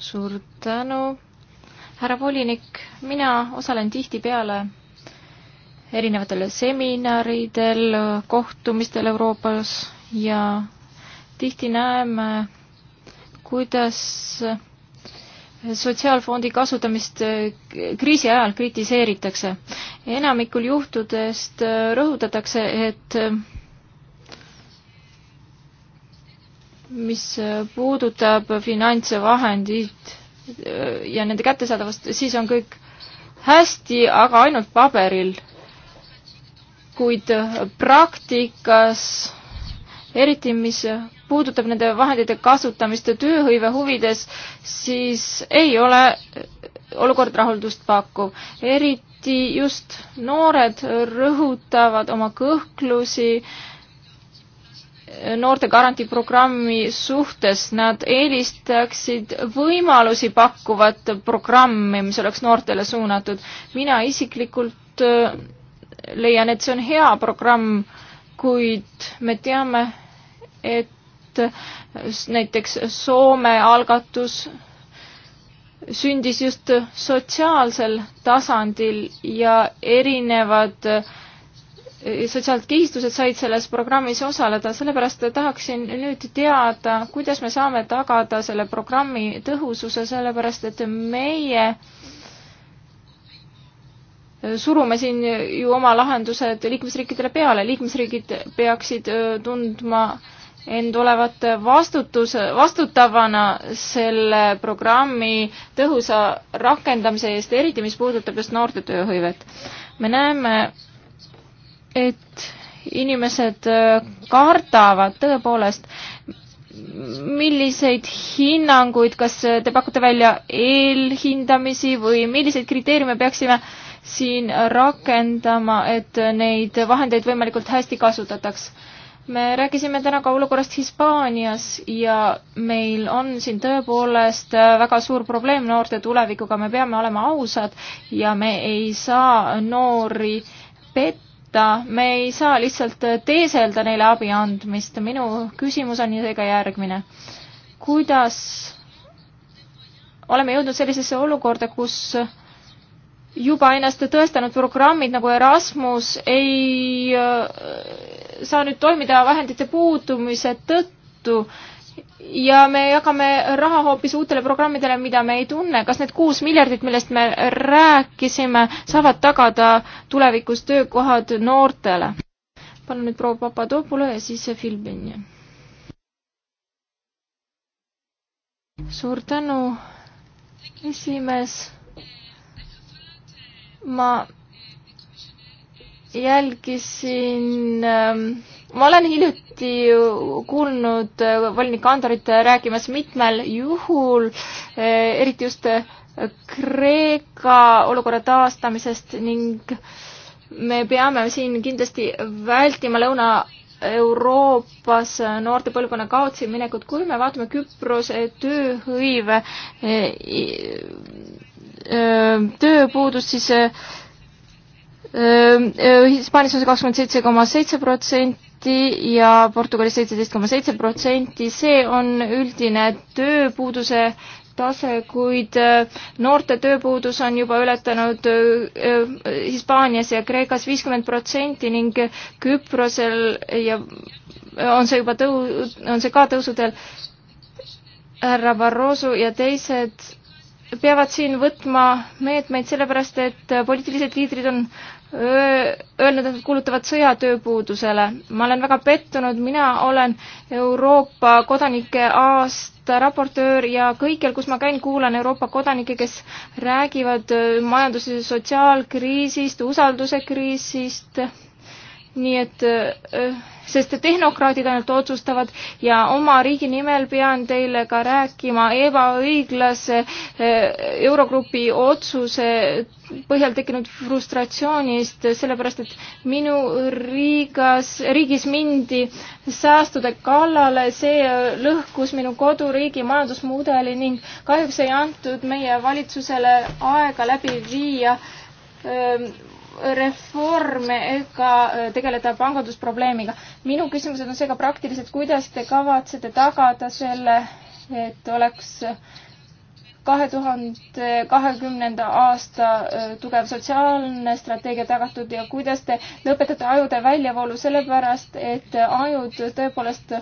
suur tänu, härra volinik, mina osalen tihtipeale erinevatel seminaridel, kohtumistel Euroopas ja tihti näeme, kuidas sotsiaalfondi kasutamist äh, kriisi ajal kritiseeritakse. enamikul juhtudest äh, rõhutatakse, et äh, mis puudutab finantsvahendid ja nende kättesaadavust, siis on kõik hästi, aga ainult paberil. kuid praktikas eriti mis puudutab nende vahendite kasutamist tööhõive huvides, siis ei ole olukord rahuldust pakkuv. eriti just noored rõhutavad oma kõhklusi noorte garantiiprogrammi suhtes, nad eelistaksid võimalusi pakkuvat programmi, mis oleks noortele suunatud. mina isiklikult äh, leian, et see on hea programm kuid me teame, et näiteks Soome algatus sündis just sotsiaalsel tasandil ja erinevad eh, sotsiaalsed kihistused said selles programmis osaleda, sellepärast tahaksin nüüd teada, kuidas me saame tagada selle programmi tõhususe, sellepärast et meie äh, surume siin ju oma lahendused liikmesriikidele peale, liikmesriigid peaksid tundma end olevat vastutus, vastutavana selle programmi tõhusa rakendamise eest, eriti mis puudutab just noorte tööhõivet. me näeme, et inimesed kardavad tõepoolest, milliseid hinnanguid, kas te pakute välja eelhindamisi või milliseid kriteeriume peaksime äh, siin rakendama, et neid vahendeid võimalikult hästi kasutataks. me rääkisime täna ka olukorrast Hispaanias ja meil on siin tõepoolest väga suur probleem noorte tulevikuga, me peame olema ausad ja me ei saa noori petta, me ei saa lihtsalt teeselda neile abi andmist. minu küsimus on seega järgmine. kuidas oleme jõudnud sellisesse olukorda, kus juba ennast tõestanud programmid nagu Erasmus ei äh, saa nüüd toimida vahendite puudumise tõttu ja me jagame raha hoopis uutele programmidele, mida me ei tunne. kas need kuus miljardit, millest me rääkisime, saavad tagada tulevikus töökohad noortele? palun nüüd proua Papadopolo ja siis Filbini. suur tänu, esimees ma jälgisin ähm, ma olen hiljuti kuulnud äh, volinik Andorit rääkimas mitmel juhul, äh, eriti just äh, Kreeka olukorra taastamisest ning me peame siin kindlasti vältima lõuna Euroopas noorte põlvkonna kaotsi minekut, kui me vaatame Küprose tööhõive Äh, tööpuudust, siis äh, äh, Hispaanias on see kakskümmend seitse koma seitse protsenti ja Portugalis seitseteist koma seitse protsenti, see on üldine tööpuuduse tase, kuid noorte tööpuudus on juba ületanud Hispaanias ja Kreekas viiskümmend protsenti ning Küprosel ja on see juba tõu-, on see ka tõusudel. härra Barroso ja teised peavad siin võtma meetmeid sellepärast, et poliitilised liidrid on öelnud, et nad kuulutavad sõja tööpuudusele. ma olen väga pettunud, mina olen Euroopa kodanike aasta raportöör ja kõikjal, kus ma käin, kuulan Euroopa kodanikke, kes räägivad majandus- ja sotsiaalkriisist, usalduse kriisist, nii et, äh, sest tehnokraadid ainult otsustavad ja oma riigi nimel pean teile ka rääkima ebaõiglase äh, Eurogrupi otsuse põhjal tekkinud frustratsioonist, sellepärast et minu riigas, riigis mindi säästude kallale, see lõhkus minu koduriigi majandusmudeli ning kahjuks ei antud meie valitsusele aega läbi viia öö, ähm, reforme ega äh, tegeleda pangandusprobleemiga. minu küsimused on seega praktilised, kuidas te kavatsete tagada selle, et oleks kahe tuhande kahekümnenda aasta äh, tugev sotsiaalne strateegia tagatud ja kuidas te lõpetate ajude väljavoolu, sellepärast et ajud tõepoolest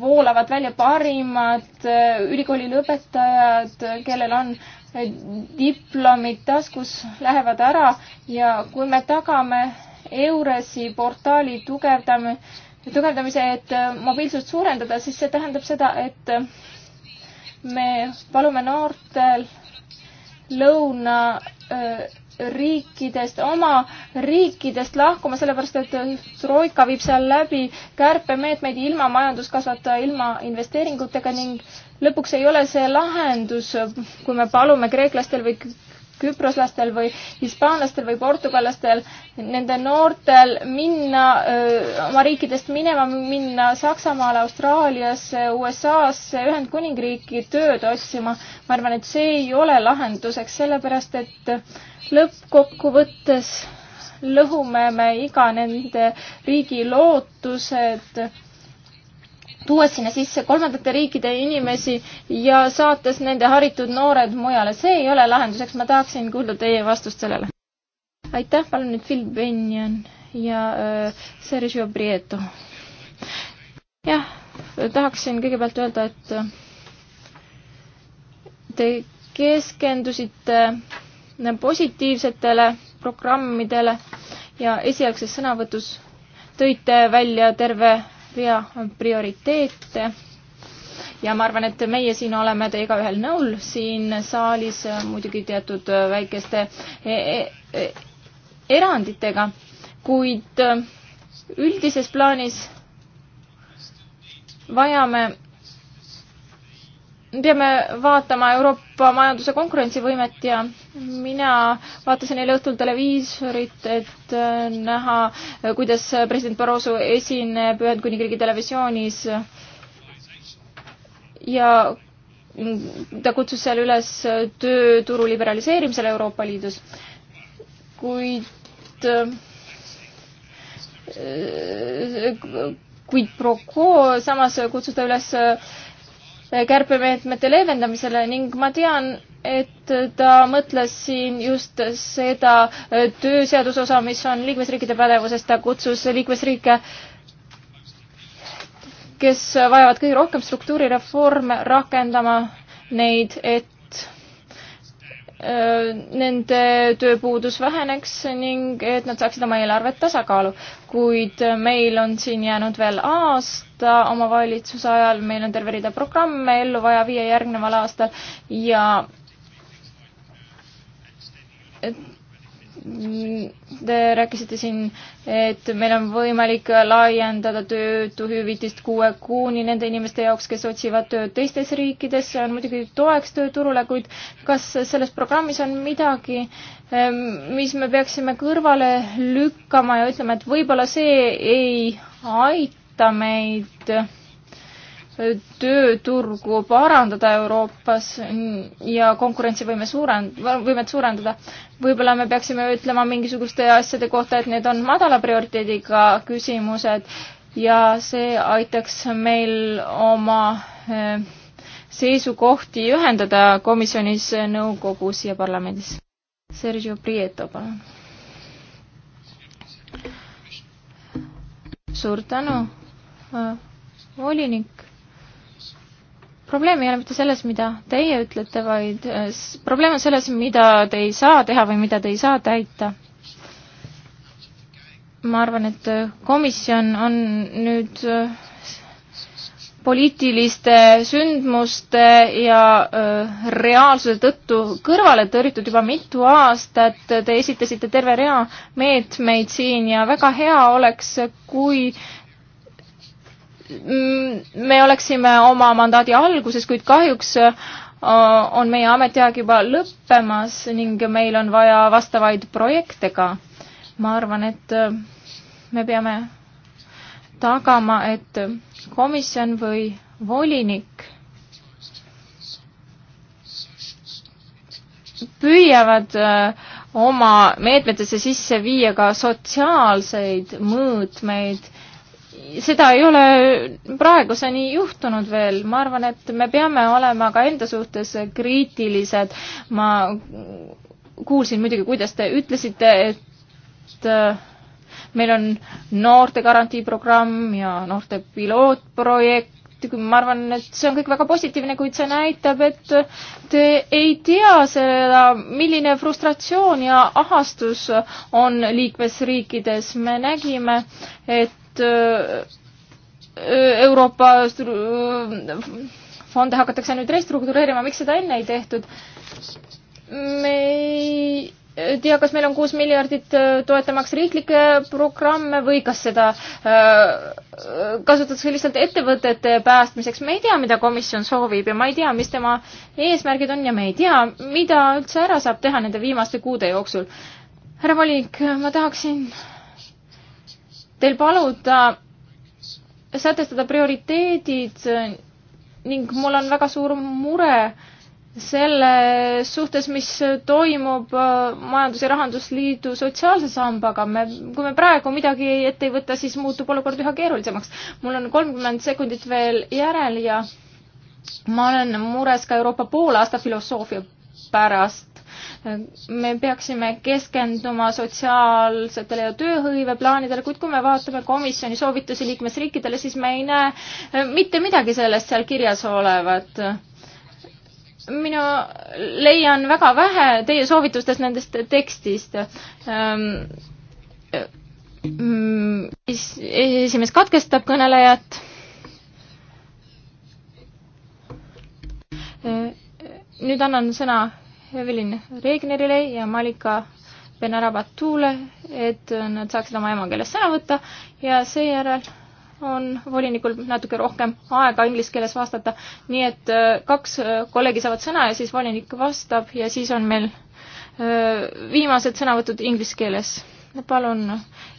voolavad välja parimad äh, ülikooli lõpetajad, kellel on diplomid taskus lähevad ära ja kui me tagame EURES-i portaali tugevdame, tugevdamise, et äh, mobiilsust suurendada, siis see tähendab seda, et äh, me palume noortel lõuna öö, äh, riikidest, oma riikidest lahkuma, sellepärast et äh, Troika viib seal läbi kärpemeetmeid ilma majanduskasvataja, ilma investeeringutega ning lõpuks ei ole see lahendus, kui me palume kreeklastel või küproslastel või hispaanlastel või portugallastel, nende noortel minna, oma riikidest minema, minna Saksamaale, Austraaliasse, USA-sse, Ühendkuningriiki tööd otsima. ma arvan, et see ei ole lahenduseks, sellepärast et lõppkokkuvõttes lõhume me iga nende riigi lootused tuues sinna sisse kolmandate riikide inimesi ja saates nende haritud noored mujale. see ei ole lahenduseks, ma tahaksin kuulda teie vastust sellele. aitäh, palun nüüd Phil Benjon ja äh, Sergio Prieto. jah, tahaksin kõigepealt öelda, et te keskendusite positiivsetele programmidele ja esialgses sõnavõtus tõite välja terve pea prioriteete ja ma arvan, et meie siin oleme teiega ühel nõul siin saalis muidugi teatud väikeste e e, e- eranditega, kuid üldises plaanis vajame peame vaatama Euroopa majanduse konkurentsivõimet ja mina vaatasin eile õhtul televiisorit, et äh, näha, kuidas president Barroso esineb Ühendkuningriigi televisioonis. ja ta kutsus seal üles tööturu liberaliseerimisele Euroopa Liidus. kuid äh, äh, kuid pro quo, samas kutsus ta üles kärpemeetmete leevendamisele ning ma tean, et ta mõtles siin just seda tööseaduse osa, mis on liikmesriikide pädevuses, ta kutsus liikmesriike, kes vajavad kõige rohkem struktuurireforme, rakendama neid, et Äh, nende tööpuudus väheneks ning et nad saaksid oma eelarvet tasakaalu. kuid meil on siin jäänud veel aasta oma valitsuse ajal, meil on terve rida programme ellu vaja viie järgneval aastal ja Te rääkisite siin, et meil on võimalik laiendada töötuhüvitist kuue kuuni nende inimeste jaoks, kes otsivad tööd teistes riikides, see on muidugi toeks tööturule, kuid kas selles programmis on midagi, mis me peaksime kõrvale lükkama ja ütlema, et võib-olla see ei aita meid tööturgu parandada Euroopas ja konkurentsivõime suurend-, võimet suurendada. võib-olla me peaksime ütlema mingisuguste asjade kohta, et need on madala prioriteediga küsimused ja see aitaks meil oma eh, seisukohti ühendada komisjonis, eh, nõukogus ja parlamendis. Sergio Prieto, palun. suur tänu, eh, volinik probleem ei ole mitte selles, mida teie ütlete, vaid äh, probleem on selles, mida te ei saa teha või mida te ei saa täita. ma arvan, et äh, komisjon on nüüd äh, poliitiliste sündmuste ja reaalsuse tõttu kõrvale tõrjutud juba mitu aastat. Te esitasite terve rea meetmeid siin ja väga hea oleks, kui äh, me oleksime oma mandaadi alguses, kuid kahjuks äh, on meie ametiaeg juba lõppemas ning meil on vaja vastavaid projekte ka. ma arvan, et äh, me peame tagama, et komisjon või volinik püüavad äh, oma meetmetesse sisse viia ka sotsiaalseid mõõtmeid seda ei ole praeguseni juhtunud veel, ma arvan, et me peame olema ka enda suhtes kriitilised. ma kuulsin muidugi, kuidas te ütlesite, et äh, meil on noortegarantiiprogramm ja noorte pilootprojekt, ma arvan, et see on kõik väga positiivne, kuid see näitab, et te ei tea seda, milline frustratsioon ja ahastus on liikmesriikides. me nägime, et Äh, äh, Euroopa äh, fonde hakatakse nüüd restruktureerima, miks seda enne ei tehtud? me ei tea, kas meil on kuus miljardit toetamaks riiklikke programme või kas seda kasutatakse lihtsalt ettevõtete päästmiseks, me ei tea, mida komisjon soovib ja ma ei tea, mis tema eesmärgid on ja me ei tea, mida üldse ära saab teha nende viimaste kuude jooksul. härra volinik, ma tahaksin teil paluda sätestada prioriteedid ning mul on väga suur mure selle suhtes, mis toimub Majandus- ja Rahandusliidu sotsiaalse sambaga. me, kui me praegu midagi ette ei võta, siis muutub olukord üha keerulisemaks. mul on kolmkümmend sekundit veel järel ja ma olen mures ka Euroopa poolaasta filosoofia pärast me peaksime keskenduma sotsiaalsetele ja tööhõiveplaanidele, kuid kui me vaatame komisjoni soovitusi liikmesriikidele, siis me ei näe eh, mitte midagi sellest seal kirjas olevat minu leian väga vähe teie soovitustest nendest tekstist ähm,. siis mm, esimees katkestab kõnelejat äh,. nüüd annan sõna Evelyn Regnerile ja Malika Benarabatule, et nad saaksid oma emakeeles sõna võtta ja seejärel on volinikul natuke rohkem aega inglise keeles vastata, nii et äh, kaks äh, kolleegi saavad sõna ja siis volinik vastab ja siis on meil äh, viimased sõnavõtud inglise keeles. palun,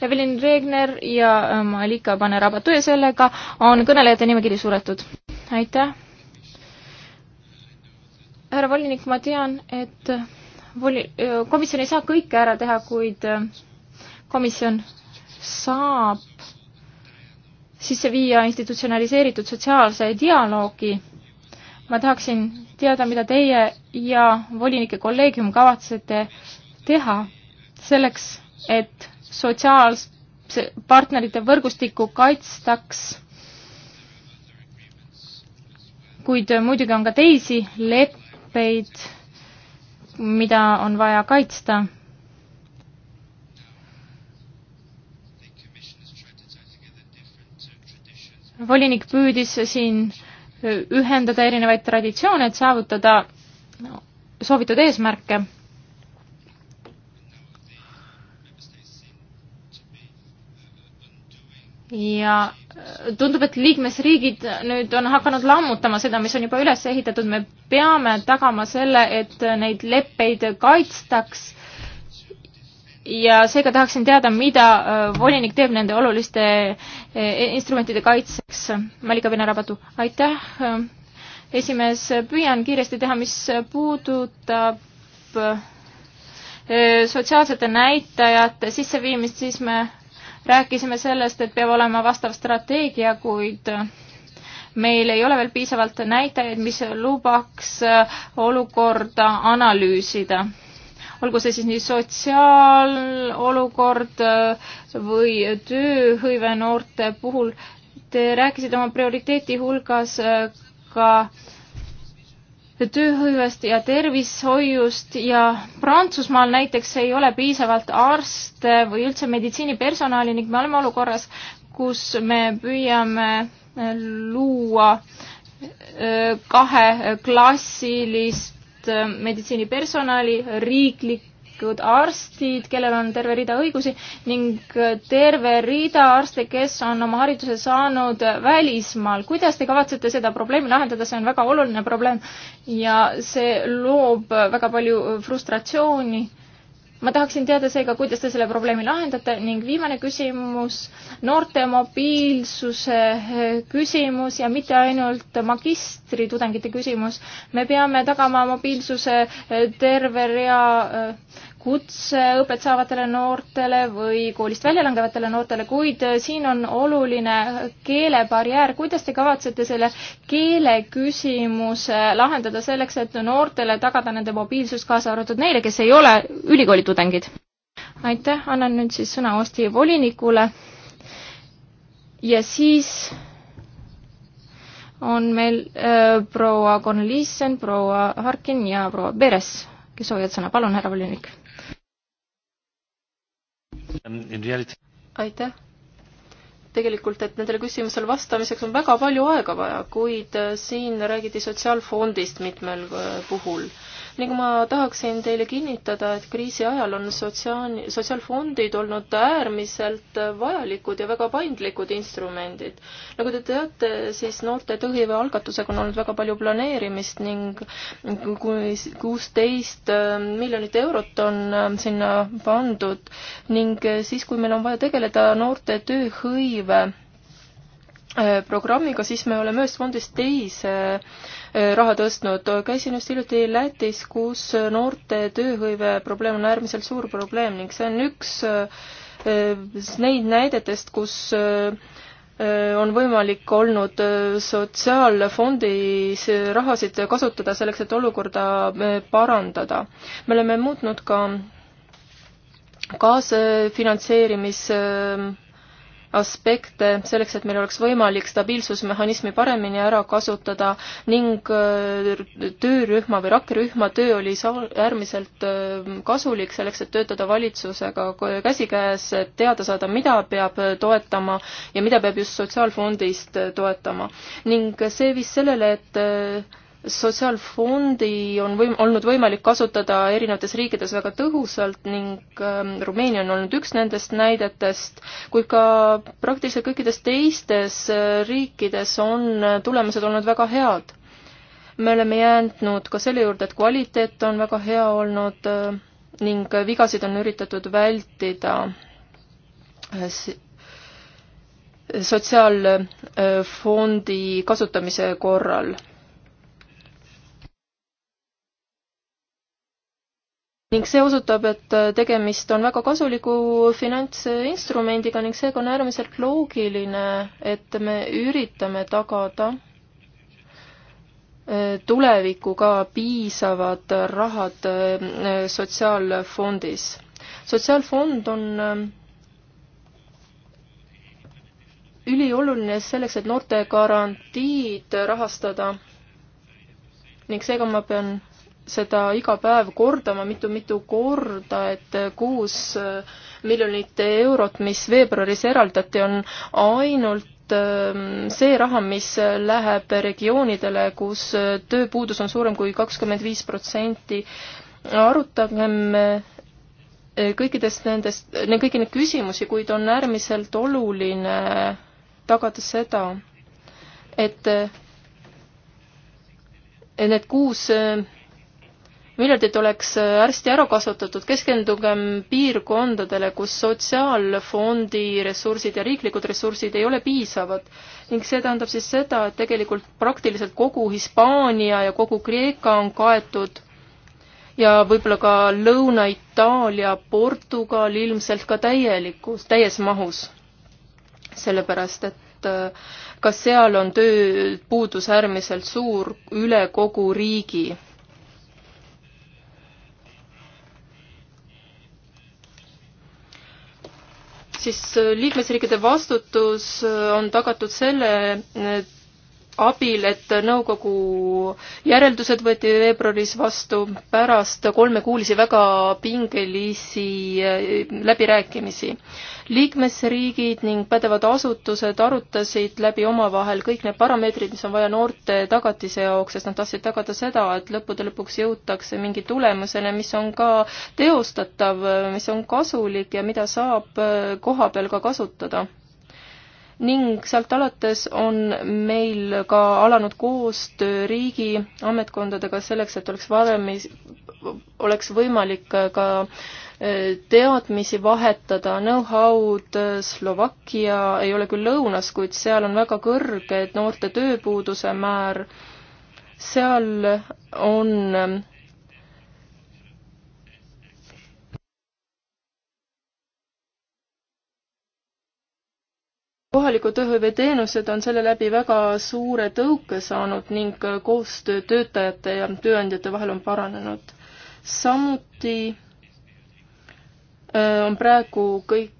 Evelyn Regner ja Malika Banerabatu ja sellega on kõnelejate nimekiri suletud. aitäh! härra volinik, ma tean, et voli-, komisjon ei saa kõike ära teha, kuid äh, komisjon saab sisse viia institutsionaliseeritud sotsiaalse dialoogi. ma tahaksin teada, mida teie ja volinike kolleegium kavatsete teha selleks, et sotsiaalse partnerite võrgustikku kaitstaks kuid muidugi on ka teisi lep-, hüppeid, mida on vaja kaitsta. volinik püüdis siin ühendada erinevaid traditsioone, et saavutada soovitud eesmärke ja äh, tundub, et liikmesriigid nüüd on hakanud lammutama seda, mis on juba üles ehitatud, me peame tagama selle, et neid leppeid kaitstaks ja seega tahaksin teada, mida äh, volinik teeb nende oluliste äh, instrumentide kaitseks. Malika Vene-Rabatu, aitäh. esimees, püüan kiiresti teha, mis puudutab sotsiaalsete näitajate sisseviimist, siis me rääkisime sellest, et peab olema vastav strateegia, kuid meil ei ole veel piisavalt näitajaid, mis lubaks olukorda analüüsida. olgu see siis nii sotsiaalolukord või tööhõive noorte puhul. Te rääkisite oma prioriteeti hulgas ka äh, tööhõivest ja tervishoiust ja Prantsusmaal näiteks ei ole piisavalt arste või üldse meditsiinipersonali ning me oleme olukorras, kus me püüame äh, luua äh, kaheklassilist äh, meditsiinipersonali, riiklik vabatahtlikud arstid, kellel on terve rida õigusi ning terve rida arste, kes on oma hariduse saanud välismaal. kuidas te kavatsete seda probleemi lahendada, see on väga oluline probleem ja see loob väga palju frustratsiooni ma tahaksin teada seega, kuidas te selle probleemi lahendate ning viimane küsimus, noorte mobiilsuse küsimus ja mitte ainult magistritudengite küsimus. me peame tagama mobiilsuse terve rea kutseõpet saavatele noortele või koolist välja langevatele noortele, kuid siin on oluline keelebarjäär. kuidas te kavatsete selle keeleküsimuse lahendada selleks, et noortele tagada nende mobiilsus, kaasa arvatud neile, kes ei ole ülikooli tudengid? aitäh, annan nüüd siis sõna Osti volinikule. ja siis on meil äh, proua Cornelissen, proua Harkin ja proua Peres, kes soovivad sõna. palun, härra volinik aitäh! tegelikult, et nendele küsimusele vastamiseks on väga palju aega vaja, kuid äh, siin räägiti sotsiaalfondist mitmel äh, puhul ning ma tahaksin teile kinnitada, et kriisi ajal on sotsiaal, sotsiaalfondid olnud äärmiselt vajalikud ja väga paindlikud instrumendid. nagu te teate, siis noorte tööhõive algatusega on olnud väga palju planeerimist ning kui kuusteist miljonit eurot on sinna pandud ning siis, kui meil on vaja tegeleda noorte tööhõive Äh, programmiga, siis me oleme ühest fondist teise äh, raha tõstnud. käisin just hiljuti Lätis, kus noorte tööhõive probleem on äärmiselt suur probleem ning see on üks äh, neid näidetest, kus on võimalik olnud sotsiaalfondis rahasid kasutada selleks, et olukorda parandada. me oleme muutnud ka kaasfinantseerimis aspekte selleks, et meil oleks võimalik stabiilsusmehhanismi paremini ära kasutada ning äh, töörühma või rakkerühma töö oli äärmiselt äh, kasulik selleks, et töötada valitsusega käsikäes, et teada saada, mida peab toetama ja mida peab just sotsiaalfondist äh, toetama. ning see viis sellele, et sotsiaalfondi on võim-, olnud võimalik kasutada erinevates riikides väga tõhusalt ning äh, Rumeenia on olnud üks nendest näidetest, kuid ka praktiliselt kõikides teistes äh, riikides on äh, tulemused olnud väga head. me oleme jäänud ka selle juurde, et kvaliteet on väga hea olnud äh, ning äh, vigasid on üritatud vältida sotsiaalfondi kasutamise korral ning see osutab, et äh, tegemist on väga kasuliku finantsinstrumendiga ning seega on äärmiselt loogiline, et me üritame tagada äh, tulevikuga piisavad rahad äh, sotsiaalfondis. sotsiaalfond on ülioluline selleks, et noorte garantiid rahastada ning seega ma pean seda iga päev kordama mitu-mitu korda, et kuus miljonit eurot, mis veebruaris eraldati, on ainult ähm, see raha, mis läheb regioonidele, kus tööpuudus on suurem kui kakskümmend viis protsenti. arutagem äh, kõikidest nendest, kõiki neid küsimusi, kuid on äärmiselt oluline tagada seda, et äh, need kuus 6 äh, miljardid oleks hästi äh, ära kasutatud, keskendugem piirkondadele, kus sotsiaalfondi ressursid ja riiklikud ressursid ei ole piisavad. ning see tähendab siis seda, et tegelikult praktiliselt kogu Hispaania ja kogu Kreeka on kaetud ja võib-olla ka Lõuna-Itaalia, Portugal ilmselt ka täielikus, täies mahus. sellepärast, et äh, ka seal on tööpuudus äärmiselt suur üle kogu riigi siis äh, liikmesriikide vastutus äh, on tagatud selle abil, et nõukogu järeldused võeti veebruaris vastu pärast kolmekuulisi väga pingelisi eh, läbirääkimisi. liikmesriigid ning pädevad asutused arutasid läbi omavahel kõik need parameetrid, mis on vaja noorte tagatise jaoks, sest nad tahtsid tagada seda, et lõppude lõpuks jõutakse mingi tulemuseni, mis on ka teostatav, mis on kasulik ja mida saab eh, koha peal ka kasutada ning sealt alates on meil ka alanud koostöö riigi ametkondadega selleks, et oleks valmis, oleks võimalik ka äh, teadmisi vahetada, know-how'd, äh, Slovakkia ei ole küll lõunas, kuid seal on väga kõrge noorte tööpuuduse määr, seal on äh, kohalikud tööhõiveteenused on selle läbi väga suure tõuke saanud ning koostöö töötajate ja tööandjate vahel on paranenud. samuti äh, on praegu kõik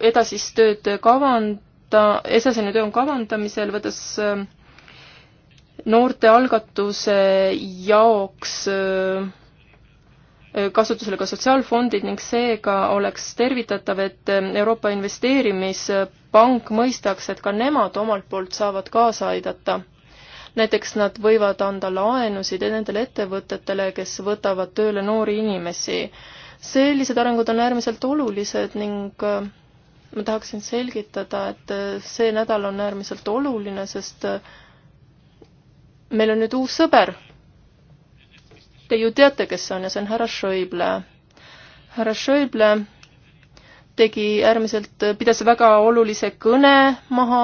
edasist tööd kavanda, edasine töö on kavandamisel, võttes äh, noorte algatuse jaoks äh, kasutusele ka sotsiaalfondid ning seega oleks tervitatav, et Euroopa Investeerimispank mõistaks, et ka nemad omalt poolt saavad kaasa aidata. näiteks nad võivad anda laenusid nendele ettevõtetele, kes võtavad tööle noori inimesi. sellised arengud on äärmiselt olulised ning äh, ma tahaksin selgitada, et äh, see nädal on äärmiselt oluline, sest äh, meil on nüüd uus sõber Te ju teate, kes see on ja see on härra Schäuble. härra Schäuble tegi äärmiselt, pidas väga olulise kõne maha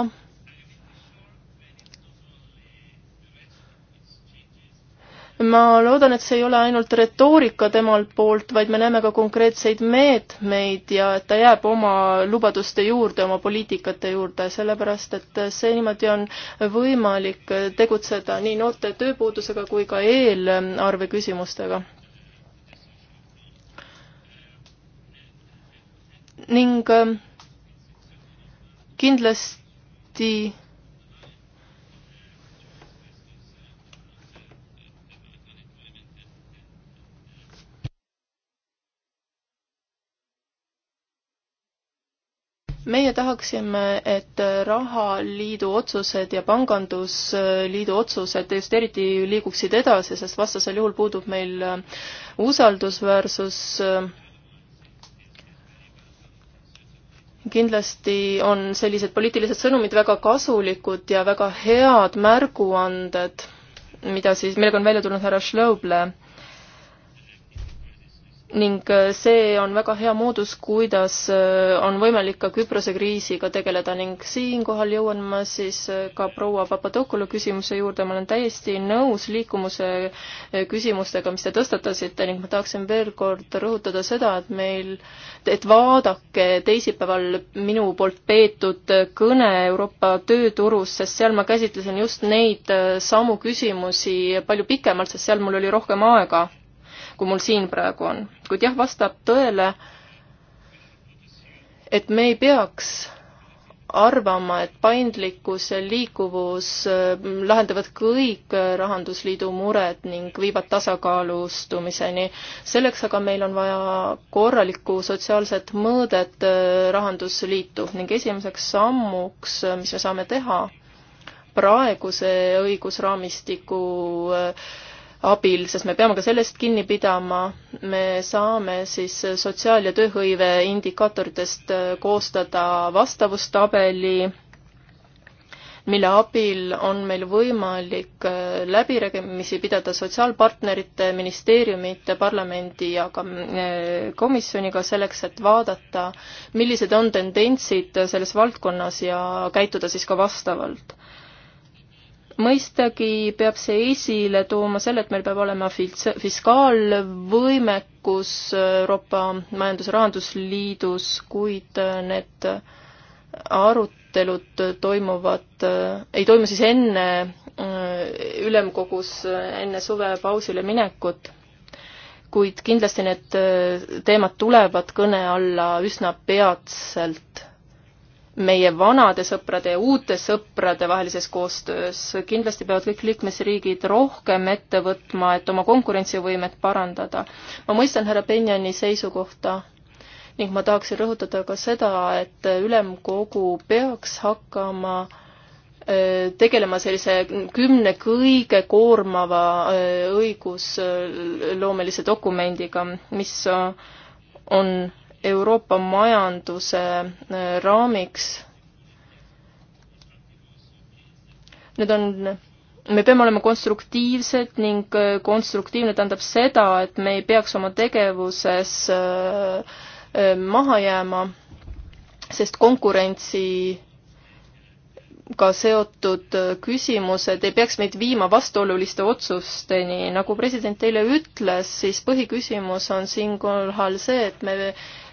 ma loodan, et see ei ole ainult retoorika temalt poolt, vaid me näeme ka konkreetseid meetmeid ja et ta jääb oma lubaduste juurde, oma poliitikate juurde, sellepärast et see niimoodi on võimalik tegutseda nii noorte tööpuudusega kui ka eelarve küsimustega. ning äh, kindlasti meie tahaksime, et rahaliidu otsused ja pangandusliidu otsused just eriti liiguksid edasi, sest vastasel juhul puudub meil usaldusväärsus. kindlasti on sellised poliitilised sõnumid väga kasulikud ja väga head märguanded, mida siis, millega on välja tulnud härra Schlauble ning äh, see on väga hea moodus, kuidas äh, on võimalik ka Küprose kriisiga tegeleda ning siinkohal jõuan ma siis äh, ka proua Papadopolu küsimuse juurde, ma olen täiesti nõus liikumuse küsimustega, mis te tõstatasite ning ma tahaksin veel kord rõhutada seda, et meil, et vaadake teisipäeval minu poolt peetud kõne Euroopa tööturust, sest seal ma käsitlesin just neid samu küsimusi palju pikemalt, sest seal mul oli rohkem aega kui mul siin praegu on. kuid jah, vastab tõele, et me ei peaks arvama, et paindlikkus ja liikuvus äh, lahendavad kõik äh, Rahandusliidu mured ning viivad tasakaalustumiseni. selleks aga meil on vaja korralikku sotsiaalset mõõdet äh, Rahandusliitu ning esimeseks sammuks, mis me saame teha praeguse õigusraamistiku abil, sest me peame ka sellest kinni pidama, me saame siis sotsiaal- ja tööhõive indikaatoritest äh, koostada vastavustabeli, mille abil on meil võimalik äh, läbirääkimisi pidada sotsiaalpartnerite, ministeeriumite, parlamendi ja ka äh, komisjoniga selleks, et vaadata, millised on tendentsid selles valdkonnas ja käituda siis ka vastavalt mõistagi peab see esile tooma selle, et meil peab olema fiskaalvõimekus Euroopa Majandus- ja Rahandusliidus, kuid need arutelud toimuvad, ei toimu siis enne äh, ülemkogus, enne suvepausile minekut, kuid kindlasti need äh, teemad tulevad kõne alla üsna peatselt meie vanade sõprade ja uute sõprade vahelises koostöös. kindlasti peavad kõik liikmesriigid rohkem ette võtma, et oma konkurentsivõimet parandada. ma mõistan härra Benjani seisukohta ning ma tahaksin rõhutada ka seda, et ülemkogu peaks hakkama äh, tegelema sellise kümne kõige koormava äh, õigusloomelise dokumendiga, mis äh, on Euroopa majanduse äh, raamiks. Need on, me peame olema konstruktiivsed ning äh, konstruktiivne tähendab seda, et me ei peaks oma tegevuses äh, maha jääma, sest konkurentsi ka seotud küsimused ei peaks meid viima vastuoluliste otsusteni. nagu president eile ütles, siis põhiküsimus on siinkohal see, et me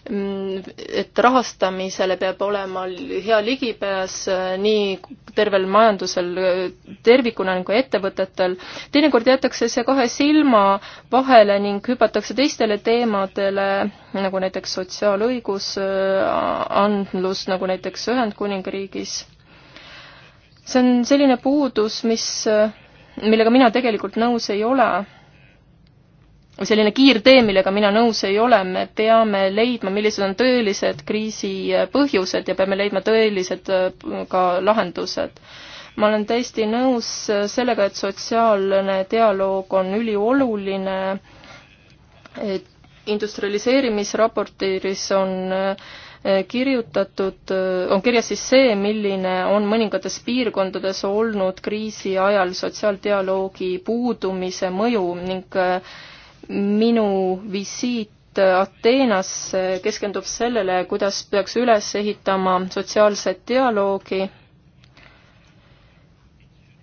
et rahastamisele peab olema hea ligipääs äh, nii tervel majandusel äh, tervikuna nagu ettevõtetel. teinekord jätakse see kahe silma vahele ning hüpatakse teistele teemadele, nagu näiteks sotsiaalõigus, äh, andlus, nagu näiteks Ühendkuningriigis. see on selline puudus, mis, millega mina tegelikult nõus ei ole selline kiirtee, millega mina nõus ei ole, me peame leidma, millised on tõelised kriisi põhjused ja peame leidma tõelised äh, ka lahendused. ma olen täiesti nõus äh, sellega, et sotsiaalne dialoog on ülioluline, et industrialiseerimisraportis on äh, kirjutatud, on kirjas siis see, milline on mõningates piirkondades olnud kriisi ajal sotsiaaldialoogi puudumise mõju ning minu visiit Ateenasse keskendub sellele, kuidas peaks üles ehitama sotsiaalset dialoogi.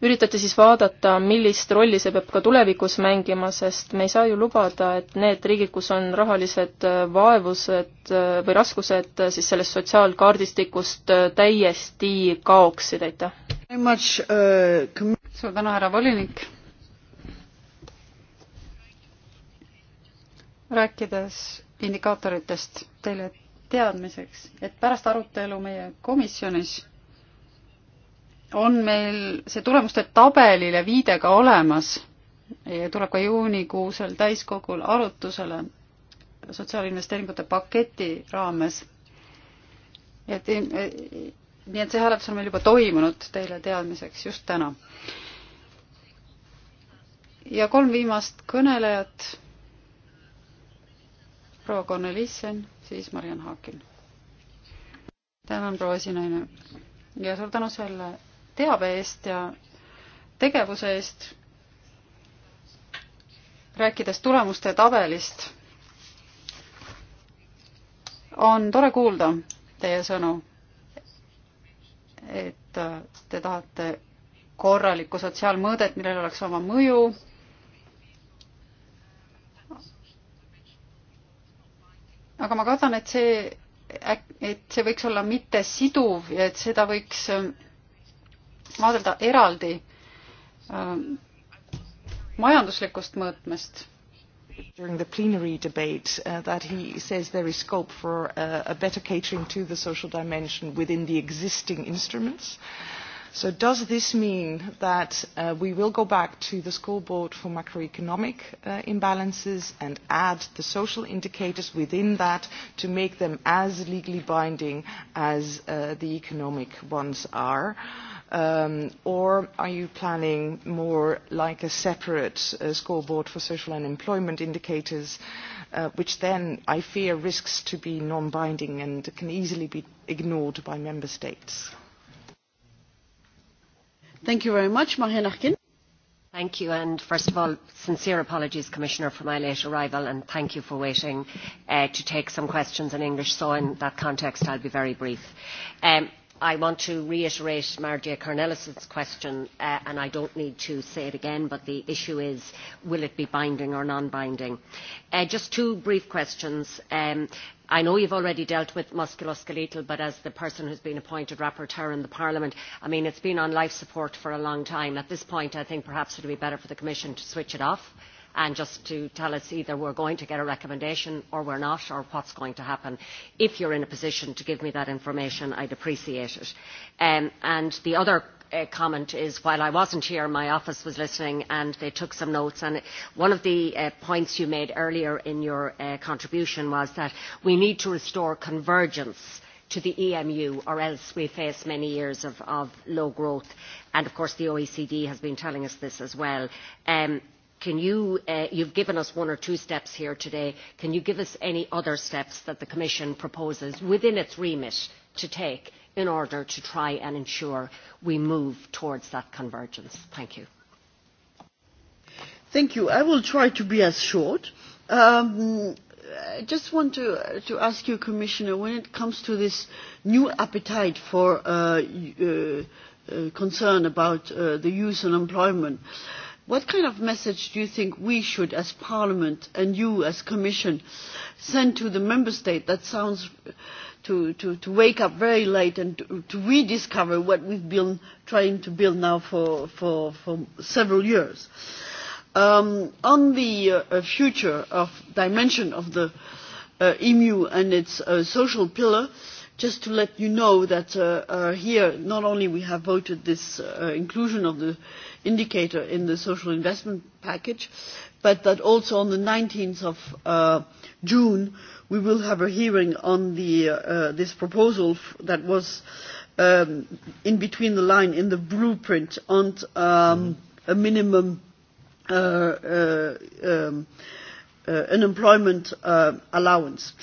üritati siis vaadata, millist rolli see peab ka tulevikus mängima, sest me ei saa ju lubada, et need riigid, kus on rahalised vaevused või raskused, siis sellest sotsiaalkaardistikust täiesti kaoksid, aitäh! Uh, suur tänu, härra volinik! rääkides indikaatoritest teile teadmiseks, et pärast arutelu meie komisjonis on meil see tulemuste tabelile viide ka olemas ja tuleb ka juunikuusel täiskogul arutusele sotsiaalinvesteeringute paketi raames. et eh, nii et see hääletus on meil juba toimunud teile teadmiseks just täna. ja kolm viimast kõnelejat proua Kornelissen, siis Mariann Haakin. tänan, proua esinaine ja suur tänu selle teabe eest ja tegevuse eest. rääkides tulemuste tabelist, on tore kuulda teie sõnu, et te tahate korralikku sotsiaalmõõdet, millel oleks oma mõju aga ma kardan, et see, et see võiks olla mittesiduv ja et seda võiks ähm, vaadelda eraldi ähm, majanduslikust mõõtmest. During the plenary debate uh, that he says there is scope for uh, a better catering to the social dimension within the existing instruments uh, So does this mean that uh, we will go back to the scoreboard for macroeconomic uh, imbalances and add the social indicators within that to make them as legally binding as uh, the economic ones are? Um, or are you planning more like a separate uh, scoreboard for social and employment indicators, uh, which then I fear risks to be non-binding and can easily be ignored by member states? Uh, Thank you very much, Marianne Harkin. Thank you, and first of all, sincere apologies, Commissioner, for my late arrival, and thank you for waiting uh, to take some questions in English. So, in that context, I'll be very brief. Um, I want to reiterate Margia Cornelis's question, uh, and I don't need to say it again, but the issue is, will it be binding or non-binding? Uh, just two brief questions. Um, I know you've already dealt with musculoskeletal, but as the person who's been appointed rapporteur in the Parliament, I mean, it's been on life support for a long time. At this point, I think perhaps it would be better for the Commission to switch it off. Uh, and just to tell us either we're going to get a recommendation or we're not or what's going to happen. If you're in a position to give me that information, I'd appreciate it. Um, and the other uh, comment is while I wasn't here, my office was listening and they took some notes. And one of the uh, points you made earlier in your uh, contribution was that we need to restore convergence to the EMU or else we face many years of, of low growth. And of course the OECD has been telling us this as well. Um, can you uh, you've given us one or two steps here today can you give us any other steps that the commission proposes within its remit to take in order to try and ensure we move towards that convergence thank you thank you i will try to be as short um, I just want to, to ask you, Commissioner, when it comes to this new appetite for uh, uh, uh, concern about uh, the youth and employment, uh, What kind of message do you think we should, as Parliament and you as Commission, send to the Member State that sounds to, to, to wake up very late and to, to rediscover what we've been trying to build now for, for, for several years? Um, on the uh, uh future of dimension of the uh, EMU and its uh, social pillar, just to let you know that uh, uh, here not only we have voted this uh, inclusion of the indicator in the social investment package, but that also on the 19th of uh, June we will have a hearing on the, uh, this proposal f that was um, in between the line in the blueprint on um, a minimum uh, uh, um, uh, unemployment uh, allowance. Uh,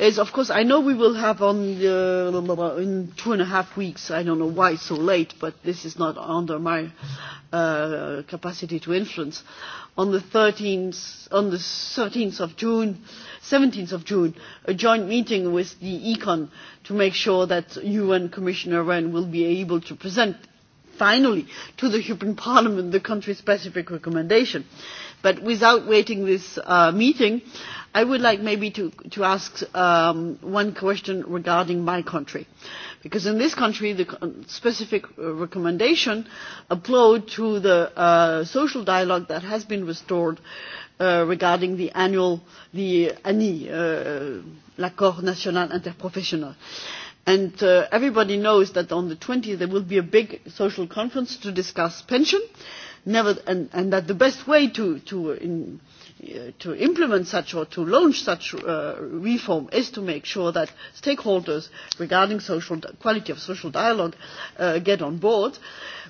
is of course I know we will have on uh, in two and a half weeks I don't know why so late but this is not under my uh, capacity to influence on the 13th on the 13th of June 17th of June a joint meeting with the econ to make sure that UN Commissioner Wren will be able to present finally to the European Parliament the country specific recommendation uh, But without waiting this uh, meeting, I would like maybe to, to ask um, one question regarding my country. Because in this country, the specific uh, recommendation applied to the uh, social dialogue that has been restored uh, regarding the annual, the ANI, uh, l'accord national interprofessionnel. And uh, everybody knows that on the 20th there will be a big social conference to discuss pension. Uh, never, and, and that the best way to, to, in, uh, to implement such or to launch such uh, reform is to make sure that stakeholders regarding social, quality of social dialogue uh, get on board,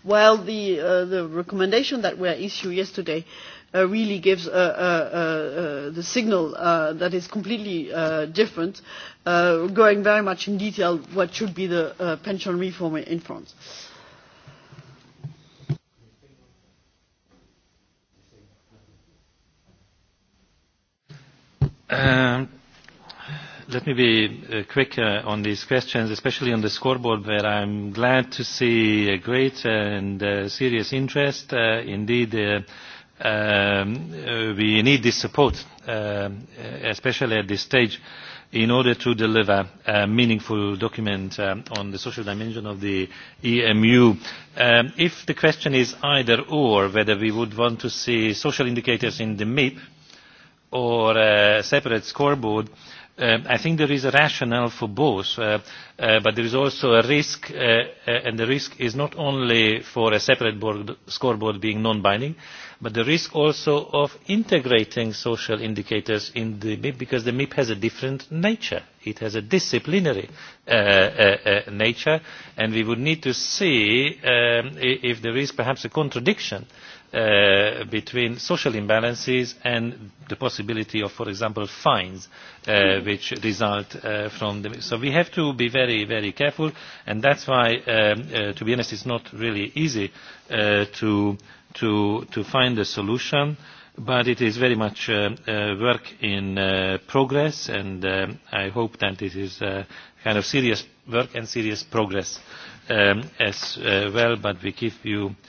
while the, uh, the recommendation that were issued yesterday uh, really gives uh, uh, uh, uh the signal uh, that is completely uh, different, uh, going very much in detail what should be the uh, pension reform in France. Uh, Um, let me be uh, quick uh, on these questions, especially on the scoreboard, where I'm glad to see a great and uh, serious interest. Uh, indeed, uh, um, uh, we need this support, uh, especially at this stage, in order to deliver a meaningful document um, on the social dimension of the EMU. Um, if the question is either or, whether we would want to see social indicators in the MIP, uh, or a uh, separate scoreboard uh, i think there is a rationale for both uh, uh, but there is also a risk uh, uh, and the risk is not only for a separate board, scoreboard being non binding but the risk also of integrating social indicators in the mip because the mip has a different nature it has a disciplinary nature and we would need to see um, if there is perhaps a contradiction between uh, between social imbalances and the possibility of, for example, fines uh, which result uh, from the... So we have to be very, very careful, and that's why, um, uh, to be honest, it's not really easy uh, to, to, to find a solution, but it is very much uh, uh, work in uh, progress, and uh, I hope that it is uh, kind of serious work and serious progress um, as uh, well, but we give you uh,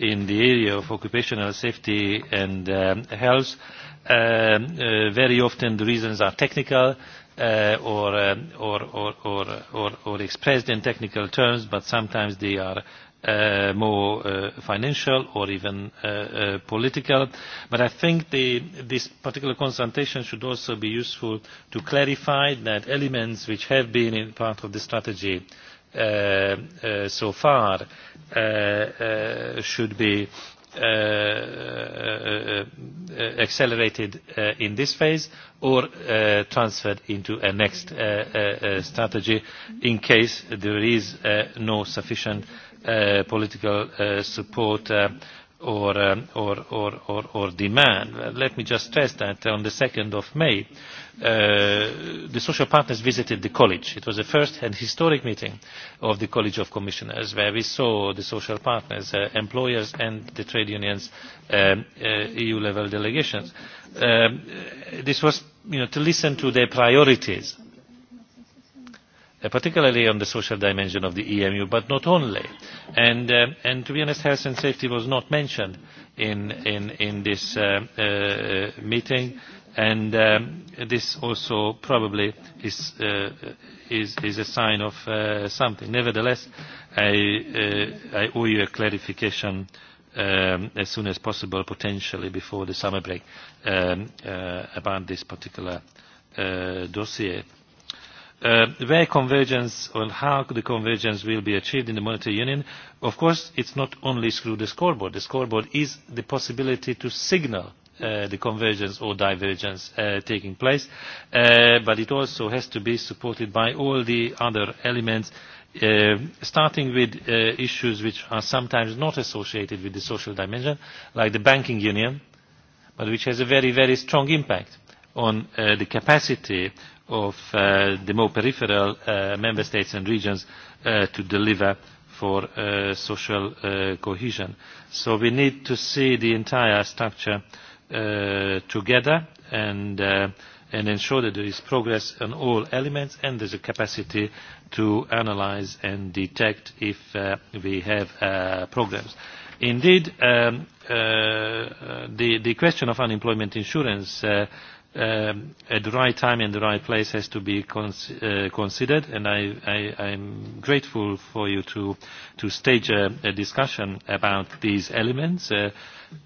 in the area of occupational safety and um, health. Um, uh, very often the reasons are technical uh, or, um, or, or, or, or, or expressed in technical terms, but sometimes they are uh, more uh, financial or even uh, uh, political. But I think the, this particular consultation should also be useful to clarify that elements which have been in part of the strategy uh, Uh, uh, so far uh, should be accelerated in this phase or transferred into a next strategy in case there is no sufficient political support or, um, or, or, or, or demand. Let me just stress that on the 2nd of May, uh, the social partners visited the college. It was the first and historic meeting of the College of Commissioners where we saw the social partners, uh, employers and the trade unions, um, uh, EU-level delegations. Um, this was you know, to listen to their priorities uh, Uh, particularly on the social dimension of the emu but not only and, uh, and to be honest health and safety was not mentioned in, in, in this uh, uh, meeting and um, this also probably is, uh, is, is a sign of uh, something. nevertheless i, I owe you a clarification um, as soon as possible potentially before the summer break um, about this particular dossier. Uh, where convergence or how the convergence will be achieved in the monetary union of course it is not only through the scoreboard the scoreboard is the possibility to signal uh, the convergence or divergence uh, taking place uh, but it also has to be supported by all the other elements uh, starting with uh, issues which are sometimes not associated with the social dimension like the banking union but which has a very very strong impact on the capacity of uh, the more peripheral uh, member states and regions uh, to deliver for uh, social uh, cohesion. So we need to see the entire structure uh, together and, uh, and ensure that there is progress on all elements and there's a capacity to analyse and detect if uh, we have uh, problems. Indeed, um, uh, the, the question of unemployment insurance uh, um, at the right time and the right place has to be cons uh, considered and I, I, I'm grateful for you to, to stage a, a discussion about these elements uh,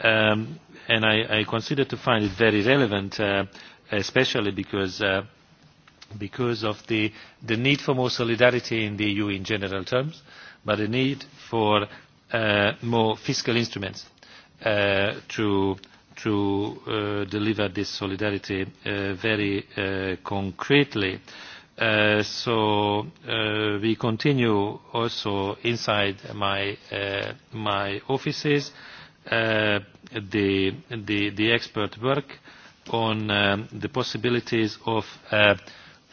um, and I, I consider to find it very relevant uh, especially because uh, because of the, the need for more solidarity in the EU in general terms, but the need for uh, more fiscal instruments uh, to uh, to uh, deliver this solidarity uh, very uh, concretely. Uh, so uh, we continue also inside my, uh, my offices uh, the, the, the expert work on um, the possibilities of, uh,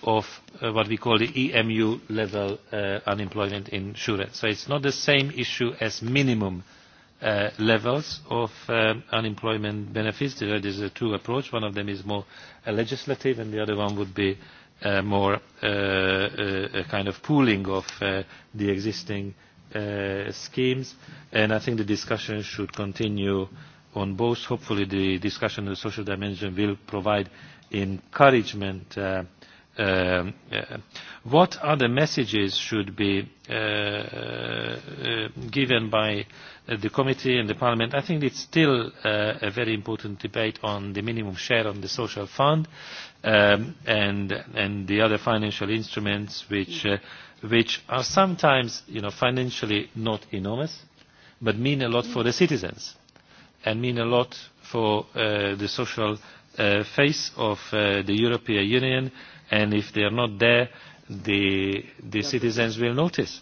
of uh, what we call the EMU level uh, unemployment insurance. So it's not the same issue as minimum uh, uh, levels of um, unemployment benefits. There is a two approach. One of them is more uh, legislative and the other one would be uh, more uh, uh, a kind of pooling of uh, the existing uh, schemes. And I think the discussion should continue on both. Hopefully the discussion on the social dimension will provide encouragement uh, Um, uh, what other messages should be uh, uh, given by Uh, the committee and the parliament i think it is still uh, a very important debate on the minimum share on the social fund um, and, and the other financial instruments which, uh, which are sometimes you know, financially not enormous but mean a lot for the citizens and mean a lot for uh, the social uh, face of uh, the european union and if they are not there the, the citizens will notice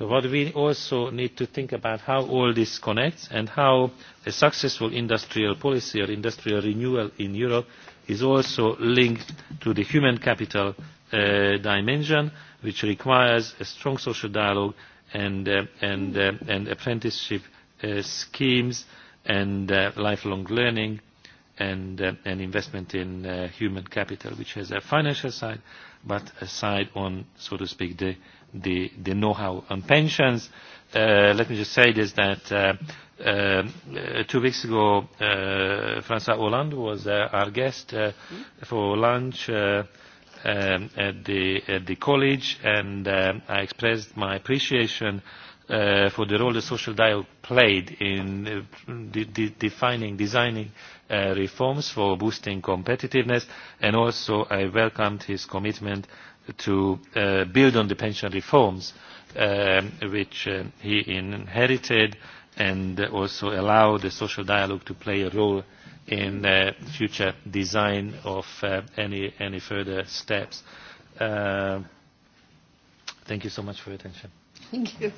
so what we also need to think about is how all this connects and how a successful industrial policy or industrial renewal in europe is also linked to the human capital uh, dimension which requires a strong social dialogue and, uh, and, uh, and apprenticeship uh, schemes and uh, lifelong learning and, uh, and investment in human capital which has a financial side but a side on so to speak the the, the know-how on pensions. Uh, let me just say this, that uh, uh, two weeks ago, uh, François Hollande was uh, our guest uh, for lunch uh, um, at, the, at the college, and um, I expressed my appreciation uh, for the role the social dialogue played in uh, de de defining, designing uh, reforms for boosting competitiveness, and also I welcomed his commitment uh, to uh, build on the pension reforms um, which uh, he inherited and also allow the social dialogue to play a role in uh, future design of uh, any, any further steps. Uh, thank you so much for your attention. Thank you.